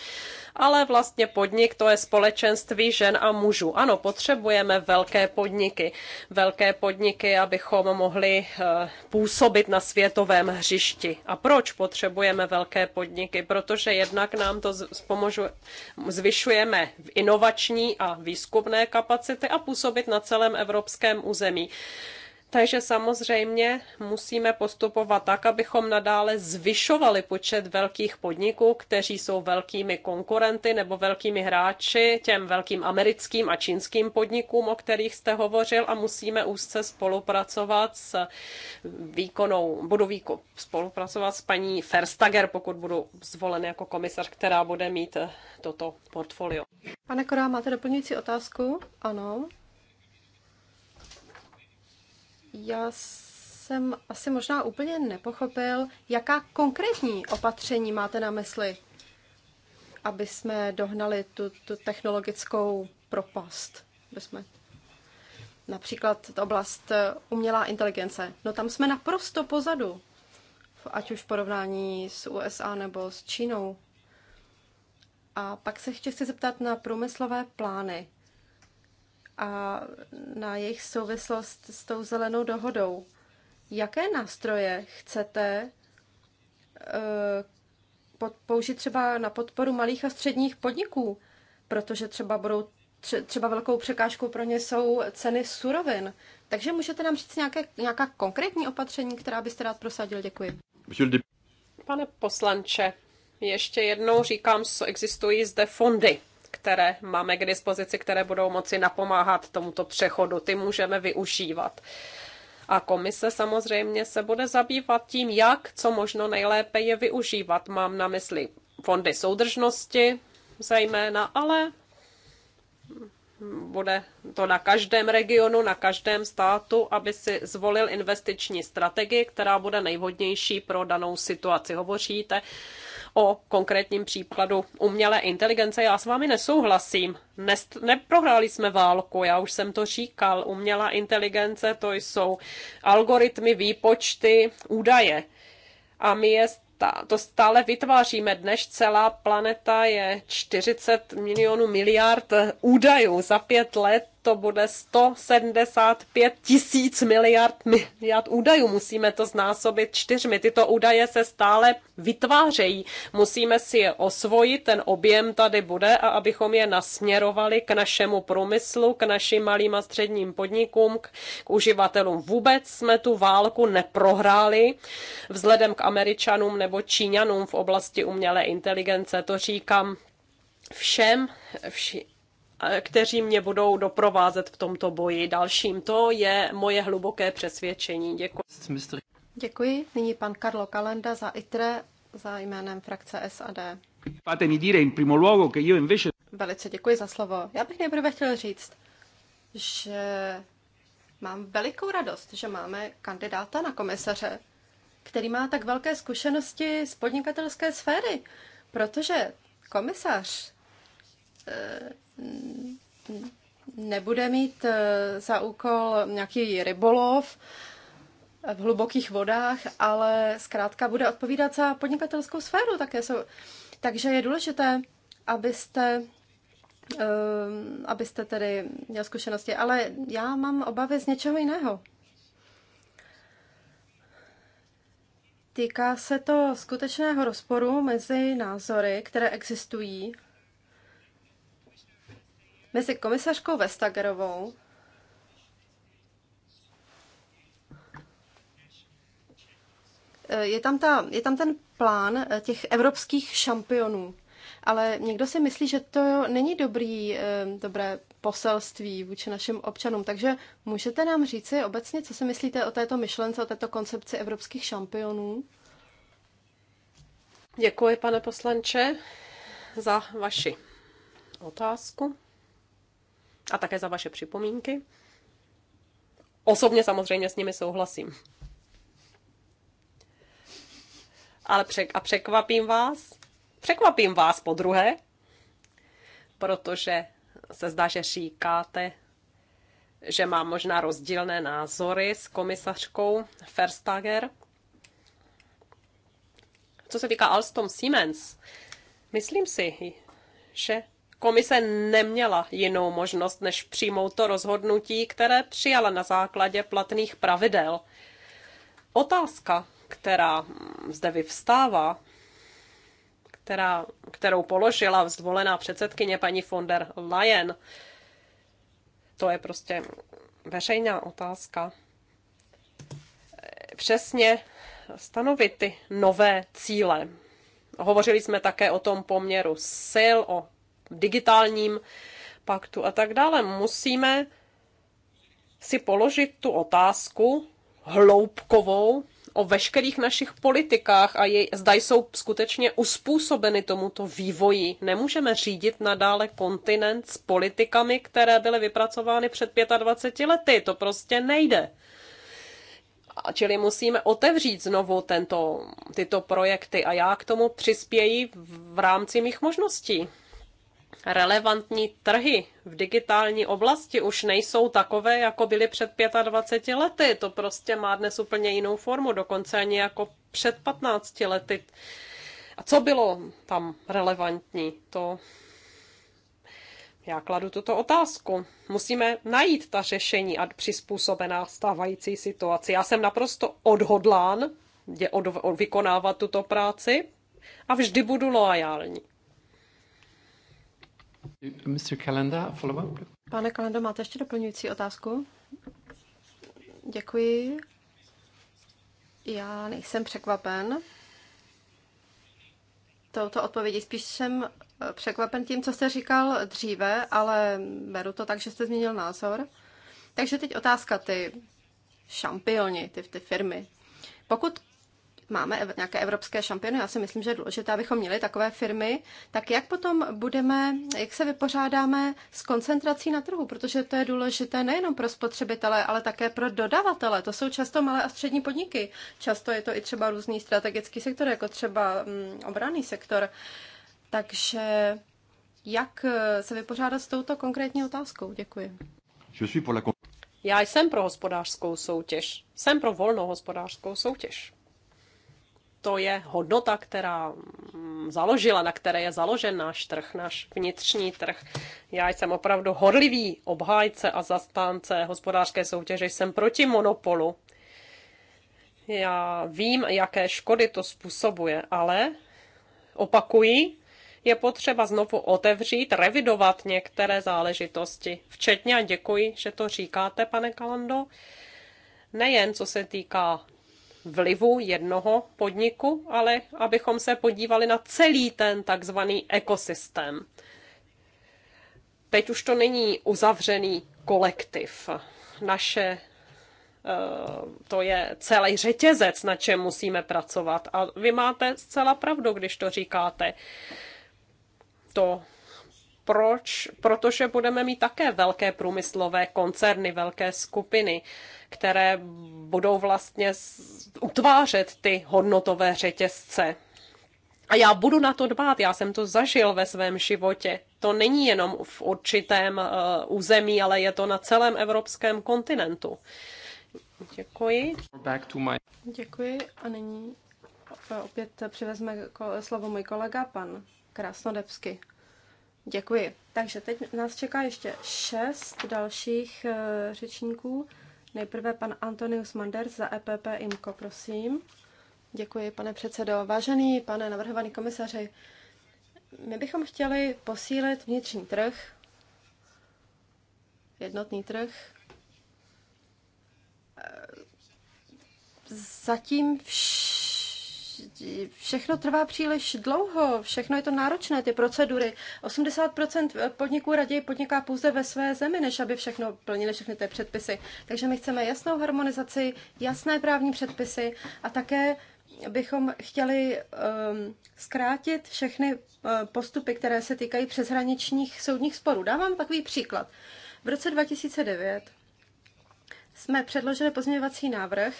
ale vlastně podnik to je společenství žen a mužů. Ano, potřebujeme velké podniky. Velké podniky, abychom mohli eh, působit na světovém hřišti. A proč potřebujeme velké podniky? Protože jednak nám to zpomožu, zvyšujeme v inovační a výzkumné kapacity a působit na celém evropském území. Takže samozřejmě musíme postupovat tak, abychom nadále zvyšovali počet velkých podniků, kteří jsou velkými konkurenty nebo velkými hráči těm velkým americkým a čínským podnikům, o kterých jste hovořil a musíme úzce spolupracovat s výkonou, budu výko, spolupracovat s paní Verstager, pokud budu zvolen jako komisař, která bude mít toto portfolio. Pane Korá, máte doplňující otázku? Ano. Já jsem asi možná úplně nepochopil, jaká konkrétní opatření máte na mysli, aby jsme dohnali tu, tu technologickou propast. Aby jsme například oblast eh, umělá inteligence. No tam jsme naprosto pozadu, ať už v porovnání s USA nebo s Čínou. A pak se ještě chci zeptat na průmyslové plány a na jejich souvislost s tou zelenou dohodou. Jaké nástroje chcete eh, použít třeba na podporu malých a středních podniků? Protože třeba budou třeba velkou překážkou pro ně jsou ceny surovin. Takže můžete nám říct nějaké, nějaká konkrétní opatření, která byste rád prosadil? Děkuji. Pane poslanče, ještě jednou říkám, existují zde fondy které máme k dispozici, které budou moci napomáhat tomuto přechodu. Ty můžeme využívat. A komise samozřejmě se bude zabývat tím, jak co možno nejlépe je využívat. Mám na mysli fondy soudržnosti zejména, ale bude to na každém regionu, na každém státu, aby si zvolil investiční strategii, která bude nejvhodnější pro danou situaci. Hovoříte o konkrétním příkladu umělé inteligence. Já s vámi nesouhlasím. Nest, neprohráli jsme válku, já už jsem to říkal. Umělá inteligence to jsou algoritmy, výpočty, údaje. A my je to stále vytváříme. Dnes celá planeta je 40 milionů miliard údajů. Za pět let to bude 175 tisíc miliard, miliard údajů. Musíme to znásobit čtyřmi. Tyto údaje se stále vytvářejí. Musíme si je osvojit, ten objem tady bude a abychom je nasměrovali k našemu průmyslu, k našim malým a středním podnikům, k, k uživatelům. Vůbec jsme tu válku neprohráli vzhledem k Američanům nebo Číňanům v oblasti umělé inteligence. To říkám všem, všem kteří mě budou doprovázet v tomto boji dalším. To je moje hluboké přesvědčení. Děkuji. Děkuji. Nyní pan Karlo Kalenda za ITRE za jménem frakce SAD. Velice děkuji za slovo. Já bych nejprve chtěl říct, že mám velikou radost, že máme kandidáta na komisaře, který má tak velké zkušenosti z podnikatelské sféry, protože komisař eh, nebude mít eh, za úkol nějaký rybolov v hlubokých vodách, ale zkrátka bude odpovídat za podnikatelskou sféru. Také jsou. Takže je důležité, abyste eh, abyste tedy měl zkušenosti, ale já mám obavy z něčeho jiného. Týká se to skutečného rozporu mezi názory, které existují Mezi komisařkou Vestagerovou eh, je tam, ta, je tam ten plán eh, těch evropských šampionů. Ale někdo si myslí, že to není dobrý, eh, dobré poselství vůči našim občanům. Takže můžete nám říci obecně, co si myslíte o této myšlence, o této koncepci evropských šampionů? Děkuji, pane poslanče, za vaši otázku a také za vaše připomínky. Osobně samozřejmě s nimi souhlasím. Ale přek- a překvapím vás, překvapím vás po druhé, protože se zdá, že říkáte, že má možná rozdílné názory s komisařkou Verstager. Co se týká Alstom Siemens, myslím si, že Komise neměla jinou možnost, než přijmout to rozhodnutí, které přijala na základě platných pravidel. Otázka, která zde vyvstává, která, kterou položila zvolená předsedkyně paní von der Leyen, to je prostě veřejná otázka. Přesně stanovit ty nové cíle. Hovořili jsme také o tom poměru sil, o digitálním paktu a tak dále. Musíme si položit tu otázku hloubkovou o veškerých našich politikách a jej, zda jsou skutečně uspůsobeny tomuto vývoji. Nemůžeme řídit nadále kontinent s politikami, které byly vypracovány před 25 lety. To prostě nejde. A čili musíme otevřít znovu tento, tyto projekty a já k tomu přispěji v rámci mých možností relevantní trhy v digitální oblasti už nejsou takové, jako byly před 25 lety. To prostě má dnes úplně jinou formu, dokonce ani jako před 15 lety. A co bylo tam relevantní? To já kladu tuto otázku. Musíme najít ta řešení a přizpůsobená stávající situaci. Já jsem naprosto odhodlán od, od, vykonávat tuto práci a vždy budu loajální. Mr. Kalenda, follow-up? Pane Kalendo, máte ještě doplňující otázku? Děkuji. Já nejsem překvapen touto odpovědi. Spíš jsem eh, překvapen tím, co jste říkal dříve, ale beru to tak, že jste změnil názor. Takže teď otázka, ty šampioni, ty, ty firmy. Pokud máme nějaké evropské šampiony, já si myslím, že je důležité, abychom měli takové firmy, tak jak potom budeme, jak se vypořádáme s koncentrací na trhu, protože to je důležité nejenom pro spotřebitele, ale také pro dodavatele. To jsou často malé a střední podniky. Často je to i třeba různý strategický sektor, jako třeba mm, obraný sektor. Takže jak eh, se vypořádat s touto konkrétní otázkou? Děkuji. Já jsem pro hospodářskou soutěž. Jsem pro volnou hospodářskou soutěž to je hodnota, která mm, založila, na které je založen náš trh, náš vnitřní trh. Já jsem opravdu horlivý obhájce a zastánce hospodářské soutěže, jsem proti monopolu. Já vím, jaké škody to způsobuje, ale opakuji, je potřeba znovu otevřít, revidovat některé záležitosti. Včetně, a děkuji, že to říkáte, pane Kalando, nejen co se týká vlivu jednoho podniku, ale abychom se podívali na celý ten takzvaný ekosystém. Teď už to není uzavřený kolektiv. Naše eh, to je celý řetězec, na čem musíme pracovat. A vy máte zcela pravdu, když to říkáte. To proč? Protože budeme mít také velké průmyslové koncerny, velké skupiny, které budou vlastně utvářet ty hodnotové řetězce. A já budu na to dbát, já jsem to zažil ve svém životě. To není jenom v určitém eh, území, ale je to na celém evropském kontinentu. Děkuji. Back to my... Děkuji a nyní eh, opět přivezme slovo můj kolega, pan Krásnodebsky. Děkuji. Takže teď nás čeká ještě šest dalších eh, řečníků. Nejprve pan Antonius Manders za EPP IMCO, prosím. Děkuji, pane předsedo. Vážený pane navrhovaný komisaři, my bychom chtěli posílit vnitřní trh, jednotný trh. Eh, zatím vš- všechno trvá příliš dlouho, všechno je to náročné, ty procedury. 80% podniků raději podniká pouze ve své zemi, než aby všechno plnili všechny ty předpisy. Takže my chceme jasnou harmonizaci, jasné právní předpisy a také bychom chtěli um, zkrátit všechny uh, postupy, které se týkají přeshraničních soudních sporů. Dávám takový příklad. V roce 2009 jsme předložili pozměňovací návrh,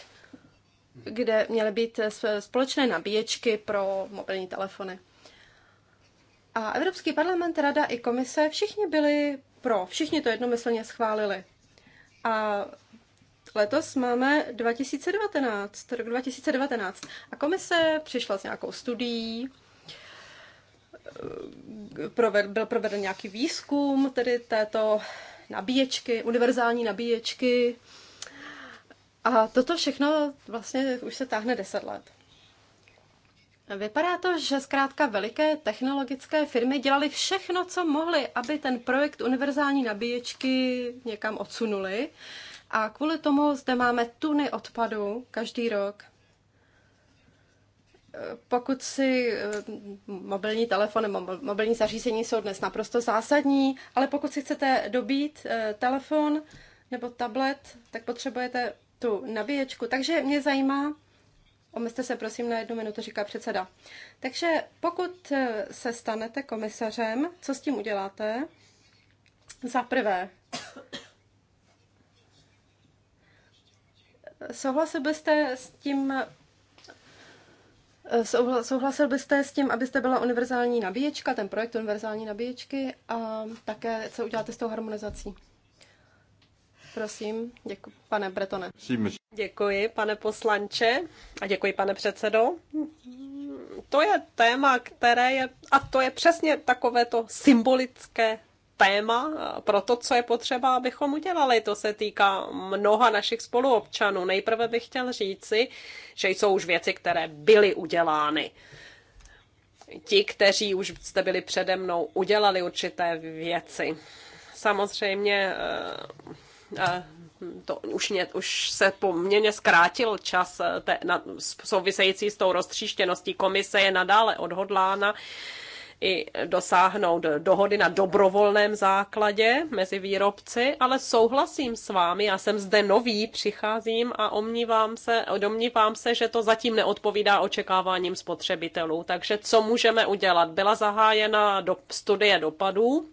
kde měly být společné nabíječky pro mobilní telefony. A Evropský parlament, Rada i komise, všichni byli pro, všichni to jednomyslně schválili. A letos máme 2019, rok 2019. A komise přišla s nějakou studií, proved, byl proveden nějaký výzkum tedy této nabíječky, univerzální nabíječky, a toto všechno vlastně už se táhne 10 let. Vypadá to, že zkrátka veliké technologické firmy dělali všechno, co mohly, aby ten projekt univerzální nabíječky někam odsunuli. A kvůli tomu zde máme tuny odpadu každý rok. Pokud si eh, mobilní telefony, mobilní zařízení jsou dnes naprosto zásadní, ale pokud si chcete dobít eh, telefon nebo tablet, tak potřebujete tu nabíječku. Takže mě zajímá, omezte se prosím na jednu minutu, říká předseda. Takže pokud se stanete komisařem, co s tím uděláte? Za prvé, souhlasil byste s tím, souhlasil byste s tím, abyste byla univerzální nabíječka, ten projekt univerzální nabíječky a také co uděláte s tou harmonizací? Prosím, děkuji, pane Bretone. Děkuji, pane poslanče a děkuji, pane předsedo. To je téma, které je, a to je přesně takové to symbolické téma pro to, co je potřeba, abychom udělali. To se týká mnoha našich spoluobčanů. Nejprve bych chtěl říci, že jsou už věci, které byly udělány ti, kteří už jste byli přede mnou, udělali určité věci. Samozřejmě eh, to už, mě, už se poměrně zkrátil čas eh, te, na, související s tou roztříštěností. Komise je nadále odhodlána i dosáhnout dohody na dobrovolném základě mezi výrobci, ale souhlasím s vámi, já jsem zde nový, přicházím a omnívám se, domnívám se, že to zatím neodpovídá očekáváním spotřebitelů. Takže co můžeme udělat? Byla zahájena do, studie dopadů,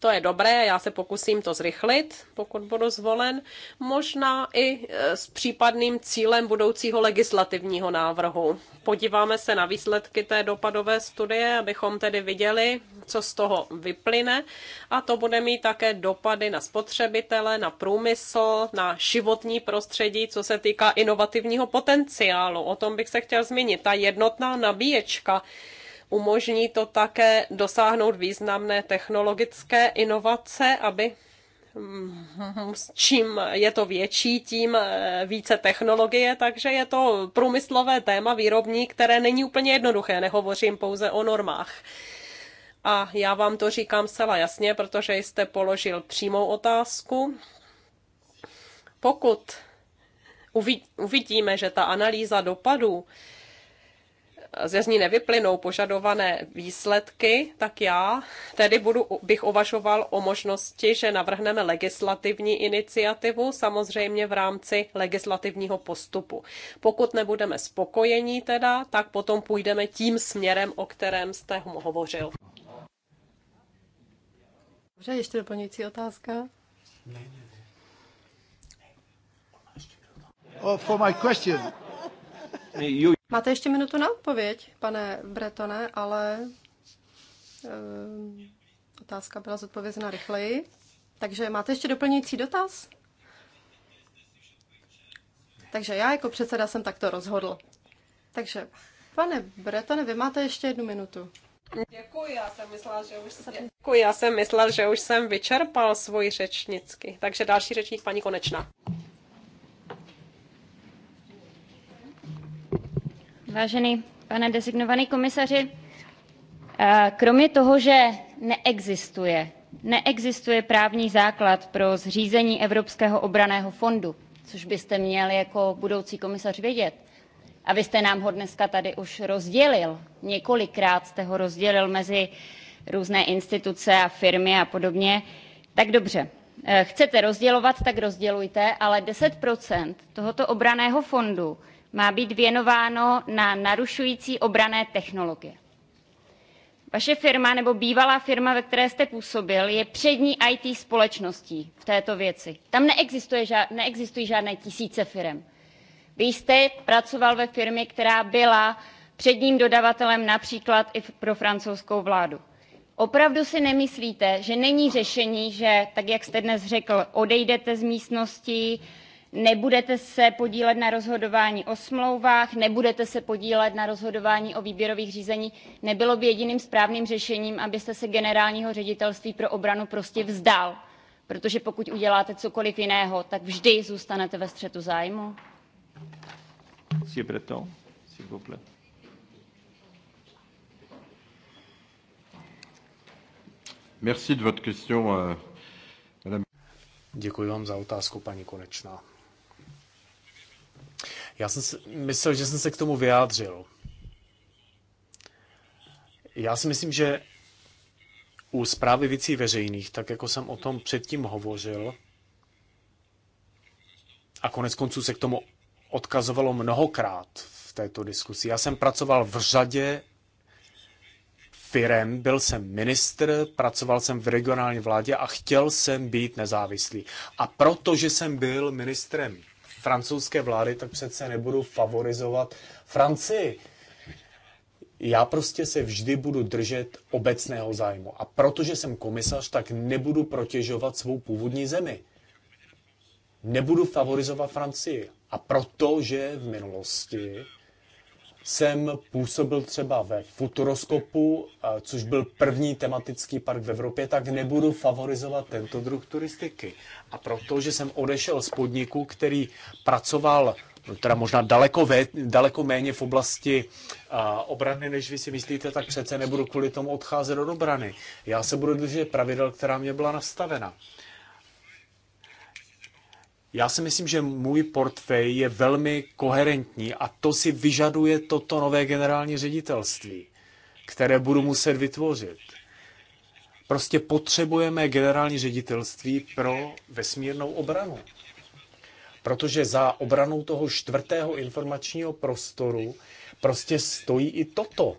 to je dobré, já se pokusím to zrychlit, pokud budu zvolen, možná i e, s případným cílem budoucího legislativního návrhu. Podíváme se na výsledky té dopadové studie, abychom tedy viděli, co z toho vyplyne a to bude mít také dopady na spotřebitele, na průmysl, na životní prostředí, co se týká inovativního potenciálu. O tom bych se chtěl zmínit. Ta jednotná nabíječka, Umožní to také dosáhnout významné technologické inovace, aby mm, čím je to větší, tím eh, více technologie, takže je to průmyslové téma výrobní, které není úplně jednoduché, nehovořím pouze o normách. A já vám to říkám zcela jasně, protože jste položil přímou otázku. Pokud uvidíme, že ta analýza dopadů z ní nevyplynou požadované výsledky, tak já tedy budu, bych uvažoval o možnosti, že navrhneme legislativní iniciativu, samozřejmě v rámci legislativního postupu. Pokud nebudeme spokojení teda, tak potom půjdeme tím směrem, o kterém jste hovořil. Dobře, ještě doplňující otázka? Oh, for my question. You... Máte ještě minutu na odpověď, pane Bretone, ale uh, otázka byla zodpovězena rychleji. Takže máte ještě doplňující dotaz? Takže já jako předseda jsem takto rozhodl. Takže, pane Bretone, vy máte ještě jednu minutu. Děkuji, já jsem myslel, že už jsem, děkuji, já jsem myslel, že už jsem vyčerpal svůj řečnický. Takže další řečník, paní Konečná. Vážený pane designovaný komisaři, eh, kromě toho, že neexistuje, neexistuje právní základ pro zřízení Evropského obraného fondu, což byste měl jako budoucí komisař vědět, a vy jste nám ho dneska tady už rozdělil, několikrát jste ho rozdělil mezi různé instituce a firmy a podobně. Tak dobře, eh, chcete rozdělovat, tak rozdělujte, ale 10 tohoto obraného fondu má být věnováno na narušující obrané technologie. Vaše firma nebo bývalá firma, ve které jste působil, je přední IT společností v této věci. Tam neexistuje neexistují žádné tisíce firm. Vy jste pracoval ve firmě, která byla předním dodavatelem například i pro francouzskou vládu. Opravdu si nemyslíte, že není řešení, že tak, jak jste dnes řekl, odejdete z místnosti, nebudete se podílet na rozhodování o smlouvách nebudete se podílet na rozhodování o výběrových řízeních nebylo by jediným správným řešením abyste se generálního ředitelství pro obranu prostě vzdal protože pokud uděláte cokoliv jiného tak vždy zůstanete ve střetu zájmů? Euh, Děkuji vám za otázku, paní Konečná. Já jsem si, myslel, že jsem se k tomu vyjádřil. Já si myslím, že u zprávy věcí veřejných, tak jako jsem o tom předtím hovořil, a konec konců se k tomu odkazovalo mnohokrát v této diskusi. Já jsem pracoval v řadě firem, byl jsem ministr, pracoval jsem v regionální vládě a chtěl jsem být nezávislý. A protože jsem byl ministrem francouzské vlády, tak přece nebudu favorizovat Francii. Já prostě se vždy budu držet obecného zájmu. A protože jsem komisař, tak nebudu protěžovat svou původní zemi. Nebudu favorizovat Francii. A protože v minulosti jsem působil třeba ve Futuroskopu, eh, což byl první tematický park v Evropě, tak nebudu favorizovat tento druh turistiky. A protože jsem odešel z podniku, který pracoval no teda možná daleko, ve, daleko méně v oblasti a, eh, obrany, než vy si myslíte, tak přece nebudu kvůli tomu odcházet do obrany. Já se budu držet pravidel, která mě byla nastavena. Já si myslím, že můj portfej je velmi koherentní a to si vyžaduje toto nové generální ředitelství, které budu muset vytvořit. Prostě potřebujeme generální ředitelství pro vesmírnou obranu. Protože za obranou toho čtvrtého informačního prostoru prostě stojí i toto.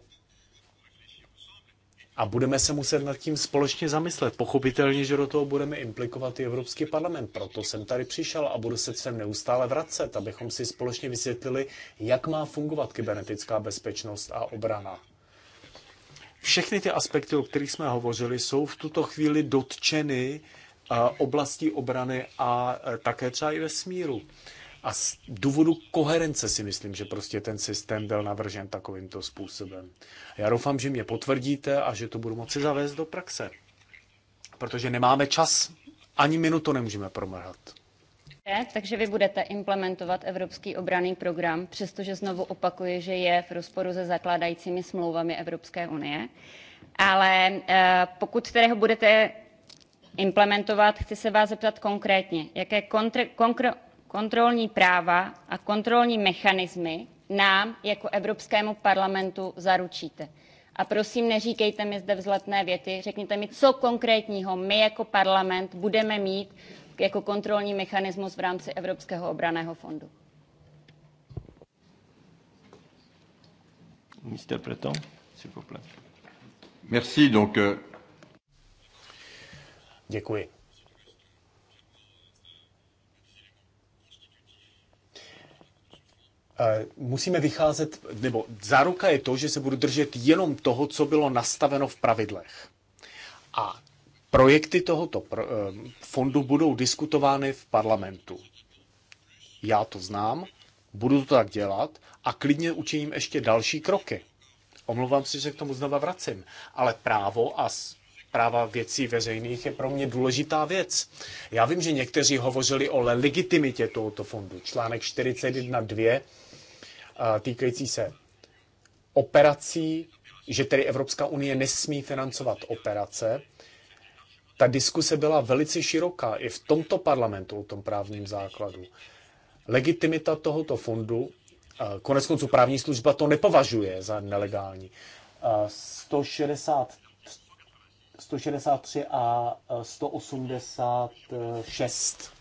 A budeme se muset nad tím společně zamyslet. Pochopitelně, že do toho budeme implikovat i Evropský parlament. Proto jsem tady přišel a budu se sem neustále vracet, abychom si společně vysvětlili, jak má fungovat kybernetická bezpečnost a obrana. Všechny ty aspekty, o kterých jsme hovořili, jsou v tuto chvíli dotčeny eh, oblastí obrany a eh, také třeba i vesmíru. smíru. A z důvodu koherence si myslím, že prostě ten systém byl navržen takovýmto způsobem. Já doufám, že mě potvrdíte a že to budu moci zavést do praxe. Protože nemáme čas, ani minutu nemůžeme promrhat. Takže vy budete implementovat Evropský obraný program, přestože znovu opakuji, že je v rozporu se zakládajícími smlouvami Evropské unie. Ale eh, pokud tedy ho budete implementovat, chci se vás zeptat konkrétně, jaké kontr- konkr- kontrolní práva a kontrolní mechanismy nám jako Evropskému parlamentu zaručíte. A prosím, neříkejte mi zde vzletné věty, řekněte mi, co konkrétního my jako parlament budeme mít jako kontrolní mechanismus v rámci Evropského obraného fondu. Mr. Breton, s'il vous plaît. Merci, donc... Euh, Děkuji. Eh, musíme vycházet, nebo záruka je to, že se budu držet jenom toho, co bylo nastaveno v pravidlech. A projekty tohoto eh, fondu budou diskutovány v parlamentu. Já to znám, budu to tak dělat a klidně učiním ještě další kroky. Omlouvám se, že k tomu znova vracím, ale právo a práva věcí veřejných je pro mě důležitá věc. Já vím, že někteří hovořili o legitimitě tohoto fondu. Článek 41.2 týkající se operací, že tedy Evropská unie nesmí financovat operace. Ta diskuse byla velice široká i v tomto parlamentu o tom právním základu. Legitimita tohoto fondu, konec konců právní služba to nepovažuje za nelegální. 160 163 a 186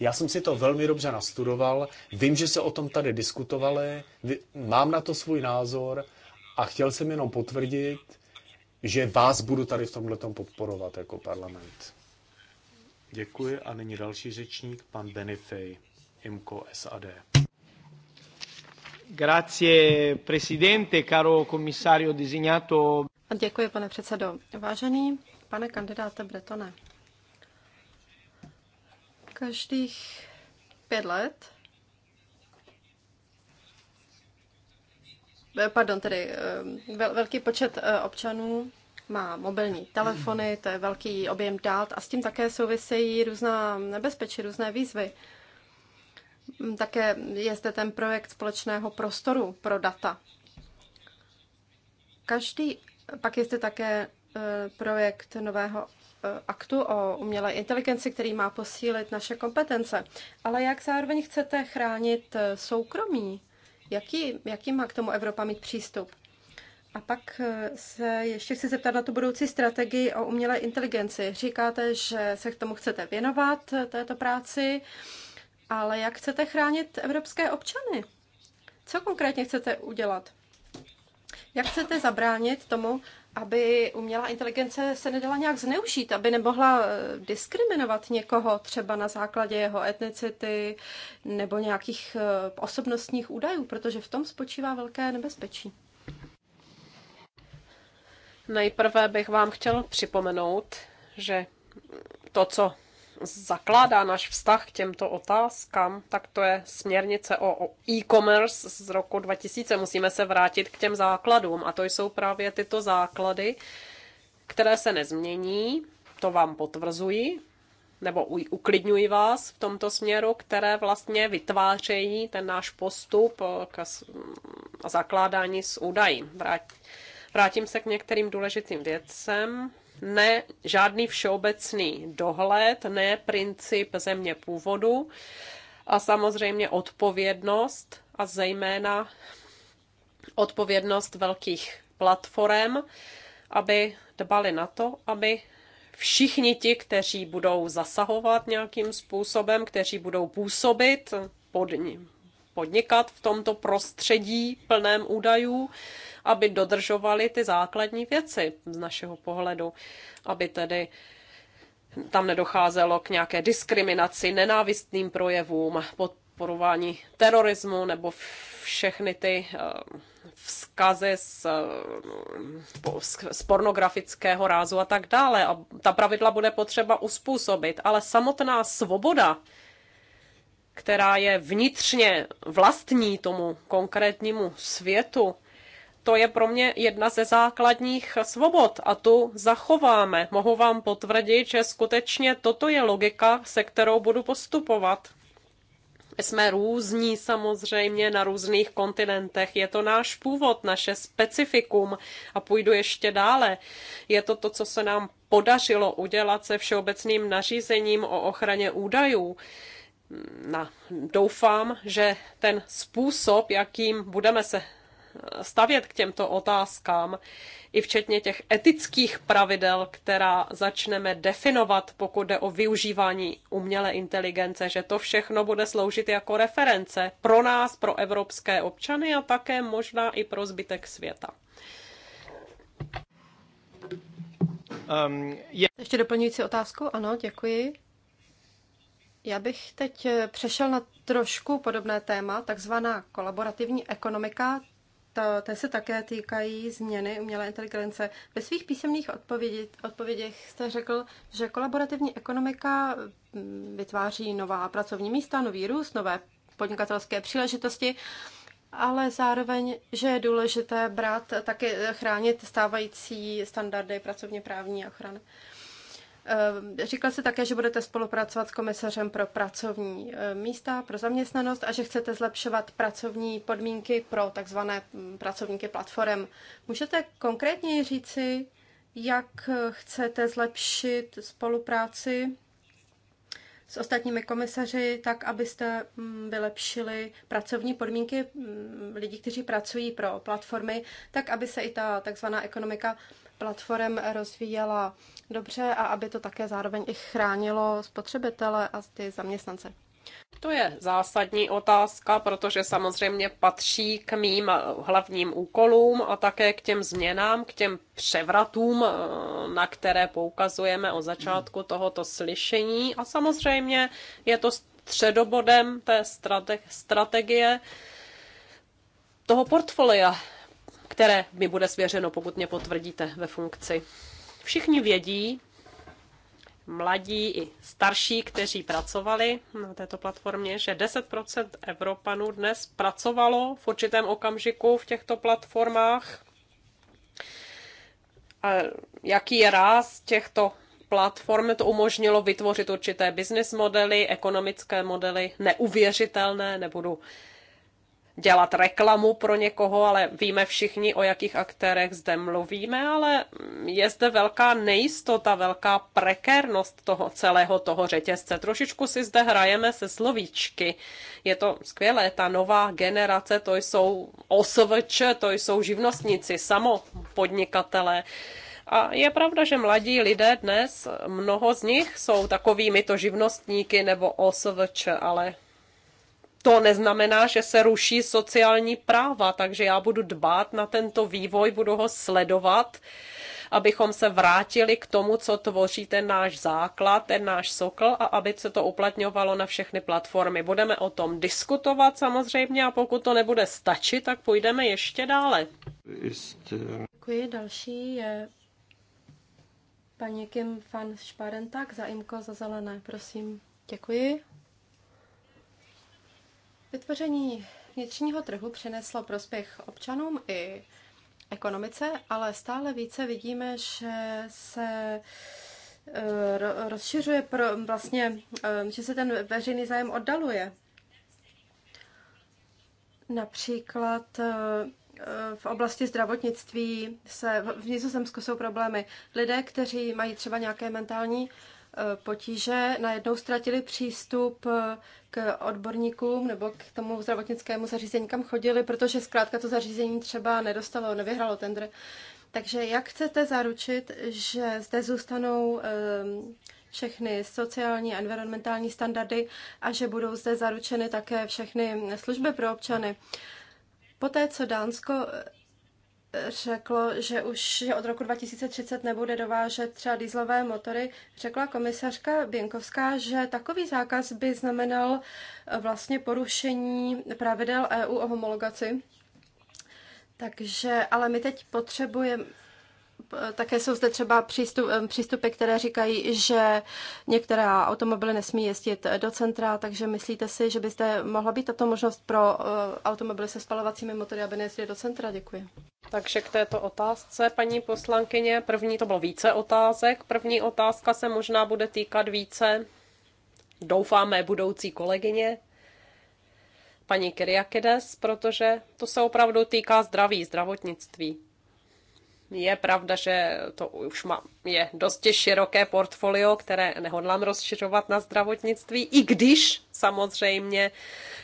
já jsem si to velmi dobře nastudoval, vím, že se o tom tady diskutovali, mám na to svůj názor a chtěl jsem jenom potvrdit, že vás budu tady v tomhle podporovat jako parlament. Děkuji a nyní další řečník, pan Benifej, IMCO SAD. Grazie, presidente, caro commissario designato. Děkuji, pane předsedo. Vážený pane kandidáte Bretone, každých pět let. Eh, pardon, tedy eh, velký počet eh, občanů má mobilní telefony, to je velký objem dát a s tím také souvisejí různá nebezpečí, různé výzvy. Mm, také je zde ten projekt společného prostoru pro data. Každý, pak je zde také projekt nového aktu o umělé inteligenci, který má posílit naše kompetence. Ale jak zároveň chcete chránit eh, soukromí? Jaký, jaký má k tomu Evropa mít přístup? A pak eh, se ještě chci zeptat na tu budoucí strategii o umělé inteligenci. Říkáte, že se k tomu chcete věnovat, eh, této práci, ale jak chcete chránit evropské občany? Co konkrétně chcete udělat? Jak chcete zabránit tomu, aby umělá inteligence se nedala nějak zneužít, aby nemohla eh, diskriminovat někoho třeba na základě jeho etnicity nebo nějakých eh, osobnostních údajů, protože v tom spočívá velké nebezpečí. Nejprve bych vám chtěl připomenout, že to, co zakládá náš vztah k těmto otázkám, tak to je směrnice o e-commerce z roku 2000. Musíme se vrátit k těm základům a to jsou právě tyto základy, které se nezmění, to vám potvrzuji, nebo uklidňuji vás v tomto směru, které vlastně vytvářejí ten náš postup eh, k mm, zakládání s údají. Vrátím se k některým důležitým věcem, ne žádný všeobecný dohled, ne princip země původu a samozřejmě odpovědnost a zejména odpovědnost velkých platform, aby dbali na to, aby všichni ti, kteří budou zasahovat nějakým způsobem, kteří budou působit pod, podnikat v tomto prostředí plném údajů, aby dodržovali ty základní věci z našeho pohledu, aby tedy tam nedocházelo k nějaké diskriminaci, nenávistným projevům, podporování terorismu nebo všechny ty eh, vzkazy eh, z, z pornografického rázu a tak dále. A ta pravidla bude potřeba uspůsobit, ale samotná svoboda která je vnitřně vlastní tomu konkrétnímu světu, to je pro mě jedna ze základních svobod a tu zachováme. Mohu vám potvrdit, že skutečně toto je logika, se kterou budu postupovat. Jsme různí samozřejmě na různých kontinentech. Je to náš původ, naše specifikum a půjdu ještě dále. Je to to, co se nám podařilo udělat se všeobecným nařízením o ochraně údajů na, doufám, že ten způsob, jakým budeme se eh, stavět k těmto otázkám, i včetně těch etických pravidel, která začneme definovat, pokud jde o využívání umělé inteligence, že to všechno bude sloužit jako reference pro nás, pro evropské občany a také možná i pro zbytek světa. Um, je... Ještě doplňující otázku? Ano, děkuji. Já bych teď eh, přešel na trošku podobné téma, takzvaná kolaborativní ekonomika. To, té se také týkají změny umělé inteligence. Ve svých písemných odpovědi, odpovědích jste řekl, že kolaborativní ekonomika mm, vytváří nová pracovní místa, nový růst, nové podnikatelské příležitosti, ale zároveň, že je důležité brát eh, také chránit stávající standardy pracovně právní ochrany. Uh, Eh, říkal se také, že budete spolupracovat s komisařem pro pracovní eh, místa, pro zaměstnanost a že chcete zlepšovat pracovní podmínky pro takzvané hm, pracovníky platform. Můžete konkrétně říci, jak eh, chcete zlepšit spolupráci s ostatními komisaři, tak abyste hm, vylepšili pracovní podmínky hm, lidí, kteří pracují pro platformy, tak aby se i ta takzvaná ekonomika platform rozvíjela dobře a aby to také zároveň i chránilo spotřebitele a ty zaměstnance. To je zásadní otázka, protože samozřejmě patří k mým hlavním úkolům a také k těm změnám, k těm převratům, eh, na které poukazujeme o začátku tohoto slyšení. A samozřejmě je to středobodem té strate- strategie toho portfolia, které mi bude svěřeno, pokud mě potvrdíte ve funkci. Všichni vědí, mladí i starší, kteří pracovali na této platformě, že 10% Evropanů dnes pracovalo v určitém okamžiku v těchto platformách. A jaký je ráz těchto platform to umožnilo vytvořit určité business modely, ekonomické modely neuvěřitelné, nebudu dělat reklamu pro někoho, ale víme všichni, o jakých aktérech zde mluvíme, ale je zde velká nejistota, velká prekérnost toho celého toho řetězce. Trošičku si zde hrajeme se slovíčky. Je to skvělé, ta nová generace, to jsou osvč, to jsou živnostníci, samopodnikatelé. A je pravda, že mladí lidé dnes, mnoho z nich jsou takovými to živnostníky nebo osvč, ale to neznamená, že se ruší sociální práva, takže já budu dbát na tento vývoj, budu ho sledovat, abychom se vrátili k tomu, co tvoří ten náš základ, ten náš sokl a aby se to uplatňovalo na všechny platformy. Budeme o tom diskutovat samozřejmě a pokud to nebude stačit, tak půjdeme ještě dále. Děkuji. Další je paní Kim van Šparentak za IMKO za zelené. Prosím. Děkuji. Vytvoření vnitřního trhu přineslo prospěch občanům i ekonomice, ale stále více vidíme, že se eh, rozšiřuje pro, vlastně, eh, že se ten veřejný zájem oddaluje. Například eh, v oblasti zdravotnictví se v Nizozemsku jsou problémy. Lidé, kteří mají třeba nějaké mentální potíže, najednou ztratili přístup k odborníkům nebo k tomu zdravotnickému zařízení, kam chodili, protože zkrátka to zařízení třeba nedostalo, nevyhralo tender. Takže jak chcete zaručit, že zde zůstanou eh, všechny sociální a environmentální standardy a že budou zde zaručeny také všechny služby pro občany? Poté, co Dánsko řeklo, že už že od roku 2030 nebude dovážet třeba dýzlové motory. Řekla komisařka Běnkovská, že takový zákaz by znamenal eh, vlastně porušení pravidel EU o homologaci. Takže, ale my teď potřebujeme, také jsou zde třeba přístup, přístupy, které říkají, že některá automobily nesmí jezdit do centra, takže myslíte si, že byste mohla být tato možnost pro eh, automobily se spalovacími motory, aby nejezdili do centra? Děkuji. Takže k této otázce, paní poslankyně, první to bylo více otázek. První otázka se možná bude týkat více, doufáme, budoucí kolegyně, paní Kyriakides, protože to se opravdu týká zdraví, zdravotnictví. Je pravda, že to už má, je dosti široké portfolio, které nehodlám rozšiřovat na zdravotnictví, i když samozřejmě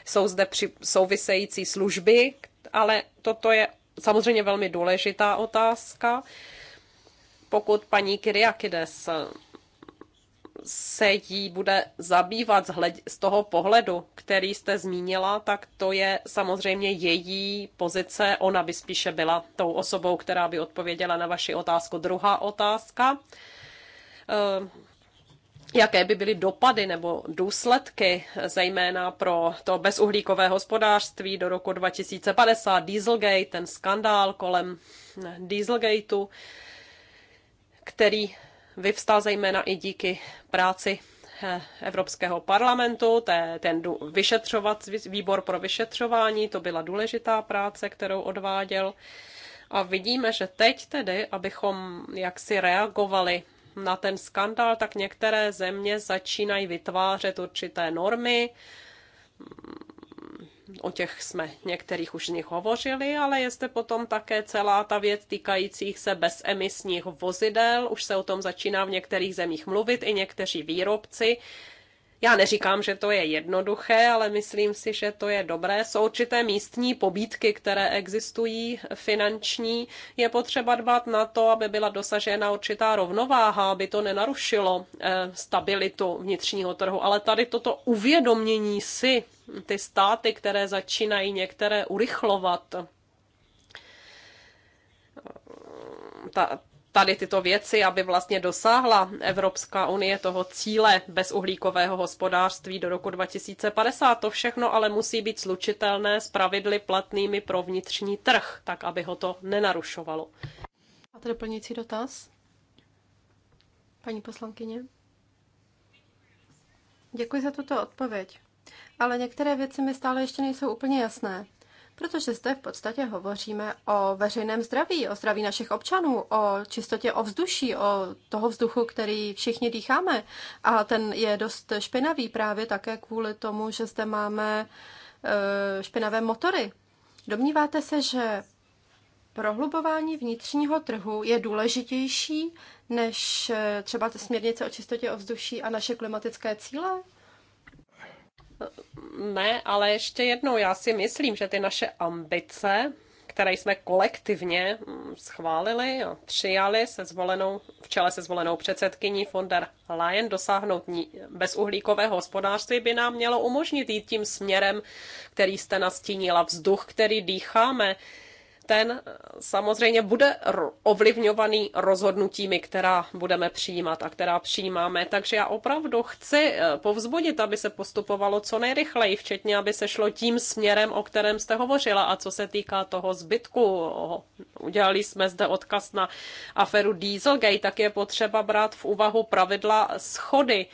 jsou zde při, související služby, ale toto je samozřejmě velmi důležitá otázka. Pokud paní Kyriakides se jí bude zabývat z, toho pohledu, který jste zmínila, tak to je samozřejmě její pozice. Ona by spíše byla tou osobou, která by odpověděla na vaši otázku. Druhá otázka. Eh, jaké by byly dopady nebo důsledky, zejména pro to bezuhlíkové hospodářství do roku 2050, Dieselgate, ten skandál kolem Dieselgateu, který vyvstal zejména i díky práci eh, Evropského parlamentu, ten vyšetřovat, výbor pro vyšetřování, to byla důležitá práce, kterou odváděl. A vidíme, že teď tedy, abychom jaksi reagovali na ten skandál, tak některé země začínají vytvářet určité normy, O těch jsme některých už z nich hovořili, ale je zde potom také celá ta věc týkajících se bezemisních vozidel. Už se o tom začíná v některých zemích mluvit i někteří výrobci. Já neříkám, že to je jednoduché, ale myslím si, že to je dobré. Jsou určité místní pobídky, které existují finanční. Je potřeba dbát na to, aby byla dosažena určitá rovnováha, aby to nenarušilo eh, stabilitu vnitřního trhu. Ale tady toto uvědomění si ty státy, které začínají některé urychlovat ta, tady tyto věci, aby vlastně dosáhla Evropská unie toho cíle bezuhlíkového hospodářství do roku 2050. To všechno ale musí být slučitelné s pravidly platnými pro vnitřní trh, tak aby ho to nenarušovalo. Máte doplňující dotaz? Paní poslankyně? Děkuji za tuto odpověď ale některé věci mi stále ještě nejsou úplně jasné, protože zde v podstatě hovoříme o veřejném zdraví, o zdraví našich občanů, o čistotě ovzduší, o toho vzduchu, který všichni dýcháme. A ten je dost špinavý právě také kvůli tomu, že zde máme eh, špinavé motory. Domníváte se, že prohlubování vnitřního trhu je důležitější než eh, třeba směrnice o čistotě ovzduší a naše klimatické cíle? Ne, ale ještě jednou, já si myslím, že ty naše ambice, které jsme kolektivně mm, schválili a přijali se zvolenou, v čele se zvolenou předsedkyní von der Leyen dosáhnout bezuhlíkového hospodářství by nám mělo umožnit jít tím směrem, který jste nastínila, vzduch, který dýcháme, ten eh, samozřejmě bude ovlivňovaný rozhodnutími, která budeme přijímat a která přijímáme. Takže já opravdu chci eh, povzbudit, aby se postupovalo co nejrychleji, včetně aby se šlo tím směrem, o kterém jste hovořila. A co se týká toho zbytku, udělali jsme zde odkaz na aferu Dieselgate, tak je potřeba brát v úvahu pravidla schody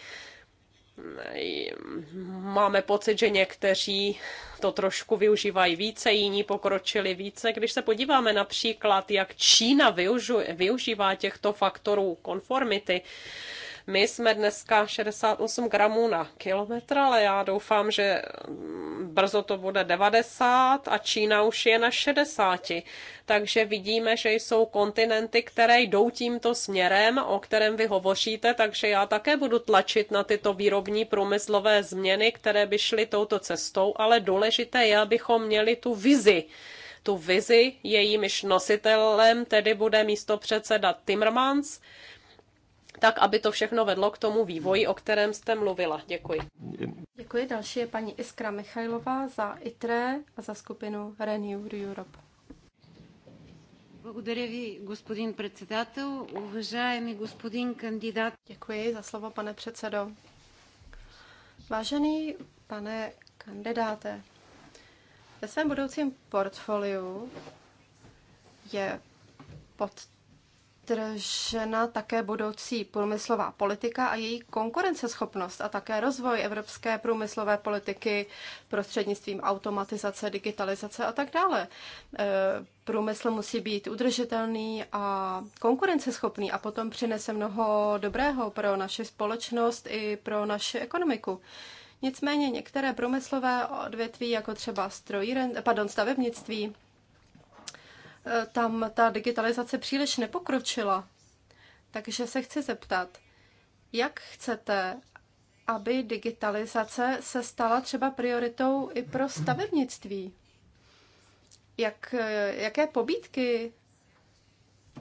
máme pocit, že někteří to trošku využívají více, jiní pokročili více. Když se podíváme například, jak Čína využu, využívá těchto faktorů konformity, my jsme dneska 68 gramů na kilometr, ale já doufám, že mm, brzo to bude 90 a Čína už je na 60. Takže vidíme, že jsou kontinenty, které jdou tímto směrem, o kterém vy hovoříte, takže já také budu tlačit na tyto výrobní průmyslové změny, které by šly touto cestou, ale důležité je, abychom měli tu vizi, tu vizi, jejímž nositelem tedy bude místo předseda Timmermans, tak aby to všechno vedlo k tomu vývoji, o kterém jste mluvila. Děkuji. Děkuji. Další je paní Iskra Michajlová za ITRE a za skupinu Renew Europe. Děkuji za slovo, pane předsedo. Vážený pane kandidáte, ve svém budoucím portfoliu je pod podtržena také budoucí průmyslová politika a její konkurenceschopnost a také rozvoj evropské průmyslové politiky prostřednictvím automatizace, digitalizace a tak dále. E, průmysl musí být udržitelný a konkurenceschopný a potom přinese mnoho dobrého pro naši společnost i pro naši ekonomiku. Nicméně některé průmyslové odvětví, jako třeba strojíren, pardon, stavebnictví, tam ta digitalizace příliš nepokročila. Takže se chci zeptat, jak chcete, aby digitalizace se stala třeba prioritou i pro stavebnictví? Jak, jaké pobídky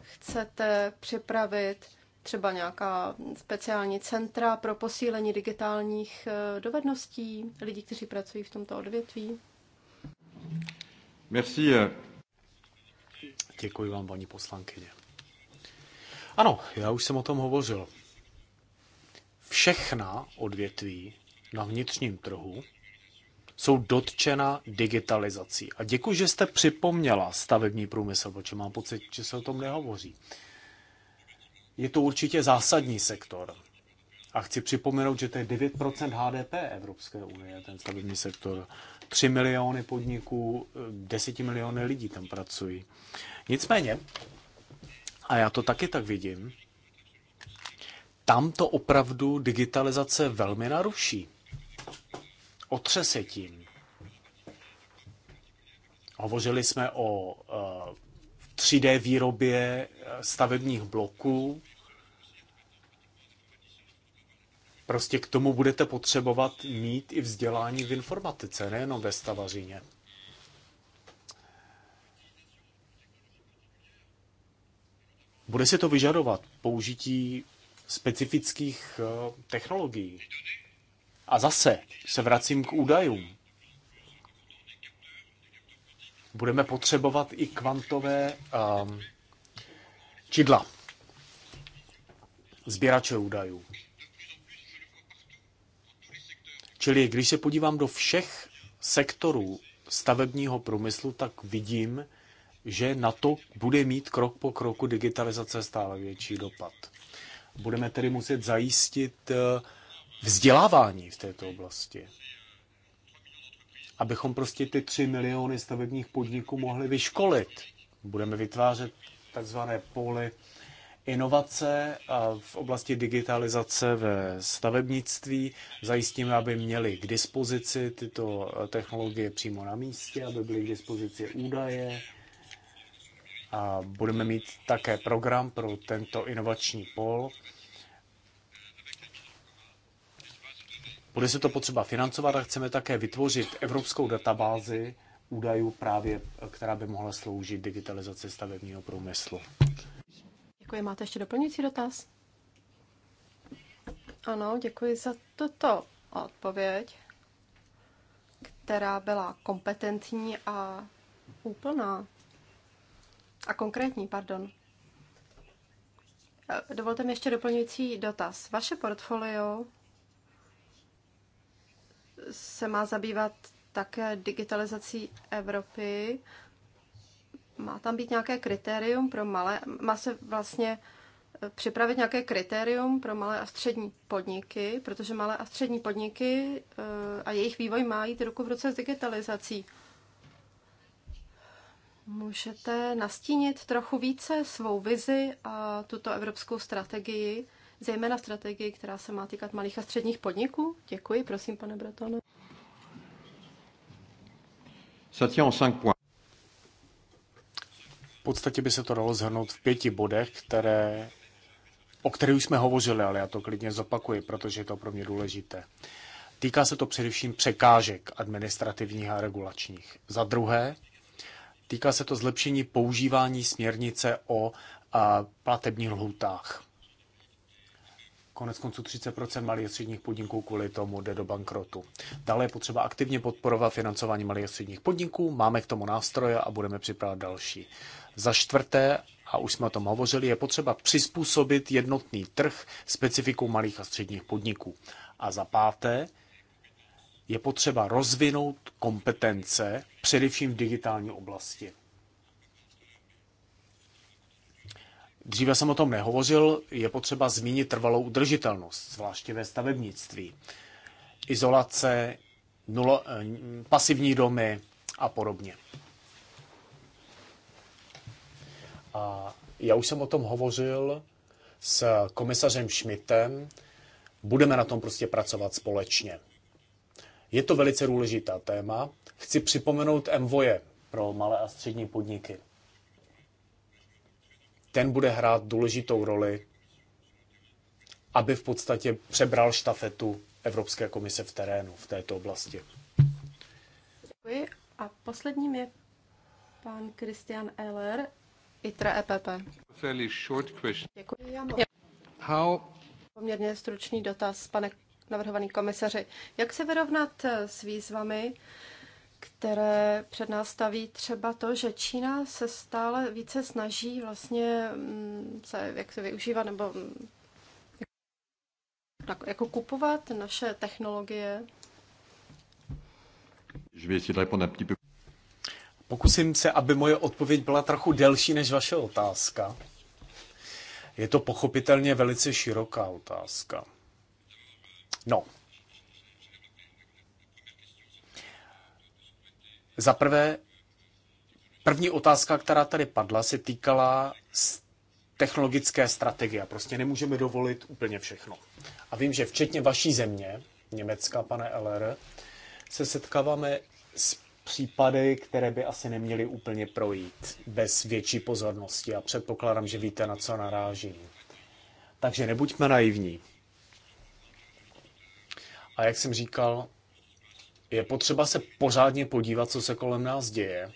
chcete připravit? Třeba nějaká speciální centra pro posílení digitálních eh, dovedností lidí, kteří pracují v tomto odvětví? Merci. Eh, Děkuji vám, paní poslankyně. Ano, já už jsem o tom hovořil. Všechna odvětví na vnitřním trhu jsou dotčena digitalizací. A děkuji, že jste připomněla stavební průmysl, protože mám pocit, že se o tom nehovoří. Je to určitě zásadní sektor. A chci připomenout, že to je 9% HDP Evropské unie, ten stavební sektor. 3 miliony podniků, 10 miliony lidí tam pracují. Nicméně, a já to taky tak vidím, tam to opravdu digitalizace velmi naruší. Otře se tím. Hovořili jsme o 3D eh, výrobě eh, stavebních bloků. Prostě k tomu budete potřebovat mít i vzdělání v informatice, nejenom ve stavařině. Bude se to vyžadovat použití specifických eh, technologií. A zase se vracím k údajům. Budeme potřebovat i kvantové um, čidla, sběrače údajů. Čili když se podívám do všech sektorů stavebního průmyslu, tak vidím, že na to bude mít krok po kroku digitalizace stále větší dopad. Budeme tedy muset zajistit eh, vzdělávání v této oblasti, abychom prostě ty 3 miliony stavebních podniků mohli vyškolit. Budeme vytvářet takzvané poli inovace a v oblasti digitalizace ve stavebnictví. Zajistíme, aby měli k dispozici tyto eh, technologie přímo na místě, aby byly k dispozici údaje, a budeme mít také program pro tento inovační pol. Bude se to potřeba financovat a chceme také vytvořit evropskou databázi údajů právě, která by mohla sloužit digitalizaci stavebního průmyslu. Děkuji. Máte ještě doplňující dotaz? Ano, děkuji za toto odpověď, která byla kompetentní a úplná a konkrétní, pardon. Eh, dovolte mi ještě doplňující dotaz. Vaše portfolio se má zabývat také digitalizací Evropy. Má tam být nějaké kritérium pro malé, má se vlastně eh, připravit nějaké kritérium pro malé a střední podniky, protože malé a střední podniky eh, a jejich vývoj má jít ruku v ruce s digitalizací. Můžete nastínit trochu více svou vizi a tuto evropskou strategii, zejména strategii, která se má týkat malých a středních podniků? Děkuji, prosím, pane Bretone. V podstatě by se to dalo zhrnout v pěti bodech, které, o kterých jsme hovořili, ale já to klidně zopakuji, protože je to pro mě důležité. Týká se to především překážek administrativních a regulačních. Za druhé, Týká se to zlepšení používání směrnice o platebních lhoutách. Konec konců 30 malých a středních podniků kvůli tomu jde do bankrotu. Dále je potřeba aktivně podporovat financování malých a středních podniků, máme k tomu nástroje a budeme připravovat další. Za čtvrté, a už jsme o tom hovořili, je potřeba přizpůsobit jednotný trh specifiku malých a středních podniků. A za páté, je potřeba rozvinout kompetence, především v digitální oblasti. Dříve jsem o tom nehovořil, je potřeba zmínit trvalou udržitelnost, zvláště ve stavebnictví. Izolace, nulo, eh, pasivní domy a podobně. A já už jsem o tom hovořil s komisařem Schmidtem. Budeme na tom prostě pracovat společně. Je to velice důležitá téma. Chci připomenout MVOje pro malé a střední podniky. Ten bude hrát důležitou roli, aby v podstatě přebral štafetu Evropské komise v terénu v této oblasti. Děkuji. A posledním je pan Christian Eller, ITRA EPP. Fairly short question. Děkuji. Já mám How... poměrně stručný dotaz. Pane navrhovaný komisaři. Jak se vyrovnat s výzvami, které před nás staví třeba to, že Čína se stále více snaží vlastně mm, se, jak se využívat nebo jako, jako kupovat naše technologie? Pokusím se, aby moje odpověď byla trochu delší než vaše otázka. Je to pochopitelně velice široká otázka. No. Za prvé, první otázka, která tady padla, se týkala technologické strategie. Prostě nemůžeme dovolit úplně všechno. A vím, že včetně vaší země, Německa, pane LR, se setkáváme s případy, které by asi neměly úplně projít bez větší pozornosti. A předpokládám, že víte, na co narážím. Takže nebuďme naivní. A jak jsem říkal, je potřeba se pořádně podívat, co se kolem nás děje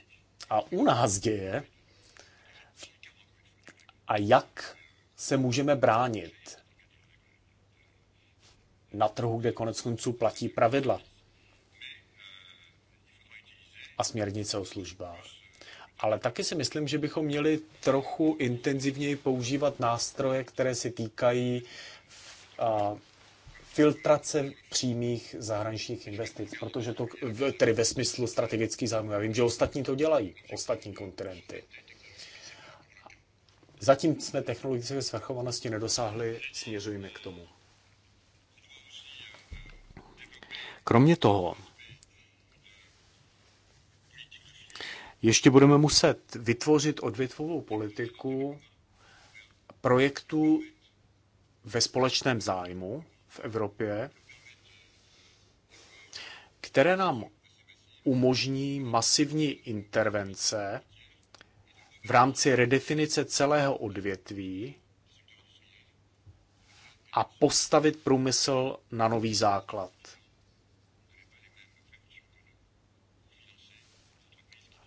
a u nás děje a jak se můžeme bránit na trhu, kde konec konců platí pravidla a směrnice o službách. Ale taky si myslím, že bychom měli trochu intenzivněji používat nástroje, které se týkají filtrace přímých zahraničních investic, protože to tedy ve smyslu strategický zájmu. Já vím, že ostatní to dělají, ostatní kontinenty. Zatím jsme technologické svrchovanosti nedosáhli, směřujeme k tomu. Kromě toho, ještě budeme muset vytvořit odvětvovou politiku projektů ve společném zájmu, v Evropě, které nám umožní masivní intervence v rámci redefinice celého odvětví a postavit průmysl na nový základ.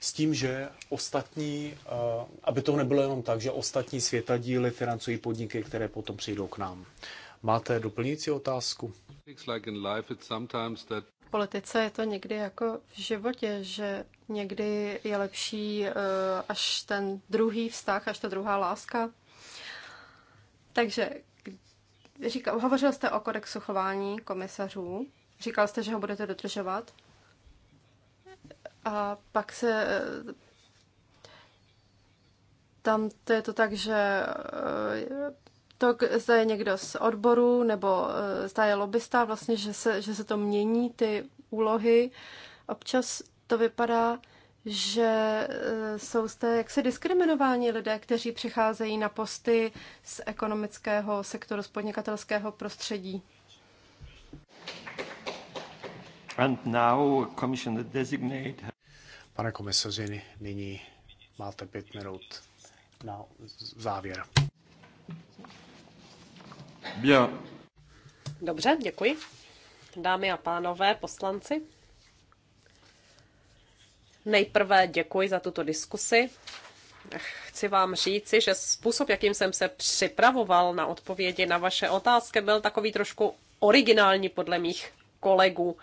S tím, že ostatní, eh, aby to nebylo jenom tak, že ostatní světadíly financují podniky, které potom přijdou k nám. Máte doplňující otázku? V politice je to někdy jako v životě, že někdy je lepší eh, až ten druhý vztah, až ta druhá láska. Takže říkal, hovořil jste o kodexu chování komisařů, říkal jste, že ho budete dodržovat. A pak se eh, tam to je to tak, že eh, to, zda je někdo z odboru nebo eh, zda je lobbysta, vlastně, že se, že se to mění, ty úlohy. Občas to vypadá, že eh, jsou zde jaksi diskriminováni lidé, kteří přicházejí na posty z ekonomického sektoru, z podnikatelského prostředí. And now, Commissioner designate... Pane komisaři, nyní máte pět minut na závěr. Bien. Dobře, děkuji. Dámy a pánové, poslanci. Nejprve děkuji za tuto diskusi. Chci vám říci, že způsob, jakým jsem se připravoval na odpovědi na vaše otázky, byl takový trošku originální podle mých kolegů,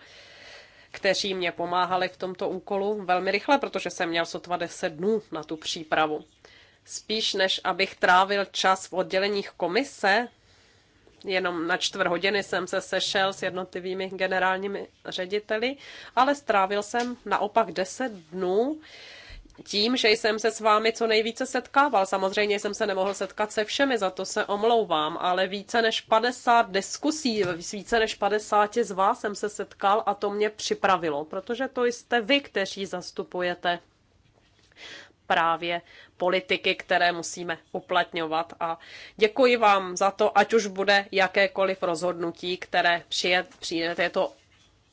kteří mě pomáhali v tomto úkolu velmi rychle, protože jsem měl sotva 10 dnů na tu přípravu. Spíš než abych trávil čas v odděleních komise, jenom na čtvrt hodiny jsem se sešel s jednotlivými generálními řediteli, ale strávil jsem naopak 10 dnů tím, že jsem se s vámi co nejvíce setkával. Samozřejmě jsem se nemohl setkat se všemi, za to se omlouvám, ale více než 50 diskusí, více než 50 z vás jsem se setkal a to mě připravilo, protože to jste vy, kteří zastupujete právě politiky, které musíme uplatňovat. A děkuji vám za to, ať už bude jakékoliv rozhodnutí, které přijet, přijete. Je to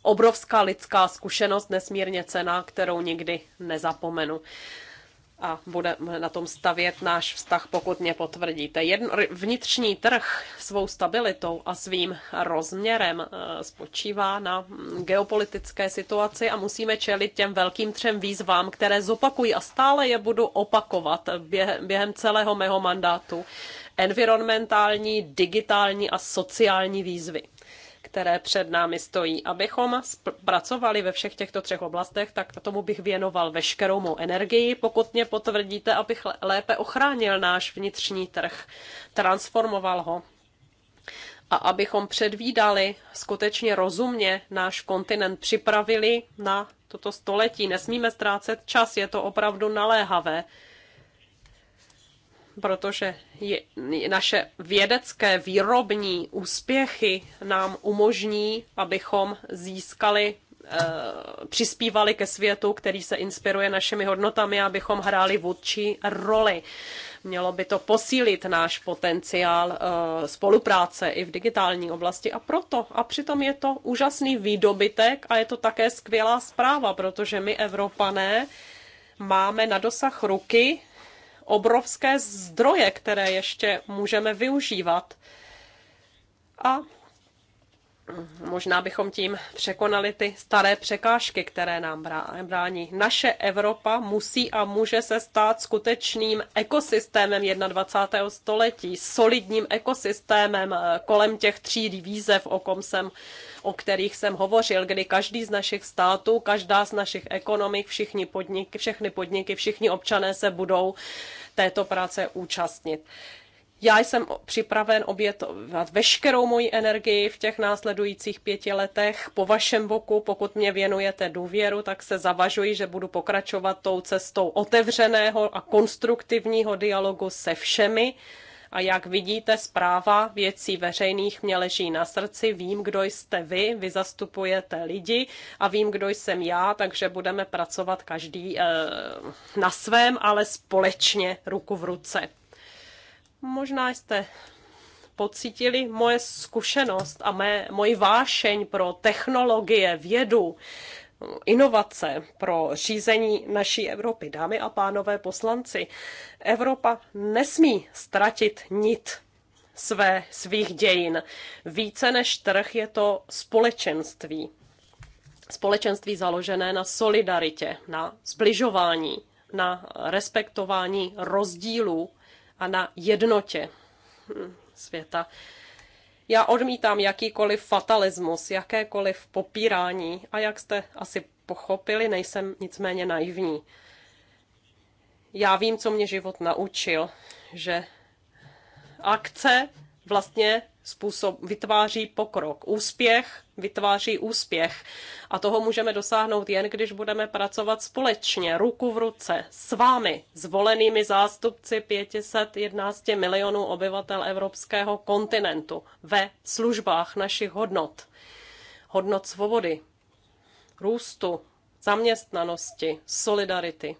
obrovská lidská zkušenost, nesmírně cená, kterou nikdy nezapomenu a budeme na tom stavět náš vztah, pokud mě potvrdíte. Jedn, vnitřní trh svou stabilitou a svým rozměrem eh, spočívá na mm, geopolitické situaci a musíme čelit těm velkým třem výzvám, které zopakují a stále je budu opakovat během celého mého mandátu. Environmentální, digitální a sociální výzvy které před námi stojí. Abychom pracovali ve všech těchto třech oblastech, tak tomu bych věnoval veškerou mou energii, pokud mě potvrdíte, abych lépe ochránil náš vnitřní trh, transformoval ho a abychom předvídali skutečně rozumně náš kontinent, připravili na toto století. Nesmíme ztrácet čas, je to opravdu naléhavé protože je, naše vědecké výrobní úspěchy nám umožní, abychom získali eh, přispívali ke světu, který se inspiruje našimi hodnotami, abychom hráli vůdčí roli. Mělo by to posílit náš potenciál eh, spolupráce i v digitální oblasti a proto. A přitom je to úžasný výdobytek a je to také skvělá zpráva, protože my, Evropané, máme na dosah ruky obrovské zdroje, které ještě můžeme využívat. A Možná bychom tím překonali ty staré překážky, které nám brání. Naše Evropa musí a může se stát skutečným ekosystémem 21. století, solidním ekosystémem eh, kolem těch tří výzev, o, kom jsem, o kterých jsem hovořil, kdy každý z našich států, každá z našich ekonomik, všichni podniky, všechny podniky, všichni občané se budou této práce účastnit. Já jsem připraven obětovat veškerou moji energii v těch následujících pěti letech. Po vašem boku, pokud mě věnujete důvěru, tak se zavažuji, že budu pokračovat tou cestou otevřeného a konstruktivního dialogu se všemi. A jak vidíte, zpráva věcí veřejných mě leží na srdci. Vím, kdo jste vy, vy zastupujete lidi a vím, kdo jsem já, takže budeme pracovat každý eh, na svém, ale společně ruku v ruce. Možná jste pocítili moje zkušenost a mé, moji vášeň pro technologie, vědu, inovace pro řízení naší Evropy. Dámy a pánové poslanci, Evropa nesmí ztratit nit své, svých dějin. Více než trh je to společenství. Společenství založené na solidaritě, na zbližování, na respektování rozdílů a na jednotě světa. Já odmítám jakýkoliv fatalismus, jakékoliv popírání a jak jste asi pochopili, nejsem nicméně naivní. Já vím, co mě život naučil, že akce vlastně způsob, vytváří pokrok. Úspěch vytváří úspěch. A toho můžeme dosáhnout jen, když budeme pracovat společně, ruku v ruce, s vámi, zvolenými zástupci 511 milionů obyvatel evropského kontinentu ve službách našich hodnot. Hodnot svobody, růstu, zaměstnanosti, solidarity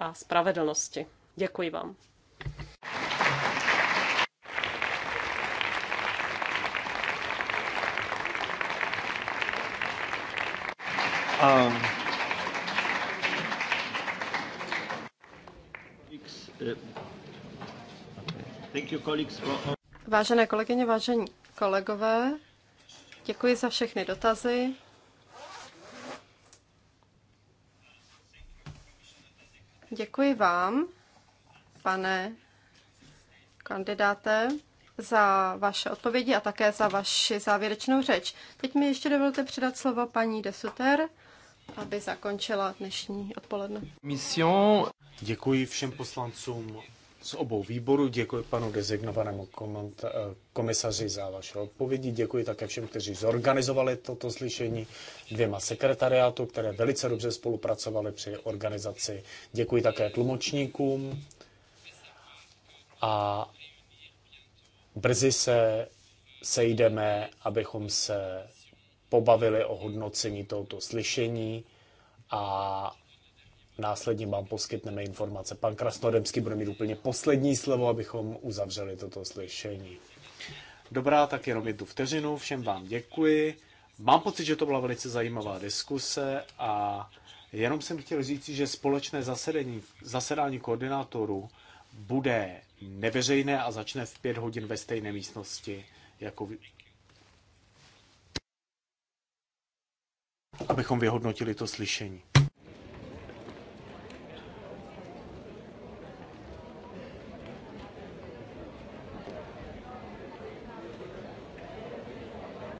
a spravedlnosti. Děkuji vám. Uh, Vážené kolegyně, vážení kolegové, děkuji za všechny dotazy. Děkuji vám, pane kandidáte, za vaše odpovědi a také za vaši závěrečnou řeč. Teď mi ještě dovolte předat slovo paní Desuter aby zakončila dnešní odpoledne. Mission. Děkuji všem poslancům z obou výborů, děkuji panu dezignovanému eh, komisaři za vaše odpovědi, děkuji také všem, kteří zorganizovali toto slyšení, dvěma sekretariátu, které velice dobře spolupracovali při organizaci, děkuji také tlumočníkům a brzy se sejdeme, abychom se pobavili o hodnocení tohoto slyšení a následně vám poskytneme informace. Pan Krasnodemský bude mít úplně poslední slovo, abychom uzavřeli toto slyšení. Dobrá, tak jenom jednu vteřinu. Všem vám děkuji. Mám pocit, že to byla velice zajímavá diskuse a jenom jsem chtěl říct, že společné zasedání zasedání koordinátorů bude neveřejné a začne v pět hodin ve stejné místnosti jako abychom vyhodnotili to slyšení.